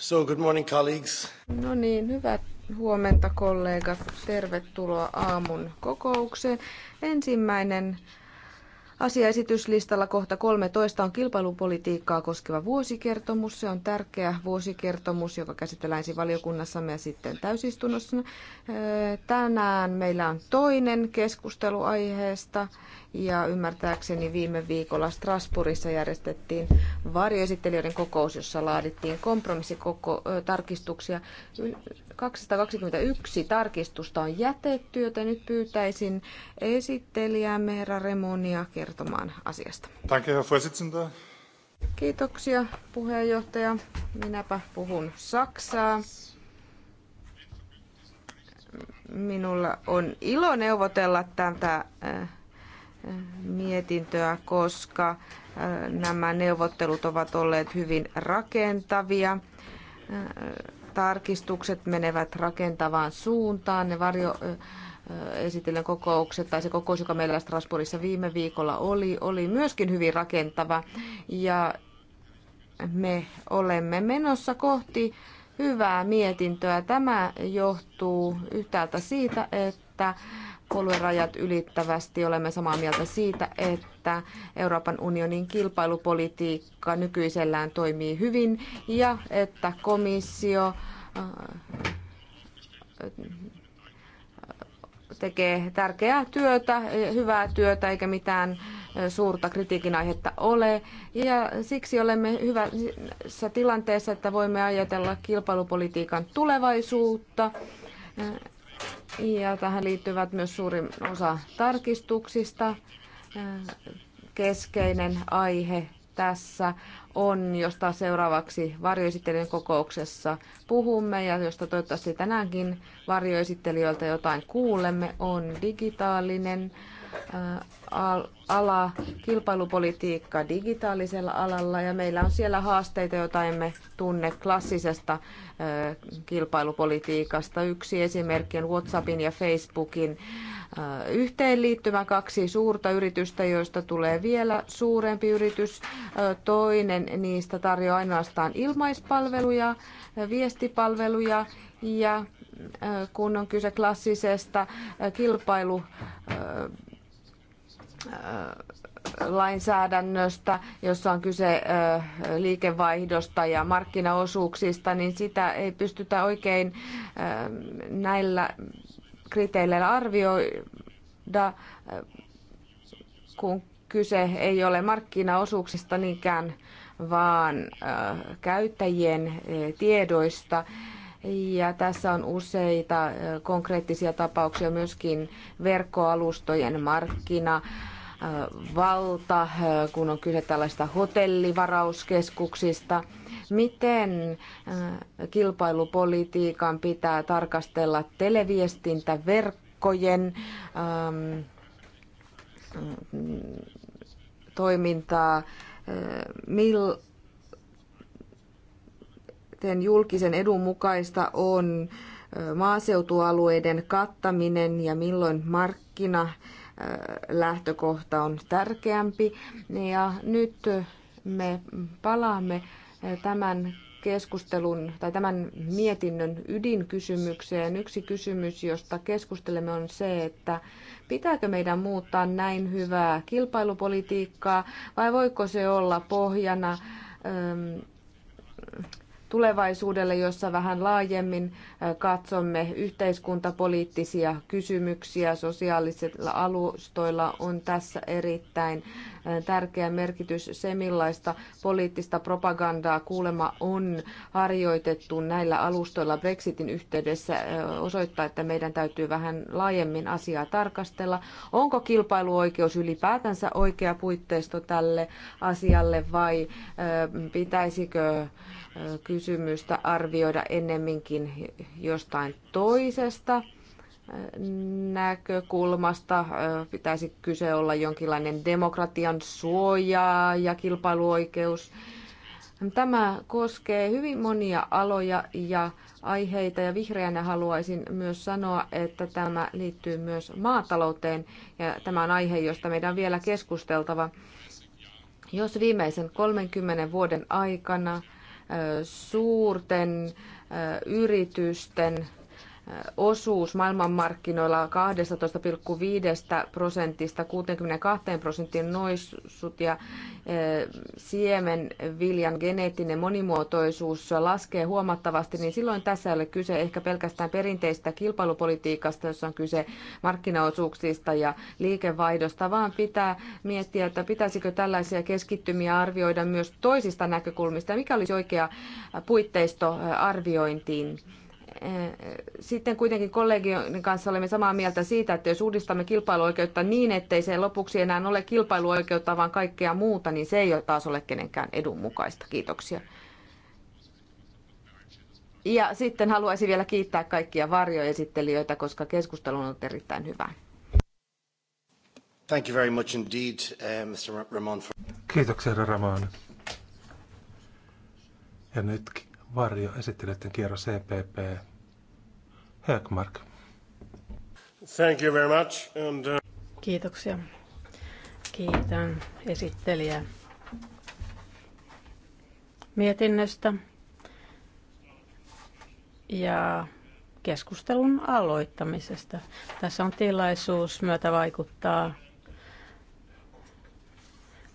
So, good morning, colleagues. No niin, hyvät huomenta kollegat. Tervetuloa aamun kokoukseen. Ensimmäinen asiaesityslistalla kohta 13 on kilpailupolitiikkaa koskeva vuosikertomus. Se on tärkeä vuosikertomus, joka käsitellään ensin valiokunnassamme ja sitten täysistunnossa. Tänään meillä on toinen keskustelu aiheesta ja ymmärtääkseni viime viikolla Strasbourgissa järjestettiin varjoesittelijöiden kokous, jossa laadittiin kompromissitarkistuksia. 221 tarkistusta on jätetty, joten nyt pyytäisin esittelijäämme herra Remonia kertomaan asiasta. Kiitoksia puheenjohtaja. Minäpä puhun Saksaa. Minulla on ilo neuvotella tätä äh, mietintöä, koska äh, nämä neuvottelut ovat olleet hyvin rakentavia. Äh, tarkistukset menevät rakentavaan suuntaan. Ne varjo äh, esitellen kokoukset tai se kokous, joka meillä Strasbourgissa viime viikolla oli, oli myöskin hyvin rakentava. Ja me olemme menossa kohti hyvää mietintöä. Tämä johtuu yhtäältä siitä, että puoluerajat ylittävästi olemme samaa mieltä siitä, että Euroopan unionin kilpailupolitiikka nykyisellään toimii hyvin ja että komissio äh, äh, tekee tärkeää työtä, hyvää työtä eikä mitään äh, suurta kritiikin aihetta ole. Ja siksi olemme hyvässä tilanteessa, että voimme ajatella kilpailupolitiikan tulevaisuutta ja tähän liittyvät myös suurin osa tarkistuksista. Keskeinen aihe tässä on, josta seuraavaksi varjoesittelijän kokouksessa puhumme ja josta toivottavasti tänäänkin varjoesittelijöiltä jotain kuulemme, on digitaalinen ala, kilpailupolitiikka digitaalisella alalla ja meillä on siellä haasteita, joita emme tunne klassisesta kilpailupolitiikasta. Yksi esimerkki on WhatsAppin ja Facebookin yhteenliittymä, kaksi suurta yritystä, joista tulee vielä suurempi yritys. Toinen niistä tarjoaa ainoastaan ilmaispalveluja, viestipalveluja ja kun on kyse klassisesta kilpailu Äh, lainsäädännöstä, jossa on kyse äh, liikevaihdosta ja markkinaosuuksista, niin sitä ei pystytä oikein äh, näillä kriteereillä arvioida, kun kyse ei ole markkinaosuuksista niinkään, vaan käyttäjien tiedoista. Ja tässä on useita konkreettisia tapauksia myöskin verkkoalustojen markkina valta, kun on kyse tällaista hotellivarauskeskuksista. Miten kilpailupolitiikan pitää tarkastella televiestintäverkkojen ähm, toimintaa, miten julkisen edun mukaista on maaseutualueiden kattaminen ja milloin markkina lähtökohta on tärkeämpi. Ja nyt me palaamme tämän keskustelun tai tämän mietinnön ydinkysymykseen. Yksi kysymys, josta keskustelemme, on se, että pitääkö meidän muuttaa näin hyvää kilpailupolitiikkaa vai voiko se olla pohjana tulevaisuudelle, jossa vähän laajemmin katsomme yhteiskuntapoliittisia kysymyksiä. Sosiaalisilla alustoilla on tässä erittäin tärkeä merkitys se, millaista poliittista propagandaa kuulema on harjoitettu näillä alustoilla Brexitin yhteydessä osoittaa, että meidän täytyy vähän laajemmin asiaa tarkastella. Onko kilpailuoikeus ylipäätänsä oikea puitteisto tälle asialle vai pitäisikö kysymystä arvioida ennemminkin jostain toisesta näkökulmasta. Pitäisi kyse olla jonkinlainen demokratian suoja ja kilpailuoikeus. Tämä koskee hyvin monia aloja ja aiheita ja vihreänä haluaisin myös sanoa, että tämä liittyy myös maatalouteen ja tämä on aihe, josta meidän on vielä keskusteltava. Jos viimeisen 30 vuoden aikana suurten yritysten osuus maailmanmarkkinoilla 12,5 prosentista 62 prosenttiin noissut ja e, siemenviljan geneettinen monimuotoisuus laskee huomattavasti, niin silloin tässä ei ole kyse ehkä pelkästään perinteistä kilpailupolitiikasta, jossa on kyse markkinaosuuksista ja liikevaihdosta, vaan pitää miettiä, että pitäisikö tällaisia keskittymiä arvioida myös toisista näkökulmista ja mikä olisi oikea puitteisto e, arviointiin sitten kuitenkin kollegioiden kanssa olemme samaa mieltä siitä, että jos uudistamme kilpailuoikeutta niin, ettei se lopuksi enää ole kilpailuoikeutta, vaan kaikkea muuta, niin se ei ole taas ole kenenkään edun mukaista. Kiitoksia. Ja sitten haluaisin vielä kiittää kaikkia varjoesittelijöitä, koska keskustelu on ollut erittäin hyvää. Thank you very much indeed, uh, Mr. Ramon. Kiitoksia, herra Ramon. Ja nyt varjo esittelijöiden kierros CPP. E Högmark. Thank you very much. And, uh... Kiitoksia. Kiitän esittelijää mietinnöstä ja keskustelun aloittamisesta. Tässä on tilaisuus myötä vaikuttaa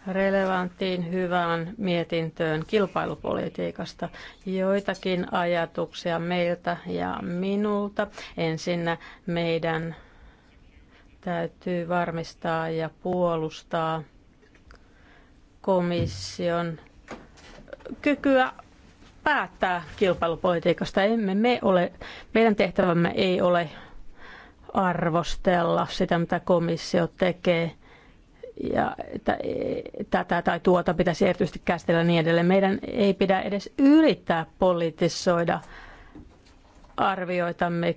relevanttiin hyvään mietintöön kilpailupolitiikasta. Joitakin ajatuksia meiltä ja minulta. Ensinnä meidän täytyy varmistaa ja puolustaa komission kykyä päättää kilpailupolitiikasta. Emme me ole, meidän tehtävämme ei ole arvostella sitä, mitä komissio tekee ja e, tätä tai tuota pitäisi erityisesti käsitellä niin edelleen. Meidän ei pidä edes yrittää politisoida arvioitamme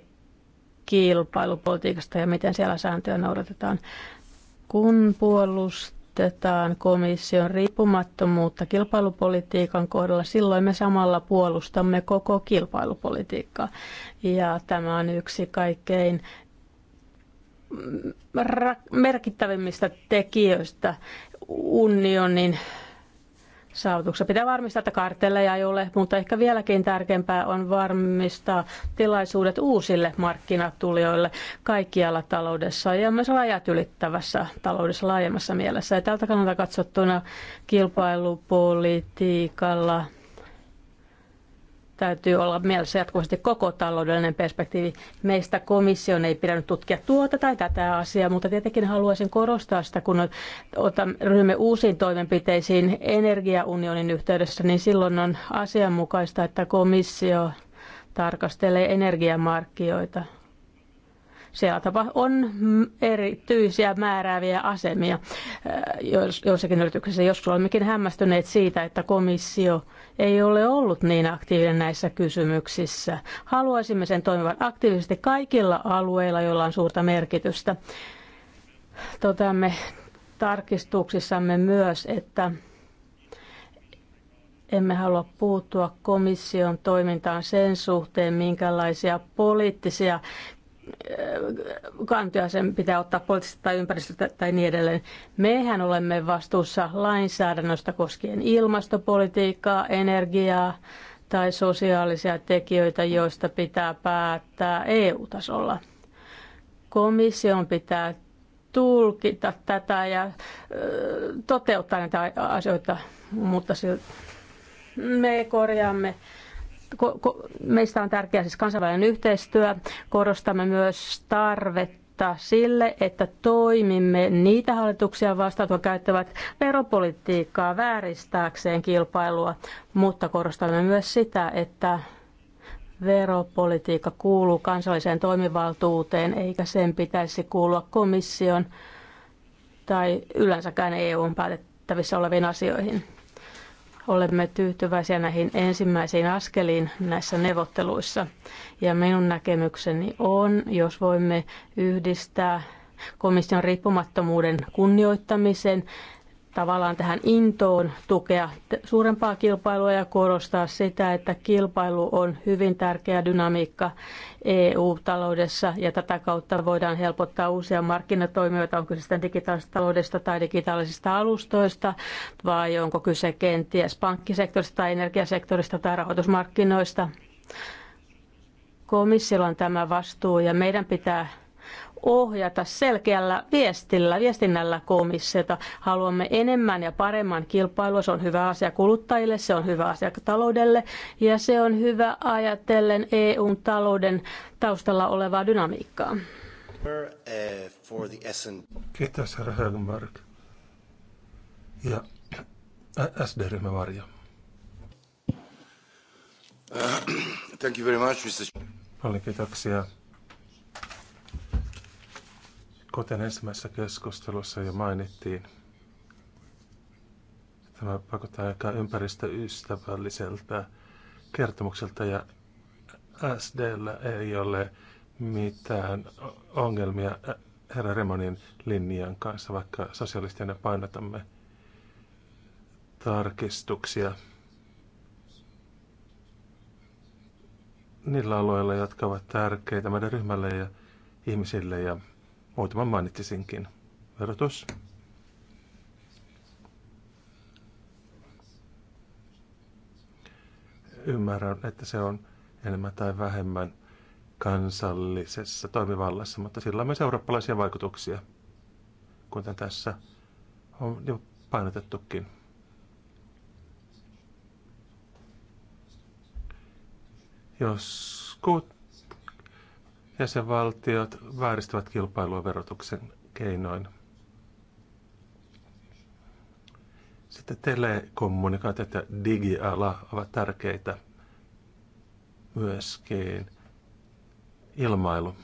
kilpailupolitiikasta ja miten siellä sääntöjä noudatetaan. Kun puolustetaan komission riippumattomuutta kilpailupolitiikan kohdalla, silloin me samalla puolustamme koko kilpailupolitiikkaa. Ja tämä on yksi kaikkein merkittävimmistä tekijöistä unionin saavutuksessa. Pitää varmistaa, että kartteleja ei ole, mutta ehkä vieläkin tärkeämpää on varmistaa tilaisuudet uusille markkinatulijoille kaikkialla taloudessa ja myös rajat ylittävässä taloudessa laajemmassa mielessä. Ja tältä kannalta katsottuna kilpailupolitiikalla – täytyy olla mielessä jatkuvasti koko taloudellinen perspektiivi. Meistä komission ei pidä nyt tutkia tuota tai tätä asiaa, mutta tietenkin haluaisin korostaa sitä, kun otan, uusiin toimenpiteisiin energiaunionin yhteydessä, niin silloin on asianmukaista, että komissio tarkastelee energiamarkkinoita siellä tapa on mm, erityisiä määrääviä asemia äh, joissakin yrityksissä. Joskus olemmekin hämmästyneet siitä, että komissio ei ole ollut niin aktiivinen näissä kysymyksissä. Haluaisimme sen toimivan aktiivisesti kaikilla alueilla, joilla on suurta merkitystä. Toteamme tarkistuksissamme myös, että emme halua puuttua komission toimintaan sen suhteen, minkälaisia poliittisia kantoja sen pitää ottaa poliittisesti tai ympäristöstä tai niin edelleen. Mehän olemme vastuussa lainsäädännöstä koskien ilmastopolitiikkaa, energiaa tai sosiaalisia tekijöitä, joista pitää päättää EU-tasolla. Komission pitää tulkita tätä ja toteuttaa näitä asioita, mutta me korjaamme meistä on tärkeää siis kansainvälinen yhteistyö. Korostamme myös tarvetta sille, että toimimme niitä hallituksia vastaan, jotka käyttävät veropolitiikkaa vääristääkseen kilpailua, mutta korostamme myös sitä, että veropolitiikka kuuluu kansalliseen toimivaltuuteen, eikä sen pitäisi kuulua komission tai yleensäkään EUn päätettävissä oleviin asioihin. Olemme tyytyväisiä näihin ensimmäisiin askeliin näissä neuvotteluissa. Ja minun näkemykseni on, jos voimme yhdistää komission riippumattomuuden kunnioittamisen tavallaan tähän intoon tukea suurempaa kilpailua ja korostaa sitä, että kilpailu on hyvin tärkeä dynamiikka EU-taloudessa ja tätä kautta voidaan helpottaa uusia markkinatoimijoita, onko se sitten digitaalisesta taloudesta tai digitaalisista alustoista vai onko kyse kenties pankkisektorista tai energiasektorista tai rahoitusmarkkinoista. Komissiolla on tämä vastuu ja meidän pitää ohjata selkeällä viestillä, viestinnällä komissiota. Haluamme enemmän ja paremman kilpailua. Se on hyvä asia kuluttajille, se on hyvä asia taloudelle ja se on hyvä ajatellen EUn talouden taustalla olevaa dynamiikkaa. Kiitos, herra Högenberg. Ja äh, SD-ryhmä Varja. Thank you very much, Mr. Paljon kiitoksia, Kuten ensimmäisessä keskustelussa jo mainittiin, tämä pakottaa aika ympäristöystävälliseltä kertomukselta ja SDllä ei ole mitään ongelmia herra Remonin linjan kanssa, vaikka sosialistina painotamme tarkistuksia niillä alueilla, jotka ovat tärkeitä meidän ryhmälle ja ihmisille ja Muutaman mainitsisinkin. Verotus. Ymmärrän, että se on enemmän tai vähemmän kansallisessa toimivallassa, mutta sillä on myös eurooppalaisia vaikutuksia, kuten tässä on jo painotettukin. Jos jäsenvaltiot vääristävät kilpailua verotuksen keinoin. Sitten telekommunikaatiot ja digiala ovat tärkeitä myöskin. Ilmailu.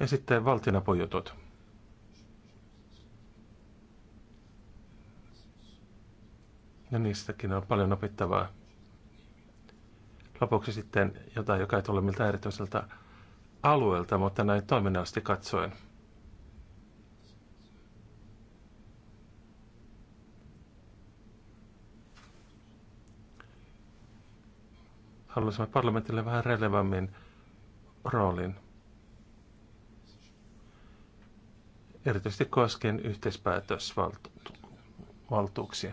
Ja sitten valtionapujutut. Ja niistäkin on paljon opittavaa. Lopuksi sitten jotain, joka ei tule miltä erityiseltä alueelta, mutta näin toiminnallisesti katsoen. Haluaisimme parlamentille vähän relevammin roolin. Erityisesti koskien yhteispäätösvaltuuksia.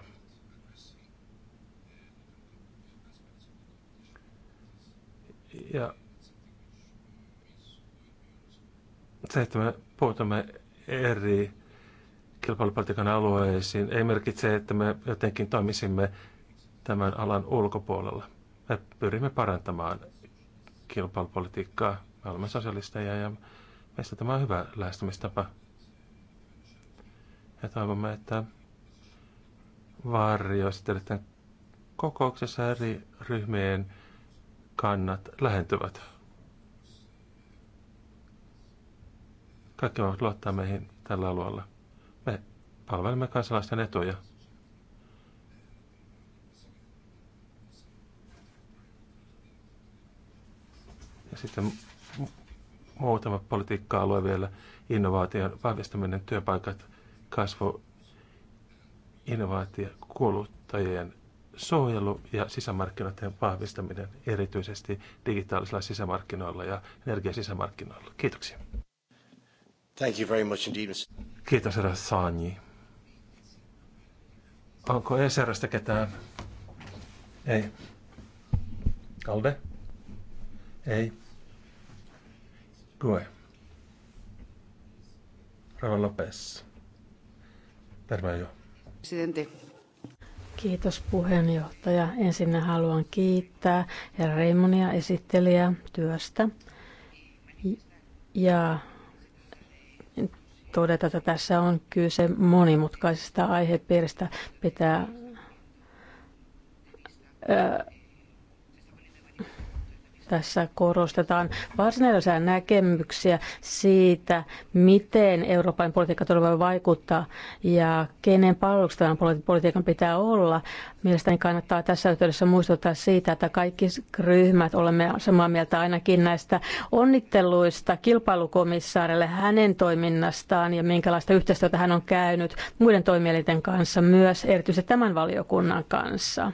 Ja se, että me puhutamme eri kilpailupolitiikan alueisiin, ei merkitse, että me jotenkin toimisimme tämän alan ulkopuolella. Me pyrimme parantamaan kilpailupolitiikkaa. Me olemme sosialisteja ja meistä tämä on hyvä lähestymistapa. Ja toivomme, että varjoisitte kokouksessa eri ryhmien kannat lähentyvät. Kaikki voivat luottaa meihin tällä alueella. Me palvelemme kansalaisten etuja. Ja sitten muutama politiikka-alue vielä. Innovaation vahvistaminen, työpaikat, kasvu, innovaatio, kuluttajien suojelu ja sisämarkkinoiden vahvistaminen erityisesti digitaalisilla sisämarkkinoilla ja energiasisämarkkinoilla. Kiitoksia. Thank you very much indeed. Kiitos, herra Saanji. Onko ESRstä ketään? Ei. Kalde? Ei. Gue. Rava Lopes. Terve jo. Presidente, Kiitos puheenjohtaja. Ensinnä haluan kiittää herra Reimonia esittelijää työstä ja todeta, että tässä on kyse monimutkaisesta aihepiiristä. Pitää tässä korostetaan varsinaisia näkemyksiä siitä, miten Euroopan politiikka todella voi vaikuttaa ja kenen palveluksessa politiikan pitää olla. Mielestäni kannattaa tässä yhteydessä muistuttaa siitä, että kaikki ryhmät olemme samaa mieltä ainakin näistä onnitteluista kilpailukomissaarille hänen toiminnastaan ja minkälaista yhteistyötä hän on käynyt muiden toimielinten kanssa myös, erityisesti tämän valiokunnan kanssa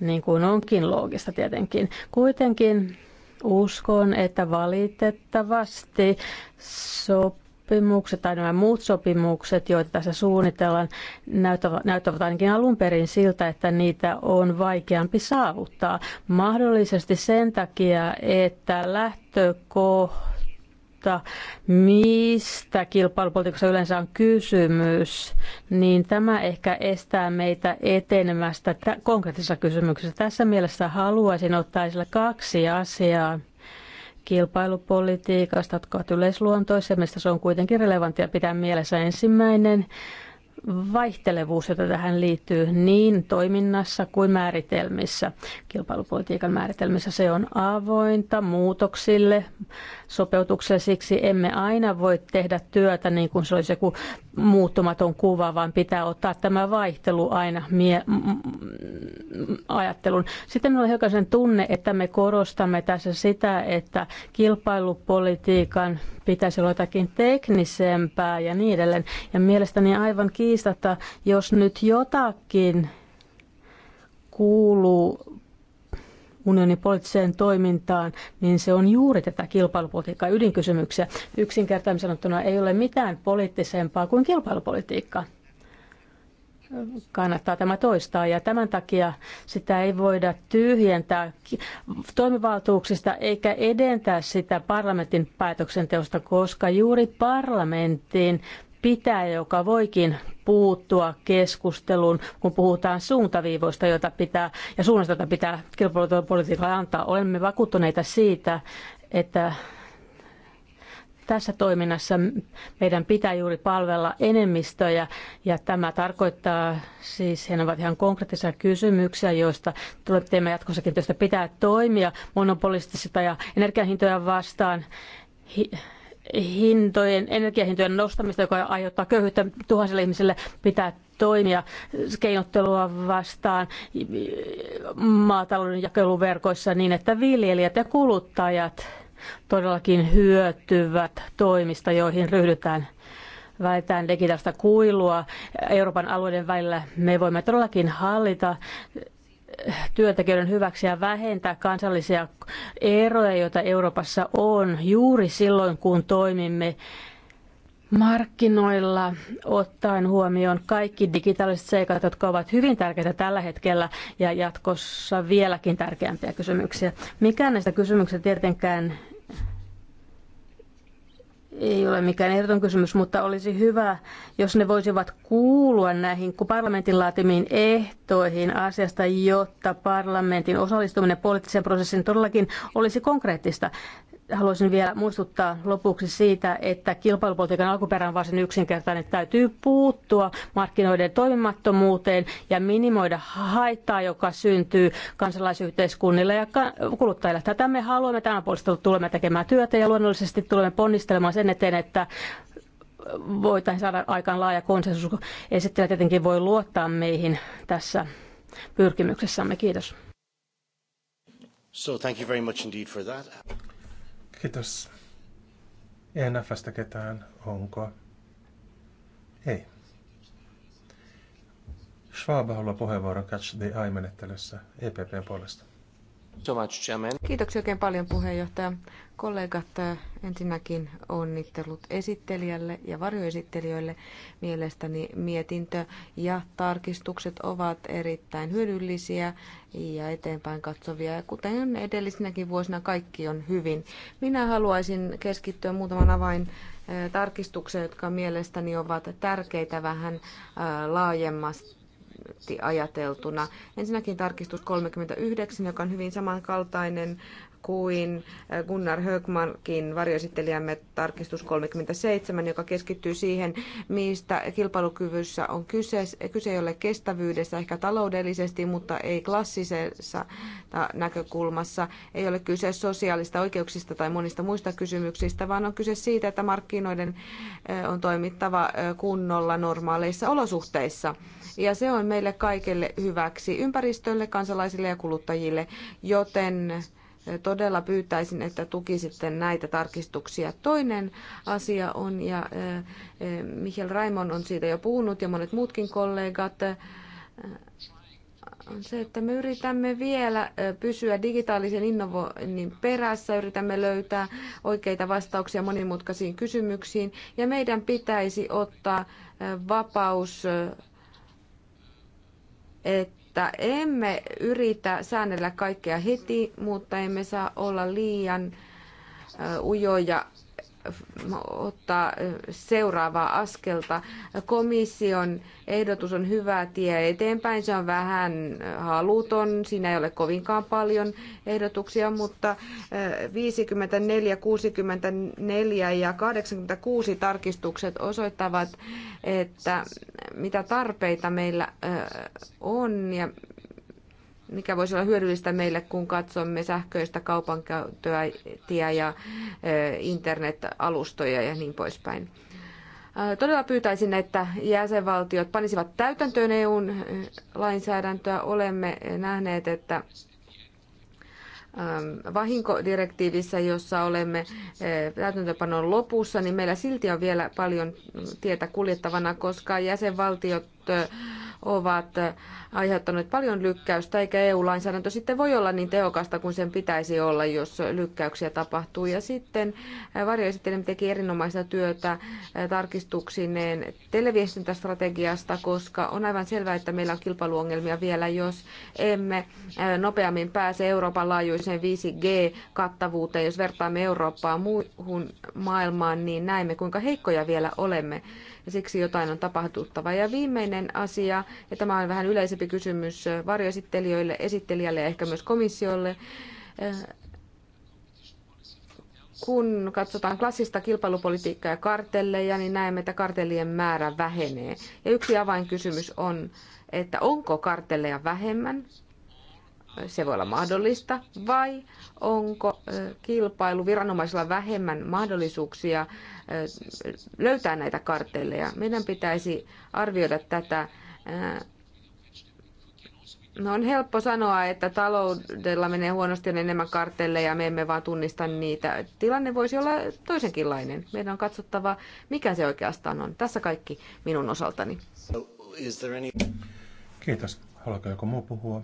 niin kuin onkin loogista tietenkin. Kuitenkin uskon, että valitettavasti sopimukset tai nämä muut sopimukset, joita tässä suunnitellaan, näyttävät, ainakin alun perin siltä, että niitä on vaikeampi saavuttaa. Mahdollisesti sen takia, että lähtökohta mutta mistä kilpailupolitiikassa yleensä on kysymys, niin tämä ehkä estää meitä etenemästä konkreettisessa kysymyksessä. Tässä mielessä haluaisin ottaa esille kaksi asiaa kilpailupolitiikasta, jotka ovat yleisluontoisia. Mistä se on kuitenkin relevanttia pitää mielessä ensimmäinen vaihtelevuus, jota tähän liittyy niin toiminnassa kuin määritelmissä. Kilpailupolitiikan määritelmissä se on avointa muutoksille, sopeutuksia. Siksi emme aina voi tehdä työtä niin kuin se olisi joku muuttumaton kuva, vaan pitää ottaa tämä vaihtelu aina mie- ajattelun. Sitten minulla on hiukan sen tunne, että me korostamme tässä sitä, että kilpailupolitiikan pitäisi olla jotakin teknisempää ja niin edelleen. Ja mielestäni aivan kiistatta, jos nyt jotakin kuuluu unionin poliittiseen toimintaan, niin se on juuri tätä kilpailupolitiikkaa ydinkysymyksiä. Yksinkertaisesti sanottuna ei ole mitään poliittisempaa kuin kilpailupolitiikka. Kannattaa tämä toistaa ja tämän takia sitä ei voida tyhjentää toimivaltuuksista eikä edentää sitä parlamentin päätöksenteosta, koska juuri parlamenttiin pitää, joka voikin puuttua keskusteluun, kun puhutaan suuntaviivoista, joita pitää, ja suunnasta, jota pitää kilpailupolitiikalle antaa. Olemme vakuuttuneita siitä, että tässä toiminnassa meidän pitää juuri palvella enemmistöjä ja tämä tarkoittaa siis, ne ovat ihan konkreettisia kysymyksiä, joista teemme jatkossakin, joista pitää toimia monopolistisista ja energiahintoja vastaan hintojen, energiahintojen nostamista, joka aiheuttaa köyhyyttä tuhansille ihmisille, pitää toimia keinottelua vastaan maatalouden jakeluverkoissa niin, että viljelijät ja kuluttajat todellakin hyötyvät toimista, joihin ryhdytään väitään digitaalista kuilua Euroopan alueiden välillä. Me voimme todellakin hallita työntekijöiden hyväksi ja vähentää kansallisia eroja, joita Euroopassa on juuri silloin, kun toimimme markkinoilla ottaen huomioon kaikki digitaaliset seikat, jotka ovat hyvin tärkeitä tällä hetkellä ja jatkossa vieläkin tärkeämpiä kysymyksiä. Mikään näistä kysymyksistä tietenkään ei ole mikään ehdoton kysymys, mutta olisi hyvä, jos ne voisivat kuulua näihin parlamentin laatimiin ehtoihin asiasta, jotta parlamentin osallistuminen poliittiseen prosessiin todellakin olisi konkreettista haluaisin vielä muistuttaa lopuksi siitä, että kilpailupolitiikan alkuperä on varsin yksinkertainen. Täytyy puuttua markkinoiden toimimattomuuteen ja minimoida haittaa, joka syntyy kansalaisyhteiskunnille ja kuluttajille. Tätä me haluamme. Tämän puolesta tulemme tekemään työtä ja luonnollisesti tulemme ponnistelemaan sen eteen, että voitaisiin saada aikaan laaja konsensus. Esittelijä tietenkin voi luottaa meihin tässä pyrkimyksessämme. Kiitos. So thank you very much indeed for that. Kiitos. ENFstä ketään, onko? Ei. Schwab haluaa puheenvuoron Catch the Eye-menettelyssä EPPn puolesta. So much, Kiitoksia oikein paljon puheenjohtaja. Kollegat, äh, ensinnäkin onnittelut esittelijälle ja varjoesittelijöille. Mielestäni mietintö ja tarkistukset ovat erittäin hyödyllisiä ja eteenpäin katsovia. Ja kuten edellisinäkin vuosina kaikki on hyvin. Minä haluaisin keskittyä muutaman avain äh, tarkistukseen, jotka mielestäni ovat tärkeitä vähän äh, laajemmasta ajateltuna. Ensinnäkin tarkistus 39, joka on hyvin samankaltainen kuin äh, Gunnar Högmarkin varjoesittelijämme tarkistus 37, joka keskittyy siihen, mistä kilpailukyvyssä on kyse. Kyse ei ole kestävyydestä ehkä taloudellisesti, mutta ei klassisessa äh, näkökulmassa. Ei ole kyse sosiaalista oikeuksista tai monista muista kysymyksistä, vaan on kyse siitä, että markkinoiden äh, on toimittava kunnolla normaaleissa olosuhteissa. Ja se on meille kaikille hyväksi, ympäristölle, kansalaisille ja kuluttajille, joten todella pyytäisin, että tukisitte näitä tarkistuksia. Toinen asia on, ja Michel Raimon on siitä jo puhunut ja monet muutkin kollegat, on se, että me yritämme vielä pysyä digitaalisen innovoinnin perässä, yritämme löytää oikeita vastauksia monimutkaisiin kysymyksiin ja meidän pitäisi ottaa vapaus, että että emme yritä säännellä kaikkea heti, mutta emme saa olla liian ujoja ottaa seuraavaa askelta. Komission ehdotus on hyvä tie eteenpäin, se on vähän haluton, siinä ei ole kovinkaan paljon ehdotuksia, mutta 54, 64 ja 86 tarkistukset osoittavat, että mitä tarpeita meillä on ja mikä voisi olla hyödyllistä meille, kun katsomme sähköistä kaupankäyttöä ja internet-alustoja ja niin poispäin. Todella pyytäisin, että jäsenvaltiot panisivat täytäntöön EUn lainsäädäntöä. Olemme nähneet, että vahinkodirektiivissä, jossa olemme täytäntöpanon lopussa, niin meillä silti on vielä paljon tietä kuljettavana, koska jäsenvaltiot ovat aiheuttaneet paljon lykkäystä, eikä EU-lainsäädäntö sitten voi olla niin tehokasta kuin sen pitäisi olla, jos lykkäyksiä tapahtuu. Ja sitten varjoesittelemme teki erinomaista työtä tarkistuksineen televiestintästrategiasta, koska on aivan selvää, että meillä on kilpailuongelmia vielä, jos emme nopeammin pääse Euroopan laajuiseen 5G-kattavuuteen. Jos vertaamme Eurooppaa muuhun maailmaan, niin näemme, kuinka heikkoja vielä olemme ja siksi jotain on tapahtuttava. Ja viimeinen asia, ja tämä on vähän yleisempi kysymys varjoesittelijöille, esittelijälle ja ehkä myös komissiolle, kun katsotaan klassista kilpailupolitiikkaa ja kartelleja, niin näemme, että kartellien määrä vähenee. Ja yksi avainkysymys on, että onko kartelleja vähemmän, se voi olla mahdollista, vai onko kilpailu viranomaisilla vähemmän mahdollisuuksia löytää näitä kartelleja. Meidän pitäisi arvioida tätä. No on helppo sanoa, että taloudella menee huonosti on enemmän kartelleja, me emme vaan tunnista niitä. Tilanne voisi olla toisenkinlainen. Meidän on katsottava, mikä se oikeastaan on. Tässä kaikki minun osaltani. Kiitos. Haluatko joku muu puhua?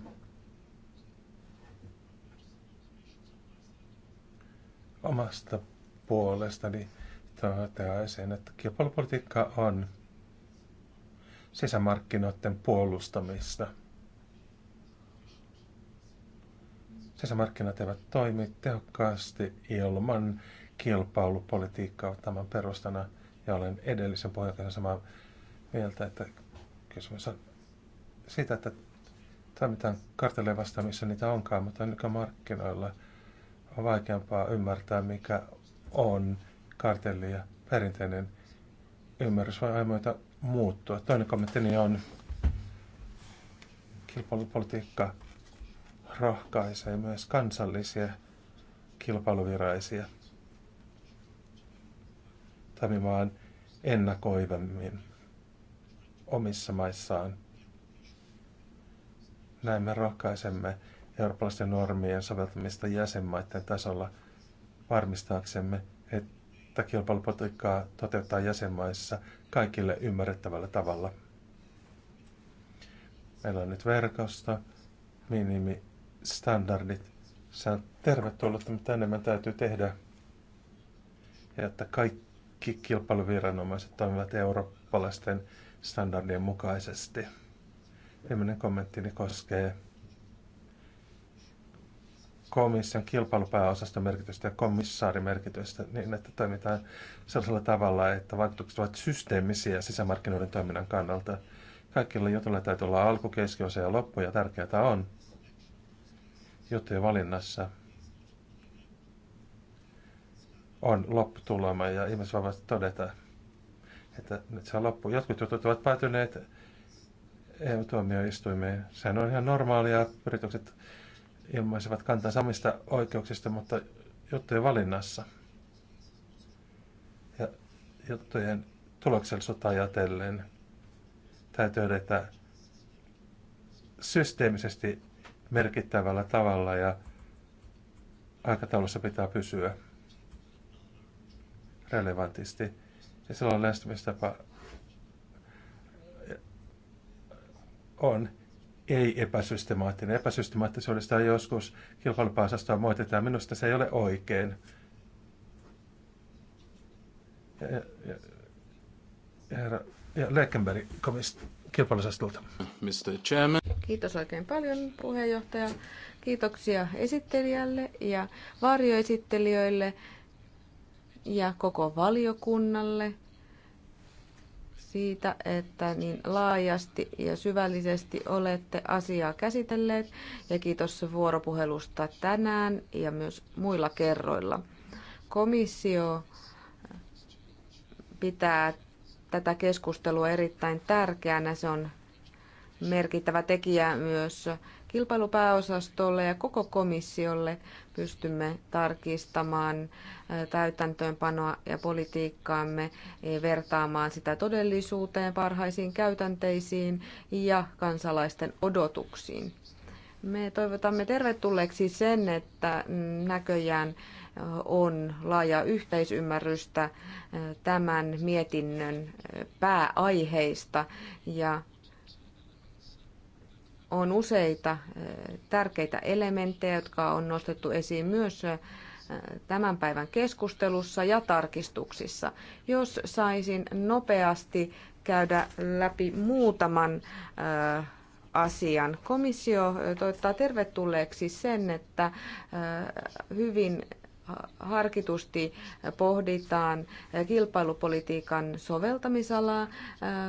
Omasta puolestani tähän sen, että kilpailupolitiikka on sisämarkkinoiden puolustamista. Sisämarkkinat eivät toimi tehokkaasti ilman kilpailupolitiikkaa tämän perustana, ja olen edellisen pohjalta samaa mieltä, että kysymys on siitä, että toimitaan kartelle vastaan, missä niitä onkaan, mutta nykymarkkinoilla on vaikeampaa ymmärtää, mikä on kartelli ja perinteinen ymmärrys vai aimoita muuttua. Toinen kommenttini on kilpailupolitiikka rohkaisee myös kansallisia kilpailuviraisia toimimaan ennakoivemmin omissa maissaan. Näin me rohkaisemme eurooppalaisten normien soveltamista jäsenmaiden tasolla varmistaaksemme, uutta kilpailupolitiikkaa toteuttaa jäsenmaissa kaikille ymmärrettävällä tavalla. Meillä on nyt verkosto, standardit. Se on tervetullut, mutta enemmän täytyy tehdä. Ja että kaikki kilpailuviranomaiset toimivat eurooppalaisten standardien mukaisesti. Viimeinen kommenttini koskee komission kilpailupääosasta merkitystä ja komissaarimerkitystä merkitystä niin, että toimitaan sellaisella tavalla, että vaikutukset ovat systeemisiä sisämarkkinoiden toiminnan kannalta. Kaikilla jutulla täytyy olla alku, keskiosa ja loppu, ja tärkeää on juttujen valinnassa on lopputulema, ja ihmiset voivat todeta, että nyt se on loppu. Jotkut jutut ovat päätyneet EU-tuomioistuimeen. Sehän on ihan normaalia. Yritykset ilmaisivat kantansa omista oikeuksista, mutta juttujen valinnassa ja juttujen tuloksellisuutta ajatellen täytyy edetä systeemisesti merkittävällä tavalla ja aikataulussa pitää pysyä relevantisti. Ja silloin lähestymistapa on ei-epäsystemaattinen. Epäsystemaattisuudesta joskus kilpailupääosastoa moitetaan. Minusta se ei ole oikein. Herra Leckenberg kilpailusastolta. Mr. Chairman. Kiitos oikein paljon puheenjohtaja. Kiitoksia esittelijälle ja varjoesittelijöille ja koko valiokunnalle siitä, että niin laajasti ja syvällisesti olette asiaa käsitelleet ja kiitos vuoropuhelusta tänään ja myös muilla kerroilla. Komissio pitää tätä keskustelua erittäin tärkeänä. Se on merkittävä tekijä myös kilpailupääosastolle ja koko komissiolle pystymme tarkistamaan täytäntöönpanoa ja politiikkaamme, e, vertaamaan sitä todellisuuteen, parhaisiin käytänteisiin ja kansalaisten odotuksiin. Me toivotamme tervetulleeksi sen, että näköjään on laaja yhteisymmärrystä tämän mietinnön pääaiheista ja on useita eh, tärkeitä elementtejä, jotka on nostettu esiin myös eh, tämän päivän keskustelussa ja tarkistuksissa. Jos saisin nopeasti käydä läpi muutaman eh, asian. Komissio toivottaa tervetulleeksi sen, että hyvin harkitusti pohditaan kilpailupolitiikan soveltamisalaa.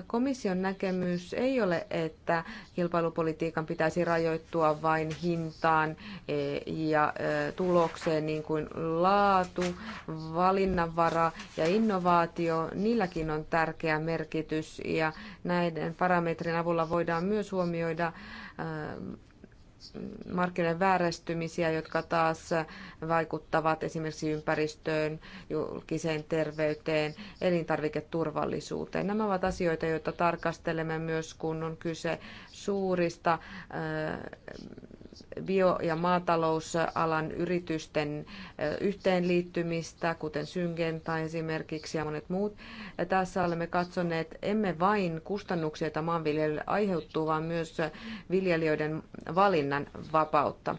Komission näkemys ei ole, että kilpailupolitiikan pitäisi rajoittua vain hintaan e, ja e, tulokseen, niin kuin laatu, valinnanvara ja innovaatio. Niilläkin on tärkeä merkitys ja näiden parametrin avulla voidaan myös huomioida e, markkinoiden väärästymisiä, jotka taas vaikuttavat esimerkiksi ympäristöön, julkiseen terveyteen, elintarviketurvallisuuteen. Nämä ovat asioita, joita tarkastelemme myös, kun on kyse suurista bio- ja maatalousalan yritysten yhteenliittymistä, kuten Syngenta esimerkiksi ja monet muut. Ja tässä olemme katsoneet emme vain kustannuksia, joita maanviljelijöille aiheutuu, vaan myös viljelijöiden valinnan vapautta.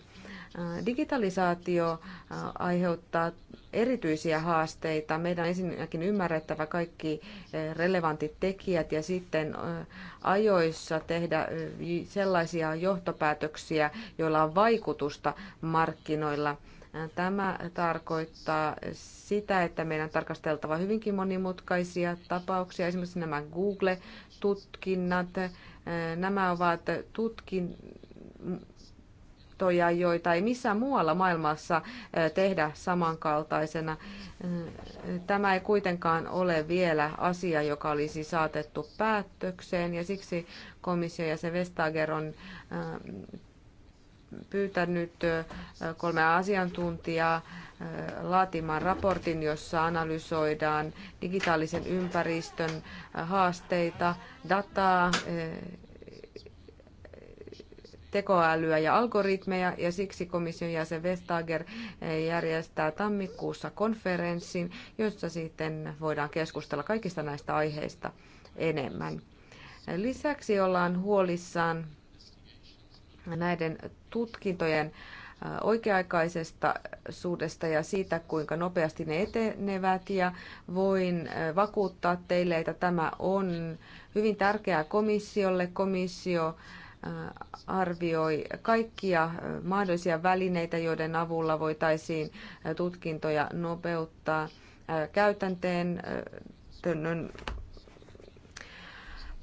Äh, digitalisaatio äh, aiheuttaa erityisiä haasteita. Meidän on ensinnäkin ymmärrettävä kaikki äh, relevantit tekijät ja sitten ajoissa tehdä sellaisia johtopäätöksiä, joilla on vaikutusta markkinoilla. Tämä tarkoittaa sitä, että meidän on tarkasteltava hyvinkin monimutkaisia tapauksia, esimerkiksi nämä Google-tutkinnat. Nämä ovat tutkin valintoja, joita ei missään muualla maailmassa tehdä samankaltaisena. Tämä ei kuitenkaan ole vielä asia, joka olisi saatettu päätökseen ja siksi komissio ja se Vestager on pyytänyt kolme asiantuntijaa laatimaan raportin, jossa analysoidaan digitaalisen ympäristön haasteita, dataa, tekoälyä ja algoritmeja, ja siksi komission jäsen Vestager eh, järjestää tammikuussa konferenssin, jossa sitten voidaan keskustella kaikista näistä aiheista enemmän. Lisäksi ollaan huolissaan näiden tutkintojen eh, oikea-aikaisesta suudesta ja siitä, kuinka nopeasti ne etenevät. Ja voin eh, vakuuttaa teille, että tämä on hyvin tärkeää komissiolle. Komissio Äh, arvioi kaikkia äh, mahdollisia välineitä, joiden avulla voitaisiin äh, tutkintoja nopeuttaa käytänteen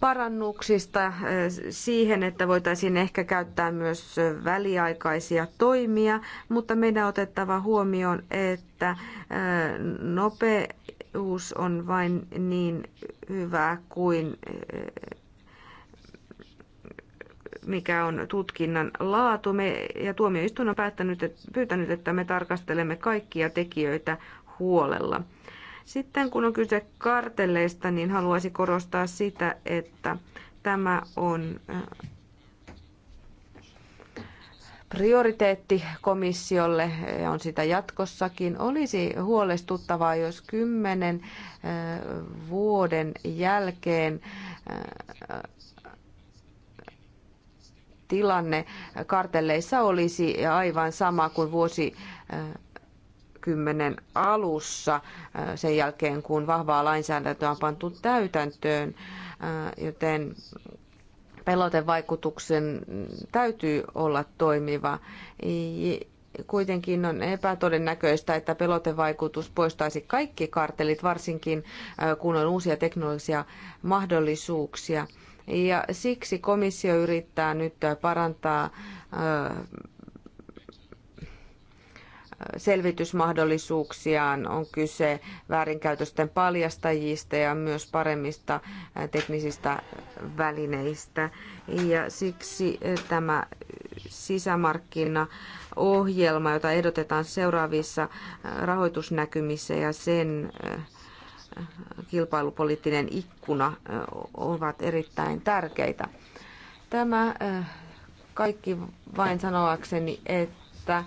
parannuksista siihen, että voitaisiin ehkä käyttää myös väliaikaisia toimia, mutta meidän on otettava huomioon, että nopeus on vain niin hyvä kuin mikä on tutkinnan laatu. Me, ja tuomioistuin on päättänyt, et, pyytänyt, että me tarkastelemme kaikkia tekijöitä huolella. Sitten kun on kyse kartelleista, niin haluaisi korostaa sitä, että tämä on äh, prioriteetti komissiolle ja on sitä jatkossakin. Olisi huolestuttavaa, jos kymmenen äh, vuoden jälkeen äh, tilanne kartelleissa olisi aivan sama kuin vuosi äh, kymmenen alussa äh, sen jälkeen, kun vahvaa lainsäädäntöä on pantu täytäntöön, äh, joten pelotevaikutuksen täytyy olla toimiva. Kuitenkin on epätodennäköistä, että pelotevaikutus poistaisi kaikki kartelit, varsinkin kun on uusia teknologisia mahdollisuuksia. Ja siksi komissio yrittää nyt parantaa selvitysmahdollisuuksiaan. On kyse väärinkäytösten paljastajista ja myös paremmista teknisistä välineistä. Ja siksi tämä sisämarkkinaohjelma, jota ehdotetaan seuraavissa rahoitusnäkymissä ja sen kilpailupoliittinen ikkuna ovat erittäin tärkeitä. Tämä kaikki vain sanoakseni, että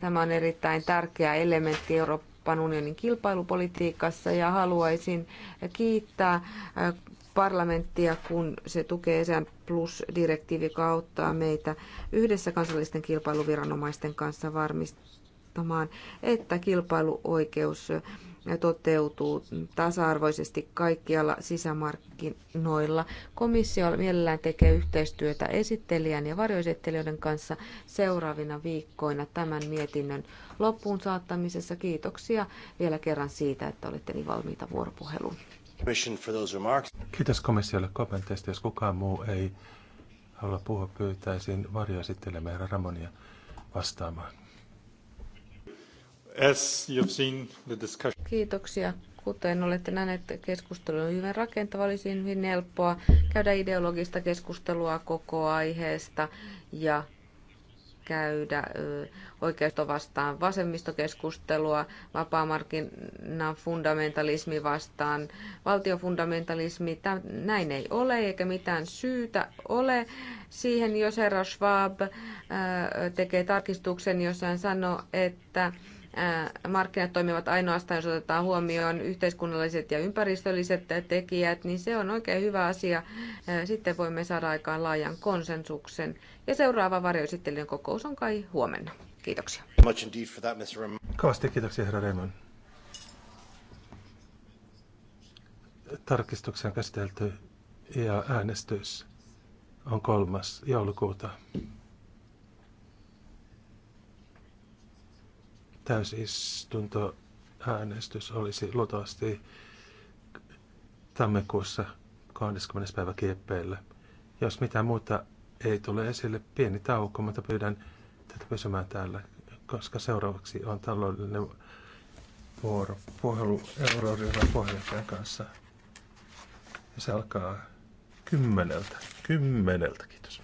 tämä on erittäin tärkeä elementti Euroopan unionin kilpailupolitiikassa ja haluaisin kiittää parlamenttia, kun se tukee sen Plus-direktiivi, joka auttaa meitä yhdessä kansallisten kilpailuviranomaisten kanssa varmistamaan varmistamaan, että kilpailuoikeus toteutuu tasa-arvoisesti kaikkialla sisämarkkinoilla. Komissio mielellään tekee yhteistyötä esittelijän ja varjoesittelijöiden kanssa seuraavina viikkoina tämän mietinnön loppuun saattamisessa. Kiitoksia vielä kerran siitä, että olette niin valmiita vuoropuheluun. Kiitos komissiolle kommenteista. Jos kukaan muu ei halua puhua, pyytäisin varjoesittelijä Meera Ramonia vastaamaan. As you've seen the discussion. Kiitoksia. Kuten olette nähneet, keskustelu on hyvin rakentava, olisi hyvin helppoa käydä ideologista keskustelua koko aiheesta ja käydä oikeisto vastaan vasemmistokeskustelua, vapaamarkkinan fundamentalismi vastaan valtiofundamentalismi. Tämä, näin ei ole eikä mitään syytä ole. Siihen jos herra Schwab tekee tarkistuksen, jossa hän sanoo, että markkinat toimivat ainoastaan, jos otetaan huomioon yhteiskunnalliset ja ympäristölliset tekijät, niin se on oikein hyvä asia. Sitten voimme saada aikaan laajan konsensuksen. Ja seuraava varjoesittelijän kokous on kai huomenna. Kiitoksia. Kovasti kiitoksia, herra Raymond. Tarkistuksia on käsitelty ja äänestys on kolmas joulukuuta. täysistunto olisi luultavasti tammikuussa 20. päivä kieppeillä. Jos mitään muuta ei tule esille, pieni tauko, mutta pyydän tätä pysymään täällä, koska seuraavaksi on taloudellinen puhelu euroryhmän puheenjohtajan kanssa. Ja se alkaa kymmeneltä. Kymmeneltä, kiitos.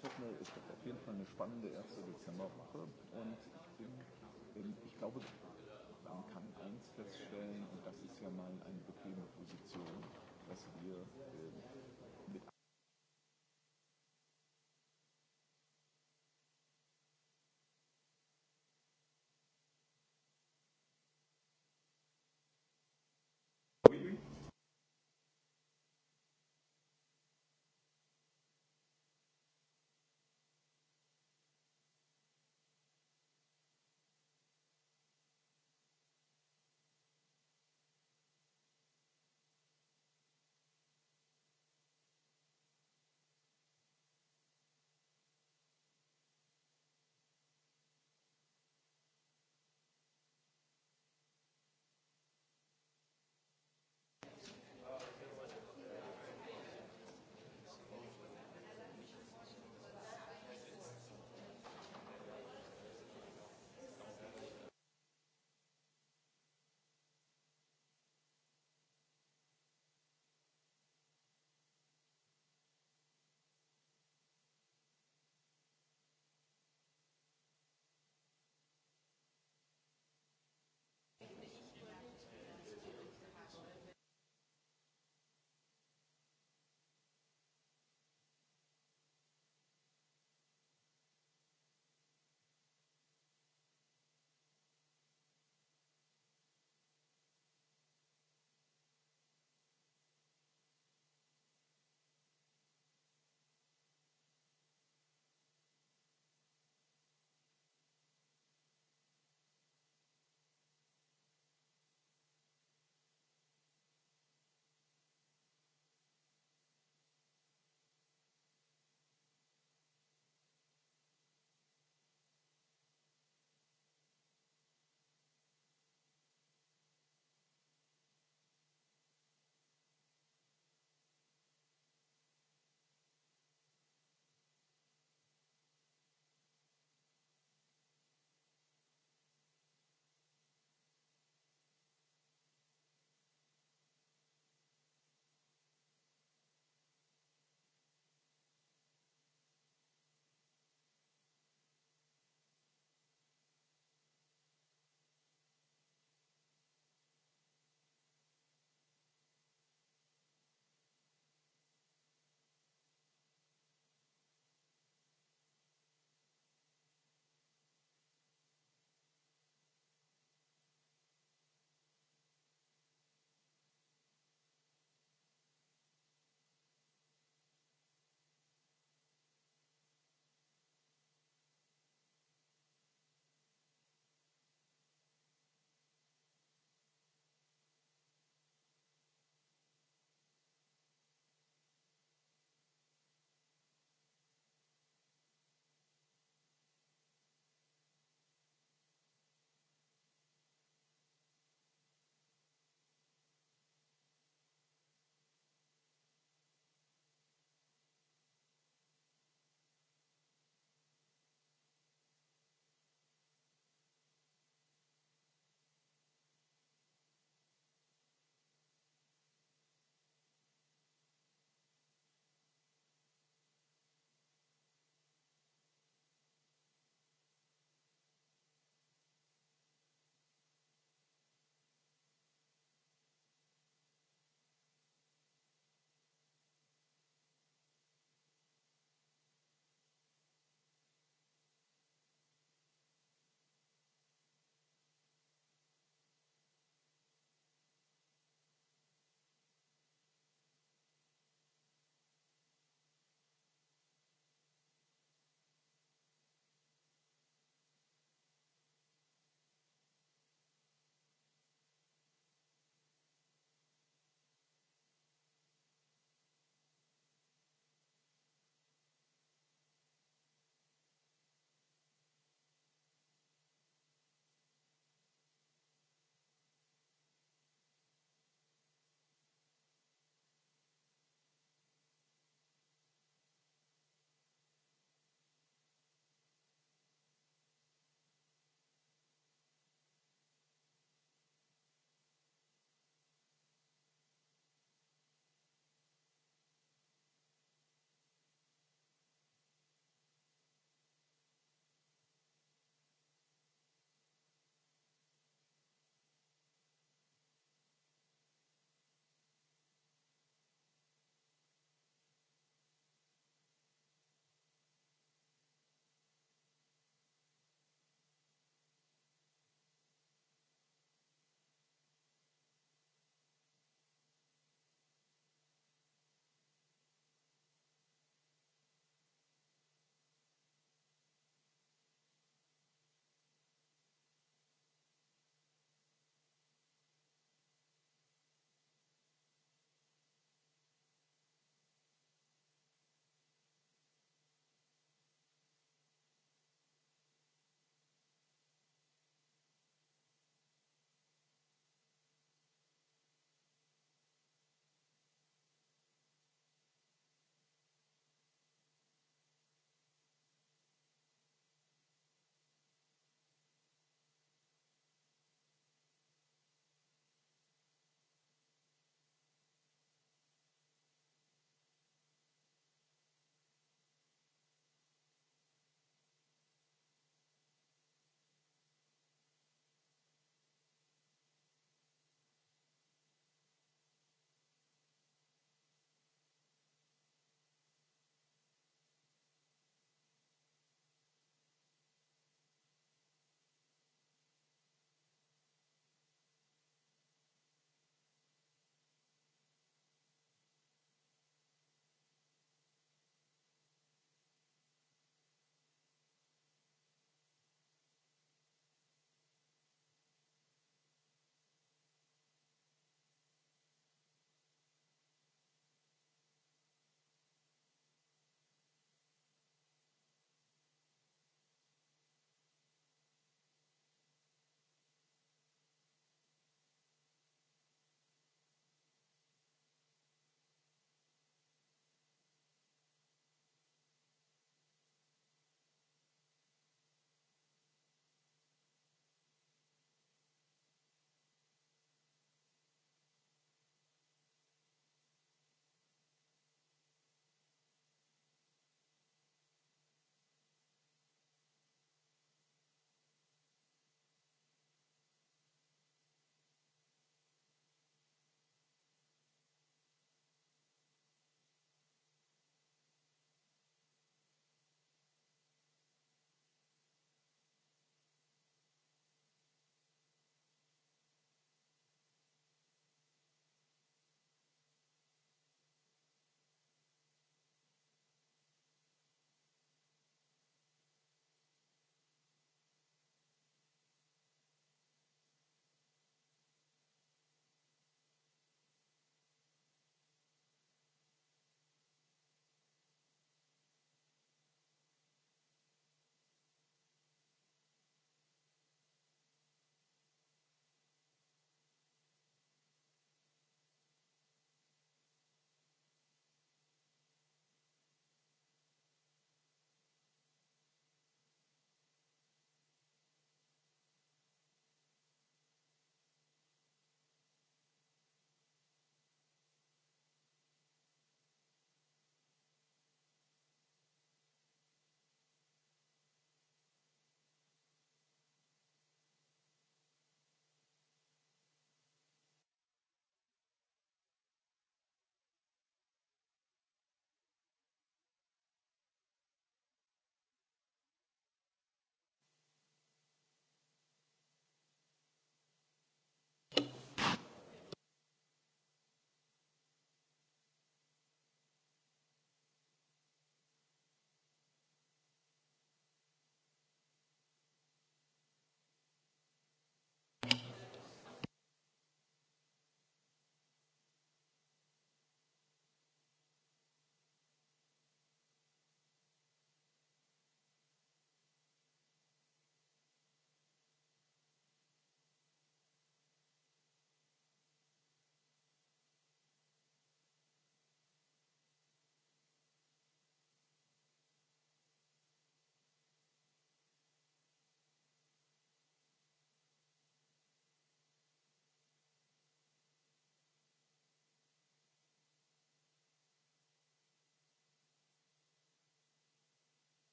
Viertel ist das auf jeden Fall eine spannende erste Dezemberwoche und ich, ähm, ich glaube, man kann eins feststellen, und das ist ja mal eine bequeme Position, dass wir äh,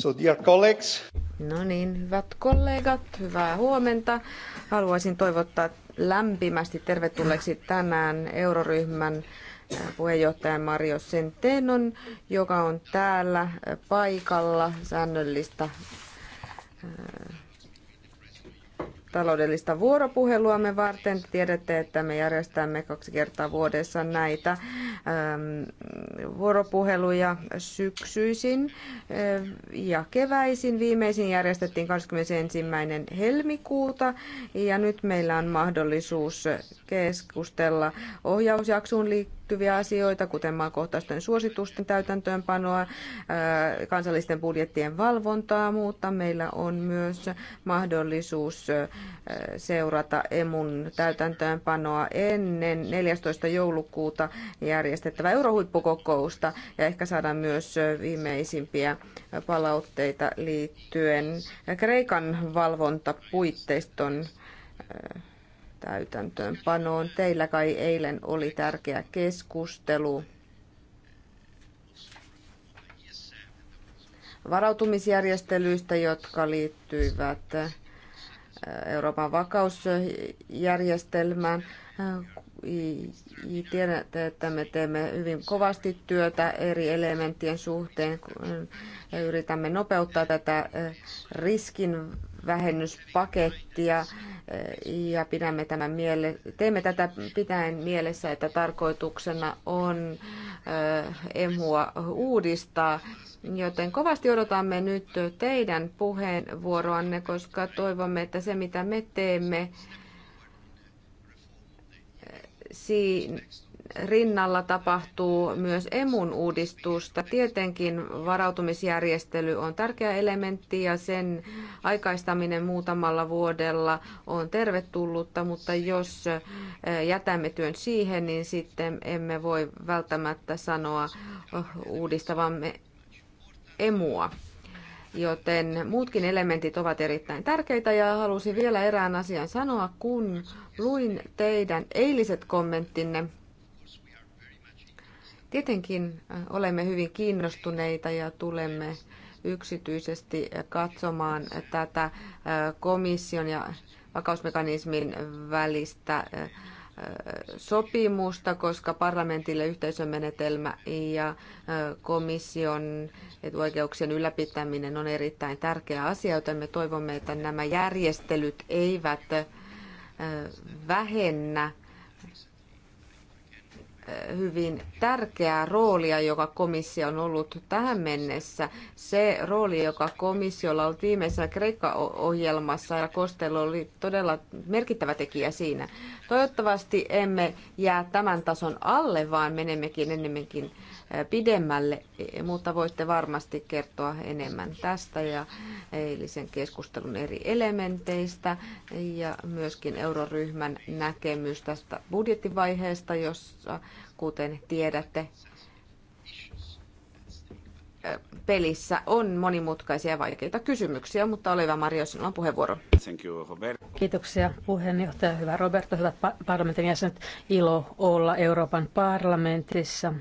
So dear colleagues. No niin, hyvät kollegat, hyvää huomenta. Haluaisin toivottaa lämpimästi tervetulleeksi tänään euroryhmän puheenjohtajan Mario Centenon, joka on täällä paikalla säännöllistä äh, taloudellista vuoropuheluamme varten. Tiedätte, että me järjestämme kaksi kertaa vuodessa näitä Ähm, vuoropuheluja syksyisin ähm, ja keväisin. Viimeisin järjestettiin 21. helmikuuta ja nyt meillä on mahdollisuus keskustella ohjausjaksoon liittyen liittyviä asioita, kuten maakohtaisten suositusten täytäntöönpanoa, kansallisten budjettien valvontaa, mutta meillä on myös mahdollisuus seurata emun täytäntöönpanoa ennen 14. joulukuuta järjestettävää eurohuippukokousta ja ehkä saada myös viimeisimpiä palautteita liittyen Kreikan valvontapuitteiston täytäntöönpanoon. Teillä kai eilen oli tärkeä keskustelu varautumisjärjestelyistä, jotka liittyivät äh, Euroopan vakausjärjestelmään. Äh, tiedätte, että me teemme hyvin kovasti työtä eri elementtien suhteen. Äh, yritämme nopeuttaa tätä riskin vähennyspakettia eh, ja pidämme tämän miele- teemme tätä pitäen mielessä, että tarkoituksena on eh, emua uudistaa. Joten kovasti odotamme nyt teidän puheenvuoroanne, koska toivomme, että se mitä me teemme, eh, siinä rinnalla tapahtuu myös emun uudistusta. Tietenkin varautumisjärjestely on tärkeä elementti ja sen aikaistaminen muutamalla vuodella on tervetullutta, mutta jos jätämme työn siihen, niin sitten emme voi välttämättä sanoa uudistavamme emua. Joten muutkin elementit ovat erittäin tärkeitä ja halusin vielä erään asian sanoa, kun luin teidän eiliset kommenttinne Tietenkin olemme hyvin kiinnostuneita ja tulemme yksityisesti katsomaan tätä komission ja vakausmekanismin välistä sopimusta, koska parlamentille yhteisömenetelmä ja komission etuoikeuksien ylläpitäminen on erittäin tärkeä asia, joten me toivomme, että nämä järjestelyt eivät vähennä hyvin tärkeää roolia, joka komissio on ollut tähän mennessä. Se rooli, joka komissiolla on ollut viimeisenä Kreikka-ohjelmassa ja Kostello oli todella merkittävä tekijä siinä. Toivottavasti emme jää tämän tason alle, vaan menemmekin ennemminkin pidemmälle, e, mutta voitte varmasti kertoa enemmän tästä ja eilisen keskustelun eri elementeistä ja myöskin euroryhmän näkemys tästä budjettivaiheesta, jossa, kuten tiedätte, e, pelissä on monimutkaisia ja vaikeita kysymyksiä, mutta oleva Mario, sinulla on puheenvuoro. Kiitoksia puheenjohtaja, hyvä Roberto, hyvät parlamentin jäsenet. Ilo olla Euroopan parlamentissa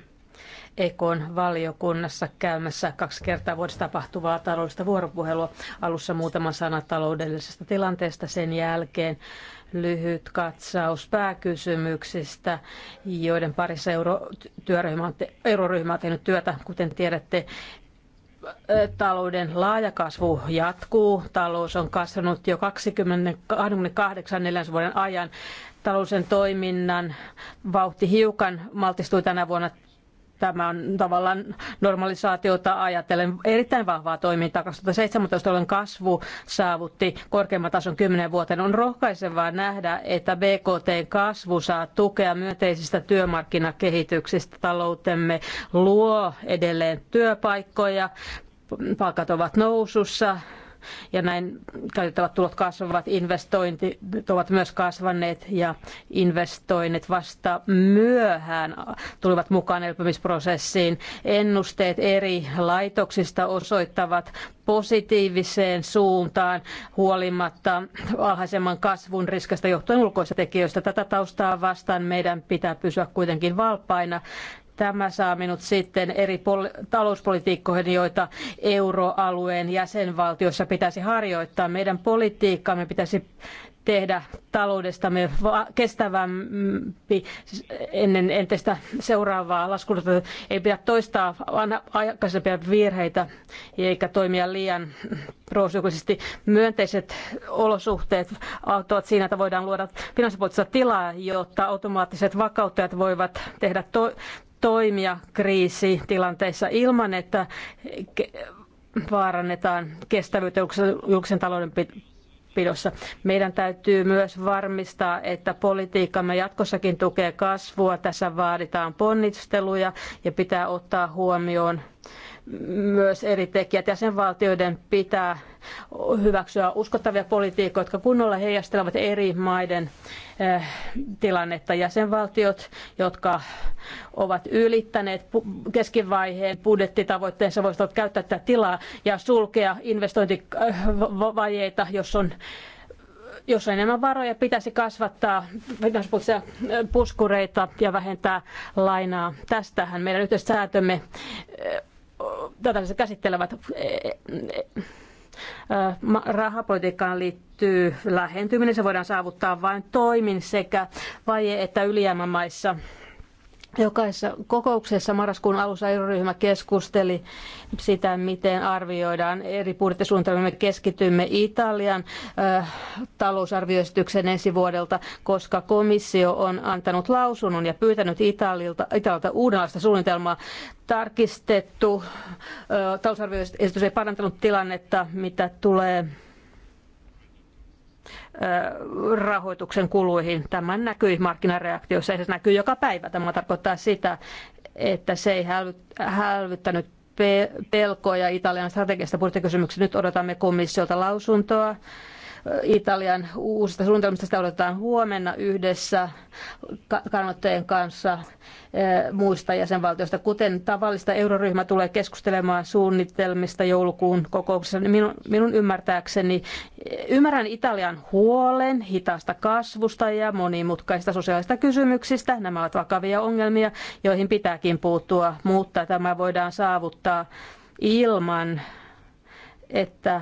Ekon valiokunnassa käymässä kaksi kertaa vuodessa tapahtuvaa taloudellista vuoropuhelua. Alussa muutama sana taloudellisesta tilanteesta, sen jälkeen lyhyt katsaus pääkysymyksistä, joiden parissa euro, työryhmä, euroryhmä on tehnyt työtä, kuten tiedätte, talouden laaja kasvu jatkuu. Talous on kasvanut jo 28 28 vuoden ajan. Talousen toiminnan vauhti hiukan maltistui tänä vuonna Tämä on tavallaan normalisaatiota ajatellen erittäin vahvaa toimintaa. 2017 olen kasvu saavutti korkeimman tason 10 vuoteen. On rohkaisevaa nähdä, että BKT kasvu saa tukea myönteisistä työmarkkinakehityksistä. Taloutemme luo edelleen työpaikkoja, palkat ovat nousussa, ja näin käytettävät tulot kasvavat, investointit ovat myös kasvaneet ja investoinnit vasta myöhään tulivat mukaan elpymisprosessiin. Ennusteet eri laitoksista osoittavat positiiviseen suuntaan huolimatta alhaisemman kasvun riskistä johtuen ulkoista tekijöistä. Tätä taustaa vastaan meidän pitää pysyä kuitenkin valppaina Tämä saa minut sitten eri talouspolitiikkoihin, joita euroalueen jäsenvaltiossa pitäisi harjoittaa. Meidän politiikkaamme pitäisi tehdä taloudestamme kestävämpi ennen entistä seuraavaa laskutusta. Ei pidä toistaa aikaisempia virheitä eikä toimia liian proosykisesti. Myönteiset olosuhteet auttavat siinä, että voidaan luoda finanssipoliittista tilaa, jotta automaattiset vakauttajat voivat tehdä to- toimia kriisitilanteissa ilman, että vaarannetaan kestävyyttä julkisen talouden pidossa. Meidän täytyy myös varmistaa, että politiikkamme jatkossakin tukee kasvua. Tässä vaaditaan ponnisteluja ja pitää ottaa huomioon myös eri tekijät. Jäsenvaltioiden pitää hyväksyä uskottavia politiikkoja, jotka kunnolla heijastelevat eri maiden eh, tilannetta. Jäsenvaltiot, jotka ovat ylittäneet keskivaiheen budjettitavoitteensa, voisivat käyttää tätä tilaa ja sulkea investointivajeita, jos on jos on enemmän varoja, pitäisi kasvattaa eh, puskureita ja vähentää lainaa. Tästähän meidän yhteiset säätömme eh, tätä se käsittelevät eh, eh, eh, rahapolitiikkaan liittyy lähentyminen. Se voidaan saavuttaa vain toimin sekä vaje- että ylijäämämaissa. Jokaisessa kokouksessa marraskuun alussa euroryhmä keskusteli sitä, miten arvioidaan eri budjettisuunnitelmia. Me keskitymme Italian äh, talousarvioesityksen ensi vuodelta, koska komissio on antanut lausunnon ja pyytänyt Italilta, Italialta uudenlaista suunnitelmaa. Tarkistettu äh, talousarvioesitys ei parantanut tilannetta, mitä tulee rahoituksen kuluihin. Tämä näkyy markkinareaktiossa ja se näkyy joka päivä. Tämä tarkoittaa sitä, että se ei hälvyttänyt pelkoja Italian strategiasta budjettikysymyksiä. Nyt odotamme komissiolta lausuntoa Italian uusista suunnitelmista. Sitä odotetaan huomenna yhdessä kannattajien kanssa muista jäsenvaltioista. Kuten tavallista, euroryhmä tulee keskustelemaan suunnitelmista joulukuun kokouksessa. Niin minun, minun ymmärtääkseni ymmärrän Italian huolen hitaasta kasvusta ja monimutkaisista sosiaalista kysymyksistä. Nämä ovat vakavia ongelmia, joihin pitääkin puuttua, mutta tämä voidaan saavuttaa ilman, että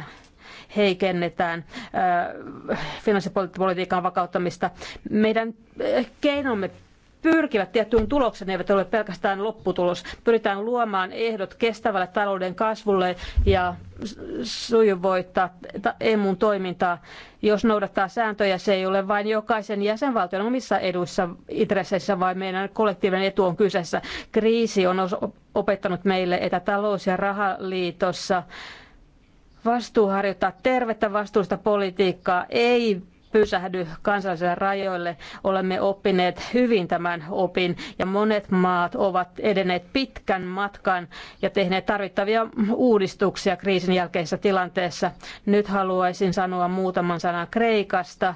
heikennetään äh, finanssipolitiikan vakauttamista. Meidän äh, keinomme pyrkivät tiettyyn tulokseen, eivät ole pelkästään lopputulos. Pyritään luomaan ehdot kestävälle talouden kasvulle ja sujuvoittaa EMUn toimintaa. Jos noudattaa sääntöjä, se ei ole vain jokaisen jäsenvaltion omissa eduissa, intresseissä, vaan meidän kollektiivinen etu on kyseessä. Kriisi on opettanut meille, että talous- ja rahaliitossa Vastuu harjoittaa tervettä vastuusta politiikkaa ei pysähdy kansallisille rajoille. Olemme oppineet hyvin tämän opin ja monet maat ovat edenneet pitkän matkan ja tehneet tarvittavia uudistuksia kriisin jälkeisessä tilanteessa. Nyt haluaisin sanoa muutaman sanan Kreikasta.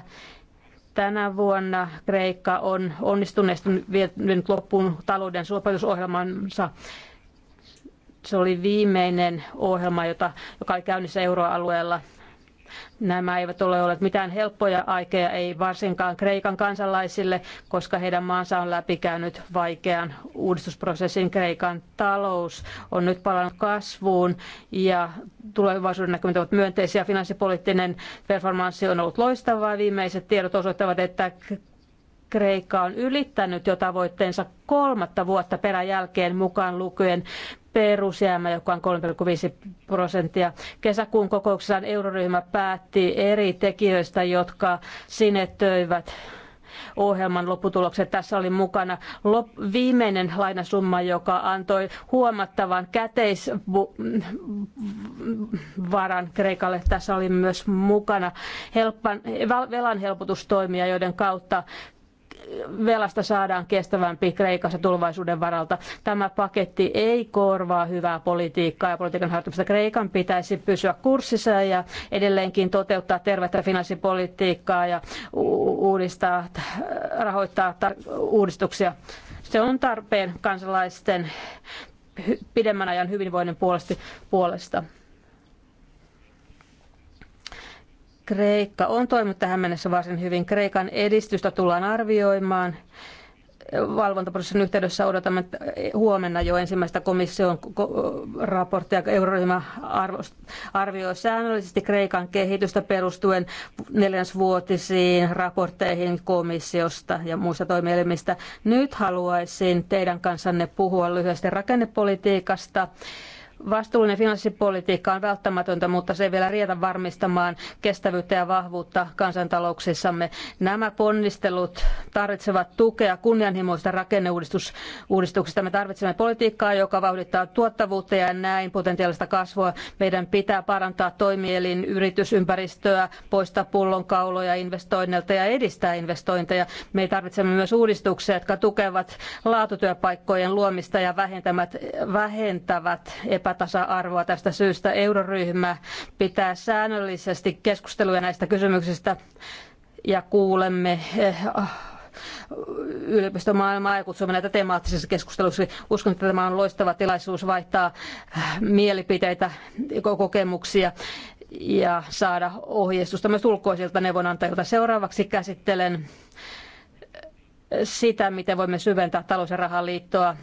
Tänä vuonna Kreikka on onnistuneesti vienyt loppuun talouden sopeutusohjelmansa se oli viimeinen ohjelma, jota, joka oli käynnissä euroalueella. Nämä eivät ole olleet mitään helppoja aikeja, ei varsinkaan Kreikan kansalaisille, koska heidän maansa on läpikäynyt vaikean uudistusprosessin. Kreikan talous on nyt palannut kasvuun ja tulevaisuuden näkymät ovat myönteisiä. Finanssipoliittinen performanssi on ollut loistavaa. Viimeiset tiedot osoittavat, että Kreikka on ylittänyt jo tavoitteensa kolmatta vuotta peräjälkeen mukaan lukien perusjäämä, joka on 3,5 prosenttia. Kesäkuun kokouksessaan euroryhmä päätti eri tekijöistä, jotka sinetöivät ohjelman lopputulokset. Tässä oli mukana lop- viimeinen lainasumma, joka antoi huomattavan käteisvaran Kreikalle. Tässä oli myös mukana helppan, velan helpotustoimia, joiden kautta velasta saadaan kestävämpi Kreikassa tulevaisuuden varalta. Tämä paketti ei korvaa hyvää politiikkaa ja politiikan harjoittamista. Kreikan pitäisi pysyä kurssissa ja edelleenkin toteuttaa tervettä finanssipolitiikkaa ja uudistaa, rahoittaa uudistuksia. Se on tarpeen kansalaisten pidemmän ajan hyvinvoinnin puolesta. Kreikka on toiminut tähän mennessä varsin hyvin. Kreikan edistystä tullaan arvioimaan. Valvontaprosessin yhteydessä odotamme huomenna jo ensimmäistä komission raporttia. Euroryhmä arvioi säännöllisesti Kreikan kehitystä perustuen neljänsvuotisiin raportteihin komissiosta ja muista toimielimistä. Nyt haluaisin teidän kanssanne puhua lyhyesti rakennepolitiikasta Vastuullinen finanssipolitiikka on välttämätöntä, mutta se ei vielä riitä varmistamaan kestävyyttä ja vahvuutta kansantalouksissamme. Nämä ponnistelut tarvitsevat tukea kunnianhimoista rakenneuudistuksista. Me tarvitsemme politiikkaa, joka vauhdittaa tuottavuutta ja näin potentiaalista kasvua. Meidän pitää parantaa toimielin yritysympäristöä, poistaa pullonkauloja investoinneilta ja edistää investointeja. Me tarvitsemme myös uudistuksia, jotka tukevat laatutyöpaikkojen luomista ja vähentävät, vähentävät epä epätasa-arvoa tästä syystä. Euroryhmä pitää säännöllisesti keskusteluja näistä kysymyksistä ja kuulemme eh, ah, yliopistomaailmaa ja kutsumme näitä temaattisissa keskusteluissa. Uskon, että tämä on loistava tilaisuus vaihtaa eh, mielipiteitä, kokemuksia ja saada ohjeistusta myös ulkoisilta neuvonantajilta. Seuraavaksi käsittelen sitä, miten voimme syventää talous- ja rahaliittoa.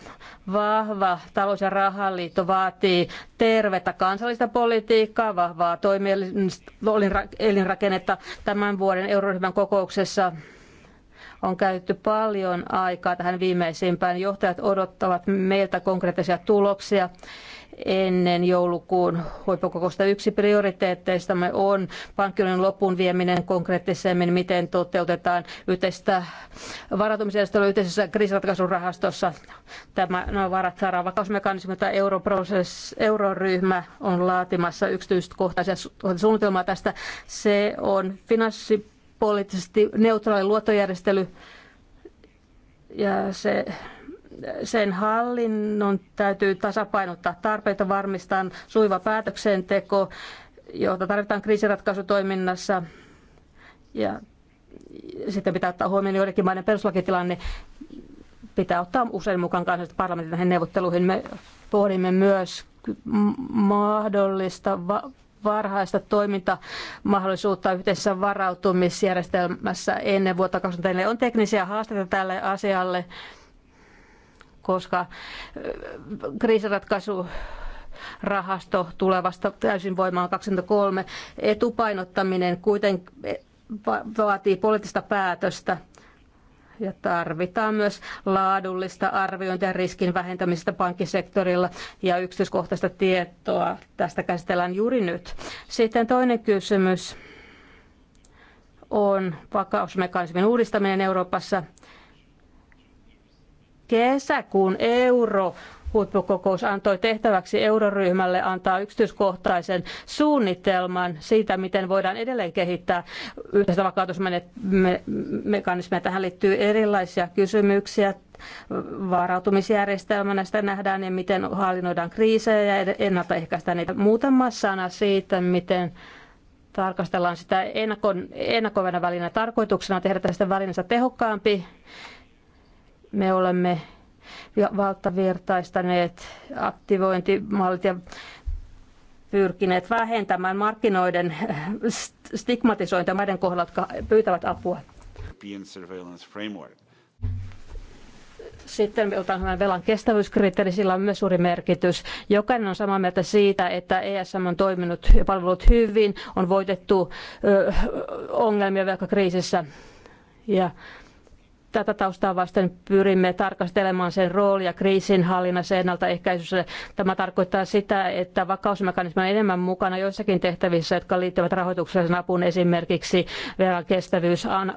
Vahva talous- ja rahaliitto vaatii tervettä kansallista politiikkaa, vahvaa toimielinrakennetta. Tämän vuoden euroryhmän kokouksessa on käytetty paljon aikaa tähän viimeisimpään. Johtajat odottavat meiltä konkreettisia tuloksia ennen joulukuun huippukokousta. Yksi prioriteetteistamme on pankkiunin lopun vieminen konkreettisemmin, miten toteutetaan yhteistä varautumisjärjestelyä yhteisessä kriisiratkaisurahastossa. Tämä, no, varat saadaan jota euroryhmä on laatimassa yksityiskohtaisia suunnitelmaa tästä. Se on finanssipoliittisesti neutraali luottojärjestely ja se sen hallinnon täytyy tasapainottaa tarpeita, varmistaa suiva päätöksenteko, jota tarvitaan kriisiratkaisutoiminnassa. Ja sitten pitää ottaa huomioon joidenkin maiden peruslakitilanne. Pitää ottaa usein mukaan kansalliset parlamentit näihin neuvotteluihin. Me pohdimme myös mahdollista varhaista toimintamahdollisuutta yhteisessä varautumisjärjestelmässä ennen vuotta 2024. On teknisiä haasteita tälle asialle koska kriisiratkaisu rahasto tulevasta täysin voimaan 23. Etupainottaminen kuitenkin e, vaatii poliittista päätöstä ja tarvitaan myös laadullista arviointia riskin vähentämistä pankkisektorilla ja yksityiskohtaista tietoa. Tästä käsitellään juuri nyt. Sitten toinen kysymys on vakausmekanismin uudistaminen Euroopassa. Kesäkuun euro huippukokous antoi tehtäväksi euroryhmälle antaa yksityiskohtaisen suunnitelman siitä, miten voidaan edelleen kehittää yhteistä vakautusmekanismia. Tähän liittyy erilaisia kysymyksiä varautumisjärjestelmänä sitä nähdään ja miten hallinnoidaan kriisejä ja ennaltaehkäistään niitä. Muutama sana siitä, miten tarkastellaan sitä ennakon, ennakoivana välinä tarkoituksena tehdä tästä välineestä tehokkaampi me olemme valtavirtaistaneet aktivointimallit ja pyrkineet vähentämään markkinoiden stigmatisointia maiden kohdalla, jotka pyytävät apua. Sitten me otan velan kestävyyskriteeri, sillä on myös suuri merkitys. Jokainen on samaa mieltä siitä, että ESM on toiminut ja palvelut hyvin, on voitettu ongelmia velkakriisissä ja Tätä taustaa vasten pyrimme tarkastelemaan sen roolia kriisinhallinnassa ja ennaltaehkäisyssä. Tämä tarkoittaa sitä, että vakausmekanismi on enemmän mukana joissakin tehtävissä, jotka liittyvät rahoituksellisen apuun, esimerkiksi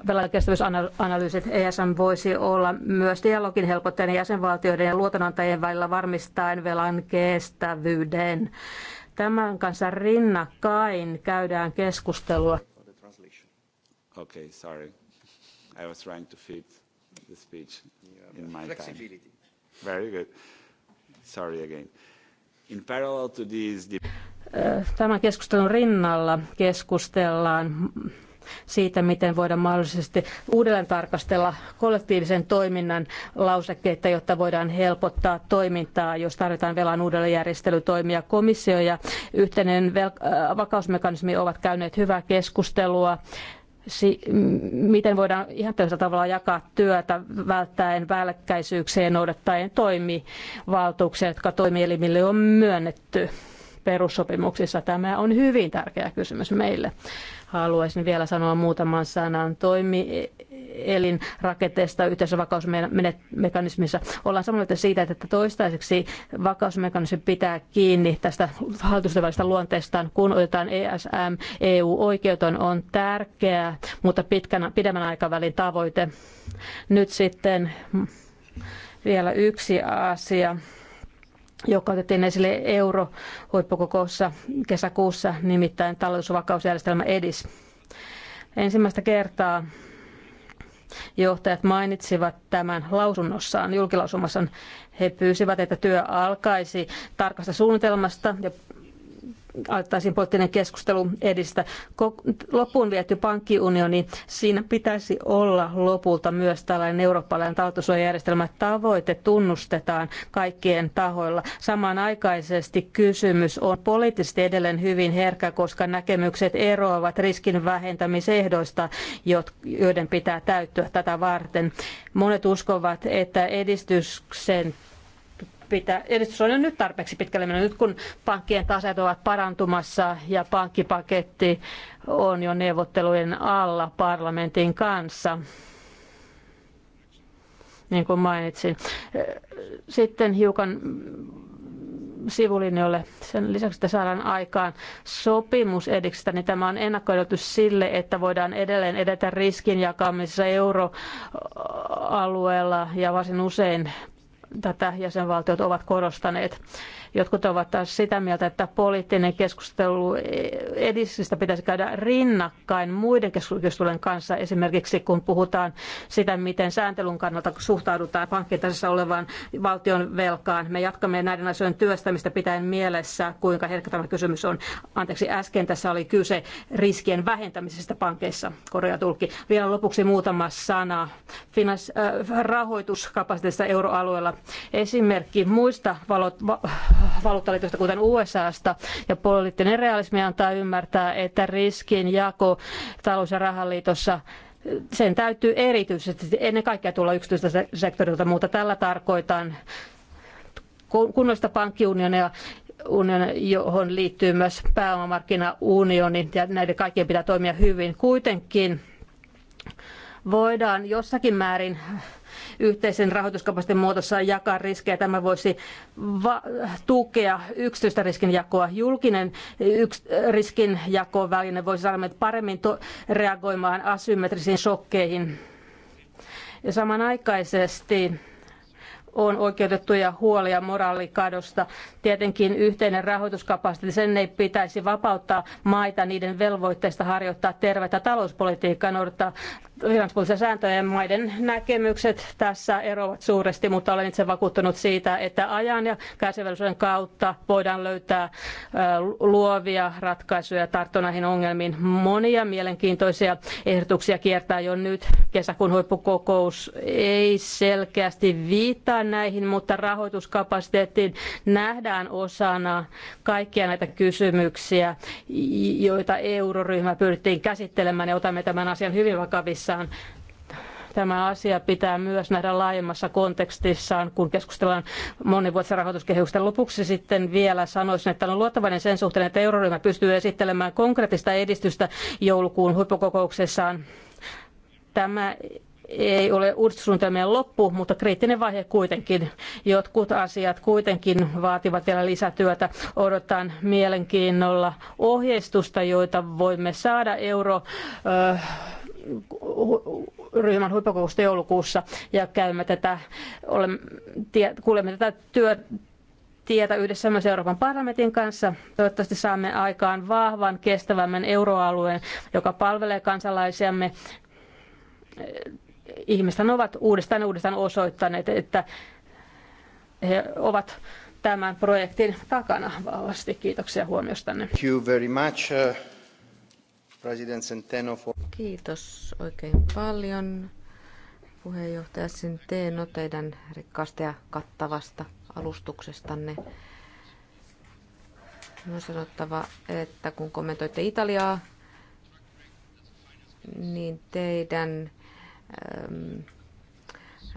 velankestävyysanalyysit ESM voisi olla myös dialogin helpottajan jäsenvaltioiden ja luotonantajien välillä varmistaen velan kestävyyden. Tämän kanssa rinnakkain käydään keskustelua. Okay, sorry. I was trying to fit the speech in my Flexibility. time. Very good. Sorry again. In parallel to these... Tämän keskustelun rinnalla keskustellaan siitä, miten voidaan mahdollisesti uudelleen tarkastella kollektiivisen toiminnan lausekkeita, jotta voidaan helpottaa toimintaa, jos tarvitaan velan uudelleenjärjestelytoimia. Komissio ja yhteinen vakausmekanismi ovat käyneet hyvää keskustelua si- miten voidaan ihan tällaisella tavalla jakaa työtä välttäen välkkäisyykseen noudattaen toimivaltuuksia, jotka toimielimille on myönnetty perussopimuksissa. Tämä on hyvin tärkeä kysymys meille. Haluaisin vielä sanoa muutaman sanan toimi elinrakenteesta vakausmekanismissa. Ollaan samoin mieltä siitä, että toistaiseksi vakausmekanismi pitää kiinni tästä hallitusten välistä luonteestaan, kun otetaan ESM, EU-oikeuton on tärkeää, mutta pitkän, pidemmän aikavälin tavoite. Nyt sitten vielä yksi asia joka otettiin esille eurohuippukokoussa kesäkuussa, nimittäin talousvakausjärjestelmä EDIS. Ensimmäistä kertaa Johtajat mainitsivat tämän lausunnossaan, julkilausumassaan. He pyysivät, että työ alkaisi tarkasta suunnitelmasta ja alettaisiin poliittinen keskustelu edistä. Loppuun viety pankkiunioni, siinä pitäisi olla lopulta myös tällainen eurooppalainen talletussuojajärjestelmä. Tavoite tunnustetaan kaikkien tahoilla. Samanaikaisesti kysymys on poliittisesti edelleen hyvin herkkä, koska näkemykset eroavat riskin vähentämisehdoista, joiden pitää täyttyä tätä varten. Monet uskovat, että edistyksen pitää, se on jo nyt tarpeeksi pitkälle mennyt, nyt kun pankkien taseet ovat parantumassa ja pankkipaketti on jo neuvottelujen alla parlamentin kanssa niin kuin mainitsin. Sitten hiukan sivulinjoille. Sen lisäksi, että saadaan aikaan sopimus ediksestä, niin tämä on ennakkoedotus sille, että voidaan edelleen edetä riskin jakamisessa euroalueella ja varsin usein Tätä jäsenvaltiot ovat korostaneet. Jotkut ovat taas sitä mieltä, että poliittinen keskustelu edistystä pitäisi käydä rinnakkain muiden keskustelujen kanssa, esimerkiksi kun puhutaan sitä, miten sääntelyn kannalta suhtaudutaan pankkitasessa olevaan valtion velkaan. Me jatkamme näiden asioiden työstämistä pitäen mielessä, kuinka herkkä tämä kysymys on. Anteeksi, äsken tässä oli kyse riskien vähentämisestä pankeissa, korjaa tulkki. Vielä lopuksi muutama sana finans, äh, rahoituskapasiteetista euroalueella. Esimerkki muista valot, va, valuuttaliitosta, kuten USAsta, ja poliittinen realismi antaa ymmärtää, että riskin jako talous- ja rahaliitossa sen täytyy erityisesti ennen kaikkea tulla yksityiseltä sektorilta, mutta tällä tarkoitan kunnoista pankkiunionia, unioni, johon liittyy myös pääomamarkkinaunioni, ja näiden kaikkien pitää toimia hyvin. Kuitenkin voidaan jossakin määrin yhteisen rahoituskapasiteen muodossa jakaa riskejä. Tämä voisi tukea yksityistä riskinjakoa. Julkinen yks- riskinjakoväline voisi saada meitä paremmin reagoimaan asymmetrisiin shokkeihin. Ja samanaikaisesti on oikeutettuja huolia moraalikadosta. Tietenkin yhteinen rahoituskapasiteetti, sen ei pitäisi vapauttaa maita niiden velvoitteista harjoittaa tervettä talouspolitiikkaa, noudattaa finanssipuolisia sääntöjä. Maiden näkemykset tässä eroavat suuresti, mutta olen itse vakuuttunut siitä, että ajan ja kärsivällisyyden kautta voidaan löytää luovia ratkaisuja tarttua näihin ongelmiin. Monia mielenkiintoisia ehdotuksia kiertää jo nyt. Kesäkuun huippukokous ei selkeästi viittaa mukaan näihin, mutta rahoituskapasiteettiin nähdään osana kaikkia näitä kysymyksiä, joita euroryhmä pyrittiin käsittelemään ja otamme tämän asian hyvin vakavissaan tämä asia pitää myös nähdä laajemmassa kontekstissaan, kun keskustellaan monivuotisen rahoituskehyksen. Lopuksi sitten vielä sanoisin, että on luottavainen sen suhteen, että euroryhmä pystyy esittelemään konkreettista edistystä joulukuun huippukokouksessaan. Tämä ei ole uudistussuunnitelmien loppu, mutta kriittinen vaihe kuitenkin. Jotkut asiat kuitenkin vaativat vielä lisätyötä. Odotan mielenkiinnolla ohjeistusta, joita voimme saada euro äh, ryhmän huippukokousta joulukuussa ja käymme tätä, olemme, tie, kuulemme tätä työ, tietä yhdessä myös Euroopan parlamentin kanssa. Toivottavasti saamme aikaan vahvan, kestävämmän euroalueen, joka palvelee kansalaisiamme Ihmistä ovat uudestaan uudestaan osoittaneet, että he ovat tämän projektin takana vahvasti. Kiitoksia huomiostanne. Thank you very much, uh, President Centeno for... Kiitos oikein paljon puheenjohtaja Centeno teidän rikkaasta ja kattavasta alustuksestanne. On sanottava, että kun kommentoitte Italiaa, niin teidän Ähm,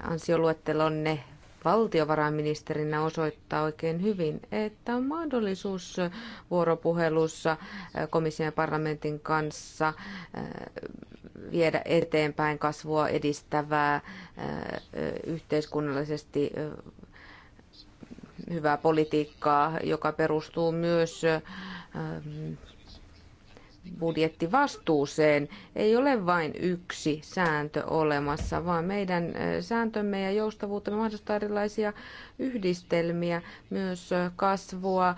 ansioluettelonne valtiovarainministerinä osoittaa oikein hyvin, että on mahdollisuus vuoropuhelussa äh, komission ja parlamentin kanssa äh, viedä eteenpäin kasvua edistävää äh, yhteiskunnallisesti hyvää politiikkaa, joka perustuu myös ähm, budjettivastuuseen. Ei ole vain yksi sääntö olemassa, vaan meidän sääntömme ja joustavuutemme mahdollistaa erilaisia yhdistelmiä, myös kasvua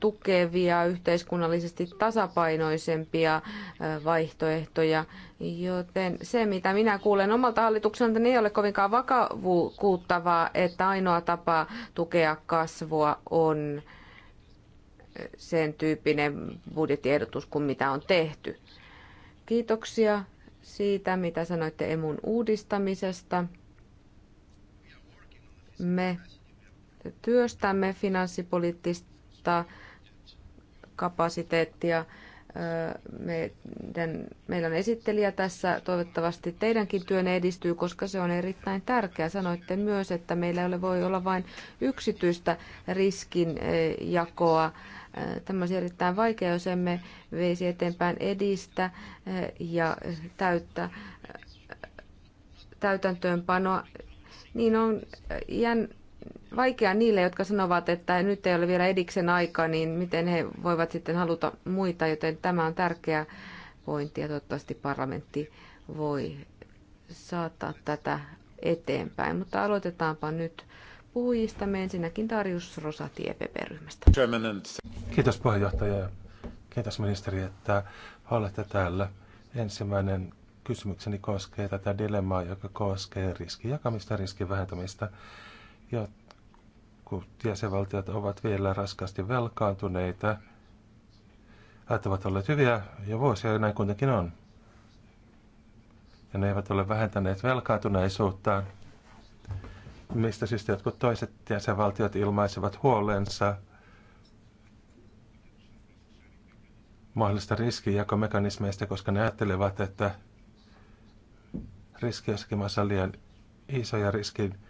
tukevia, yhteiskunnallisesti tasapainoisempia vaihtoehtoja. Joten se, mitä minä kuulen omalta hallitukselta, niin ei ole kovinkaan vakavuuttavaa, että ainoa tapa tukea kasvua on sen tyyppinen budjettiehdotus kuin mitä on tehty. Kiitoksia siitä, mitä sanoitte emun uudistamisesta. Me työstämme finanssipoliittista kapasiteettia. Meidän, meillä on esittelijä tässä. Toivottavasti teidänkin työnne edistyy, koska se on erittäin tärkeää. Sanoitte myös, että meillä ei voi olla vain yksityistä riskinjakoa Tämä erittäin vaikea, jos emme veisi eteenpäin edistä eh, ja täyttä eh, täytäntöönpanoa. Niin on eh, jän, vaikea niille, jotka sanovat, että nyt ei ole vielä ediksen aika, niin miten he voivat sitten haluta muita, joten tämä on tärkeä pointti ja toivottavasti parlamentti voi saattaa tätä eteenpäin. Mutta aloitetaanpa nyt me Ensinnäkin Tarjus Rosati EPP-ryhmästä. Kiitos puheenjohtaja ja kiitos ministeri, että olette täällä. Ensimmäinen kysymykseni koskee tätä dilemmaa, joka koskee riskin jakamista ja riskin vähentämistä. kun jäsenvaltiot ovat vielä raskaasti velkaantuneita. Ajat ovat olleet hyviä jo vuosia ja näin kuitenkin on. Ja ne eivät ole vähentäneet velkaantuneisuuttaan – mistä siis jotkut toiset jäsenvaltiot ilmaisivat huolensa mahdollista riskijakomekanismeista, koska ne ajattelevat, että riski jossakin maassa on liian iso ja riskin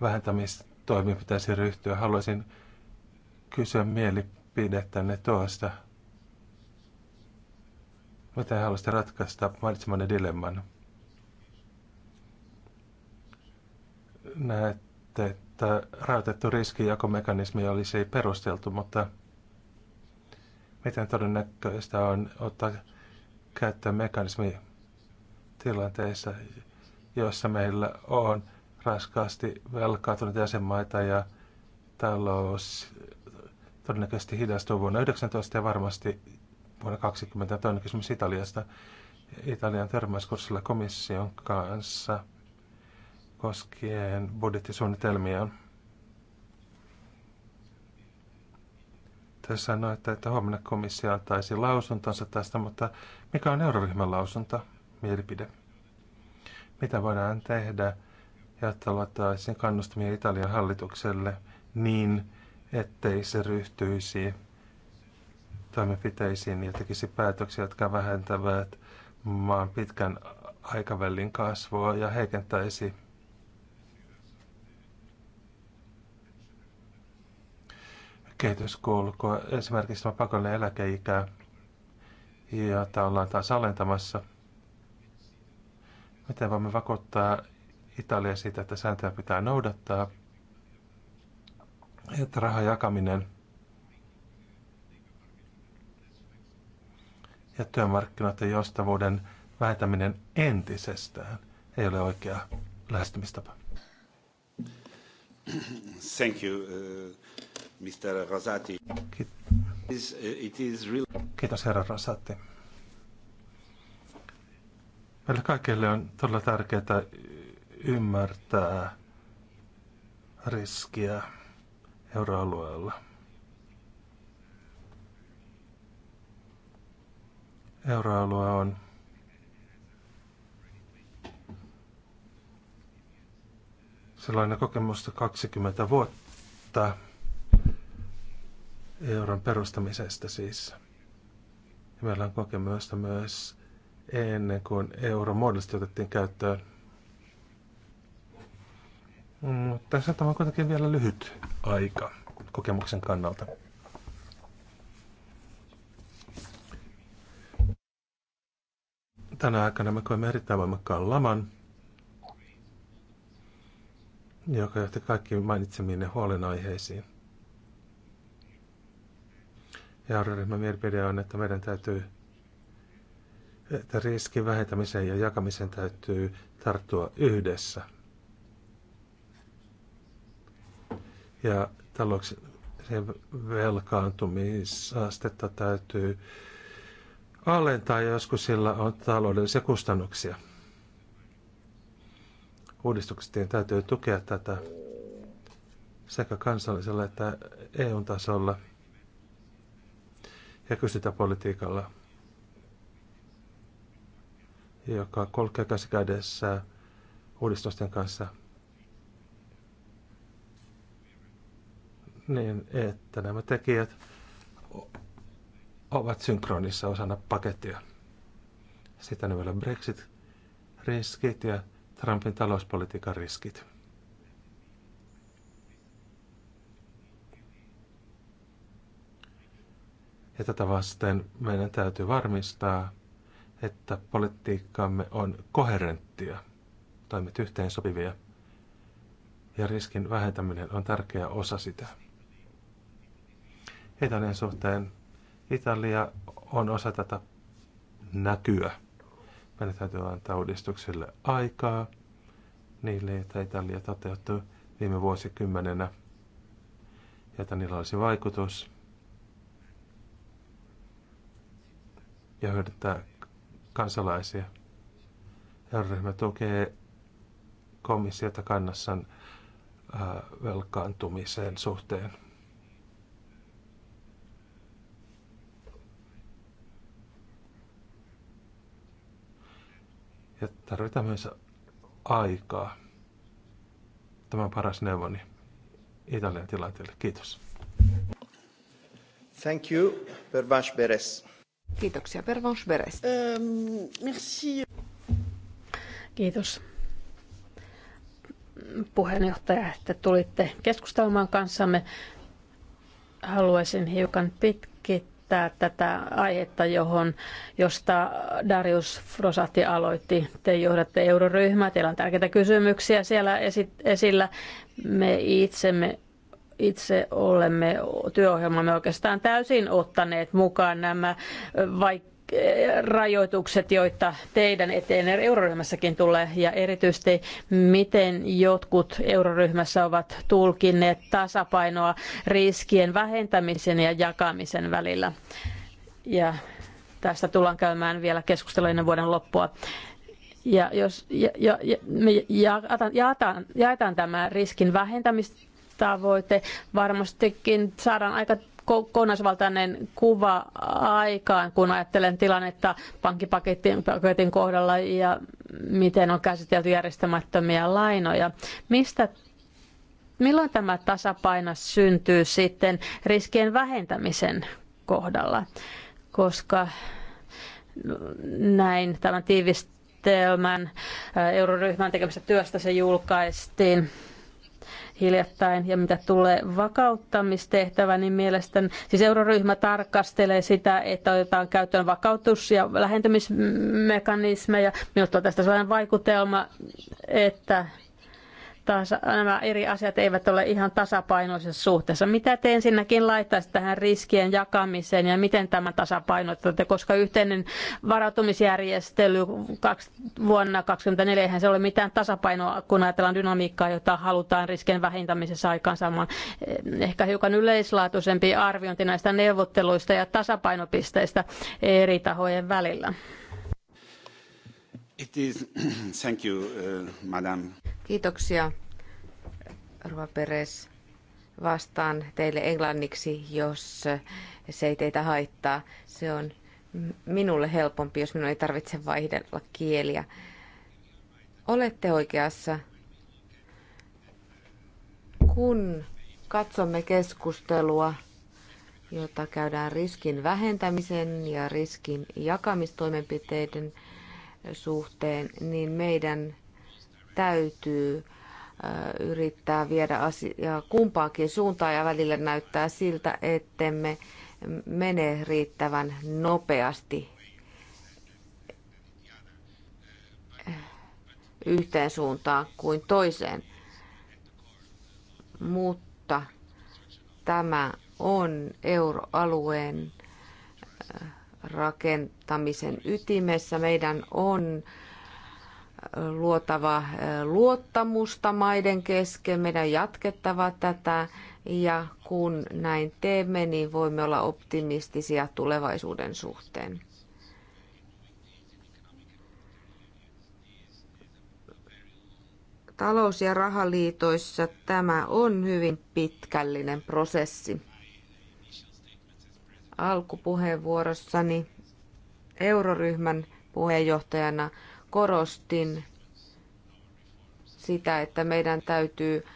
vähentämistoimiin pitäisi ryhtyä. Haluaisin kysyä mielipidettänne tuosta. Miten haluaisitte ratkaista mainitsemanne dilemman? näette, että rajoitettu riskijakomekanismi olisi perusteltu, mutta miten todennäköistä on ottaa käyttöön mekanismi tilanteissa, joissa meillä on raskaasti velkaantuneita jäsenmaita ja talous todennäköisesti hidastuu vuonna 19 ja varmasti vuonna 20. Toinen kysymys Italiasta. Italian törmäyskurssilla komission kanssa – koskien budjettisuunnitelmiaan. Tässä sanoitte, että huomenna komissio antaisi lausuntonsa tästä, mutta mikä on euroryhmän lausunto, mielipide? Mitä voidaan tehdä, jotta luottaisiin kannustamia Italian hallitukselle niin, ettei se ryhtyisi toimenpiteisiin ja tekisi päätöksiä, jotka vähentävät maan pitkän aikavälin kasvua ja heikentäisi kehityskulkua, esimerkiksi tämä pakollinen eläkeikä, jota ollaan taas alentamassa. Miten voimme vakuuttaa Italia siitä, että sääntöjä pitää noudattaa, että rahan jakaminen ja työmarkkinoiden joustavuuden vähentäminen entisestään ei ole oikea lähestymistapa. Thank you. Mr. Rosati. Uh, Kiitos, herra Rosati. Meille kaikille on todella tärkeää ymmärtää riskiä euroalueella. Euroalue on sellainen kokemusta 20 vuotta, euron perustamisesta siis. meillä on kokemusta myös ennen kuin euro muodollisesti otettiin käyttöön. Mutta tämä on kuitenkin vielä lyhyt aika kokemuksen kannalta. Tänä aikana me koemme erittäin voimakkaan laman, joka johti kaikkiin mainitsemiin huolenaiheisiin. Ja ryhmän mielipide on, että meidän täytyy, että riskin vähentämiseen ja jakamiseen täytyy tarttua yhdessä. Ja talouksien velkaantumisastetta täytyy alentaa, joskus sillä on taloudellisia kustannuksia. Uudistukset täytyy tukea tätä sekä kansallisella että EU-tasolla – ja politiikalla, joka kulkee käsi kädessä uudistusten kanssa niin, että nämä tekijät ovat synkronissa osana pakettia. Sitten vielä Brexit-riskit ja Trumpin talouspolitiikan riskit. Ja tätä vasten meidän täytyy varmistaa, että politiikkamme on koherenttia, toimet yhteen sopivia, ja riskin vähentäminen on tärkeä osa sitä. Italian suhteen Italia on osa tätä näkyä. Meidän täytyy antaa uudistuksille aikaa niille, että Italia toteutui viime vuosikymmenenä, ja että niillä olisi vaikutus – ja hyödyttää kansalaisia. Euroryhmä tukee komissiota kannassan äh, velkaantumiseen suhteen. Ja tarvitaan myös aikaa. Tämä on paras neuvoni Italian tilanteelle. Kiitos. Thank you, Pervash Beres. Kiitoksia, Pervons Beres. Ähm, merci. Kiitos puheenjohtaja, että tulitte keskustelemaan kanssamme. Haluaisin hiukan pitkittää tätä aihetta, johon, josta Darius Frosati aloitti. Te johdatte euroryhmää, teillä on tärkeitä kysymyksiä siellä esillä. Me itsemme itse olemme työohjelmamme oikeastaan täysin ottaneet mukaan nämä vaikka rajoitukset, joita teidän eteen euroryhmässäkin tulee, ja erityisesti miten jotkut euroryhmässä ovat tulkinneet tasapainoa riskien vähentämisen ja jakamisen välillä. Ja tästä tullaan käymään vielä keskustelua ennen vuoden loppua. Ja jos ja, ja, ja, me jaetaan, jaetaan, jaetaan tämä riskin vähentämistä tavoite. Varmastikin saadaan aika kokonaisvaltainen kuva aikaan, kun ajattelen tilannetta pankkipaketin kohdalla ja miten on käsitelty järjestämättömiä lainoja. Mistä Milloin tämä tasapaino syntyy sitten riskien vähentämisen kohdalla? Koska näin tämän tiivistelmän euroryhmän tekemästä työstä se julkaistiin hiljattain. Ja mitä tulee vakauttamistehtävä, niin mielestäni siis euroryhmä tarkastelee sitä, että otetaan käyttöön vakautus- ja lähentymismekanismeja. Minusta on tästä sellainen vaikutelma, että taas nämä eri asiat eivät ole ihan tasapainoisessa suhteessa. Mitä te ensinnäkin laittaisit tähän riskien jakamiseen ja miten tämä tasapainotatte, koska yhteinen varautumisjärjestely vuonna 2024, eihän se ole mitään tasapainoa, kun ajatellaan dynamiikkaa, jota halutaan riskien vähentämisessä saamaan. Ehkä hiukan yleislaatuisempi arviointi näistä neuvotteluista ja tasapainopisteistä eri tahojen välillä. It is, thank you, uh, madam. Kiitoksia, Rua Peres. Vastaan teille englanniksi, jos se ei teitä haittaa. Se on minulle helpompi, jos minun ei tarvitse vaihdella kieliä. Olette oikeassa. Kun katsomme keskustelua, jota käydään riskin vähentämisen ja riskin jakamistoimenpiteiden – suhteen, niin meidän täytyy yrittää viedä asiaa kumpaankin suuntaan ja välillä näyttää siltä, ettemme mene riittävän nopeasti yhteen suuntaan kuin toiseen. Mutta tämä on euroalueen rakentamisen ytimessä. Meidän on luotava luottamusta maiden kesken, meidän jatkettava tätä ja kun näin teemme, niin voimme olla optimistisia tulevaisuuden suhteen. Talous- ja rahaliitoissa tämä on hyvin pitkällinen prosessi alkupuheenvuorossani euroryhmän puheenjohtajana korostin sitä, että meidän täytyy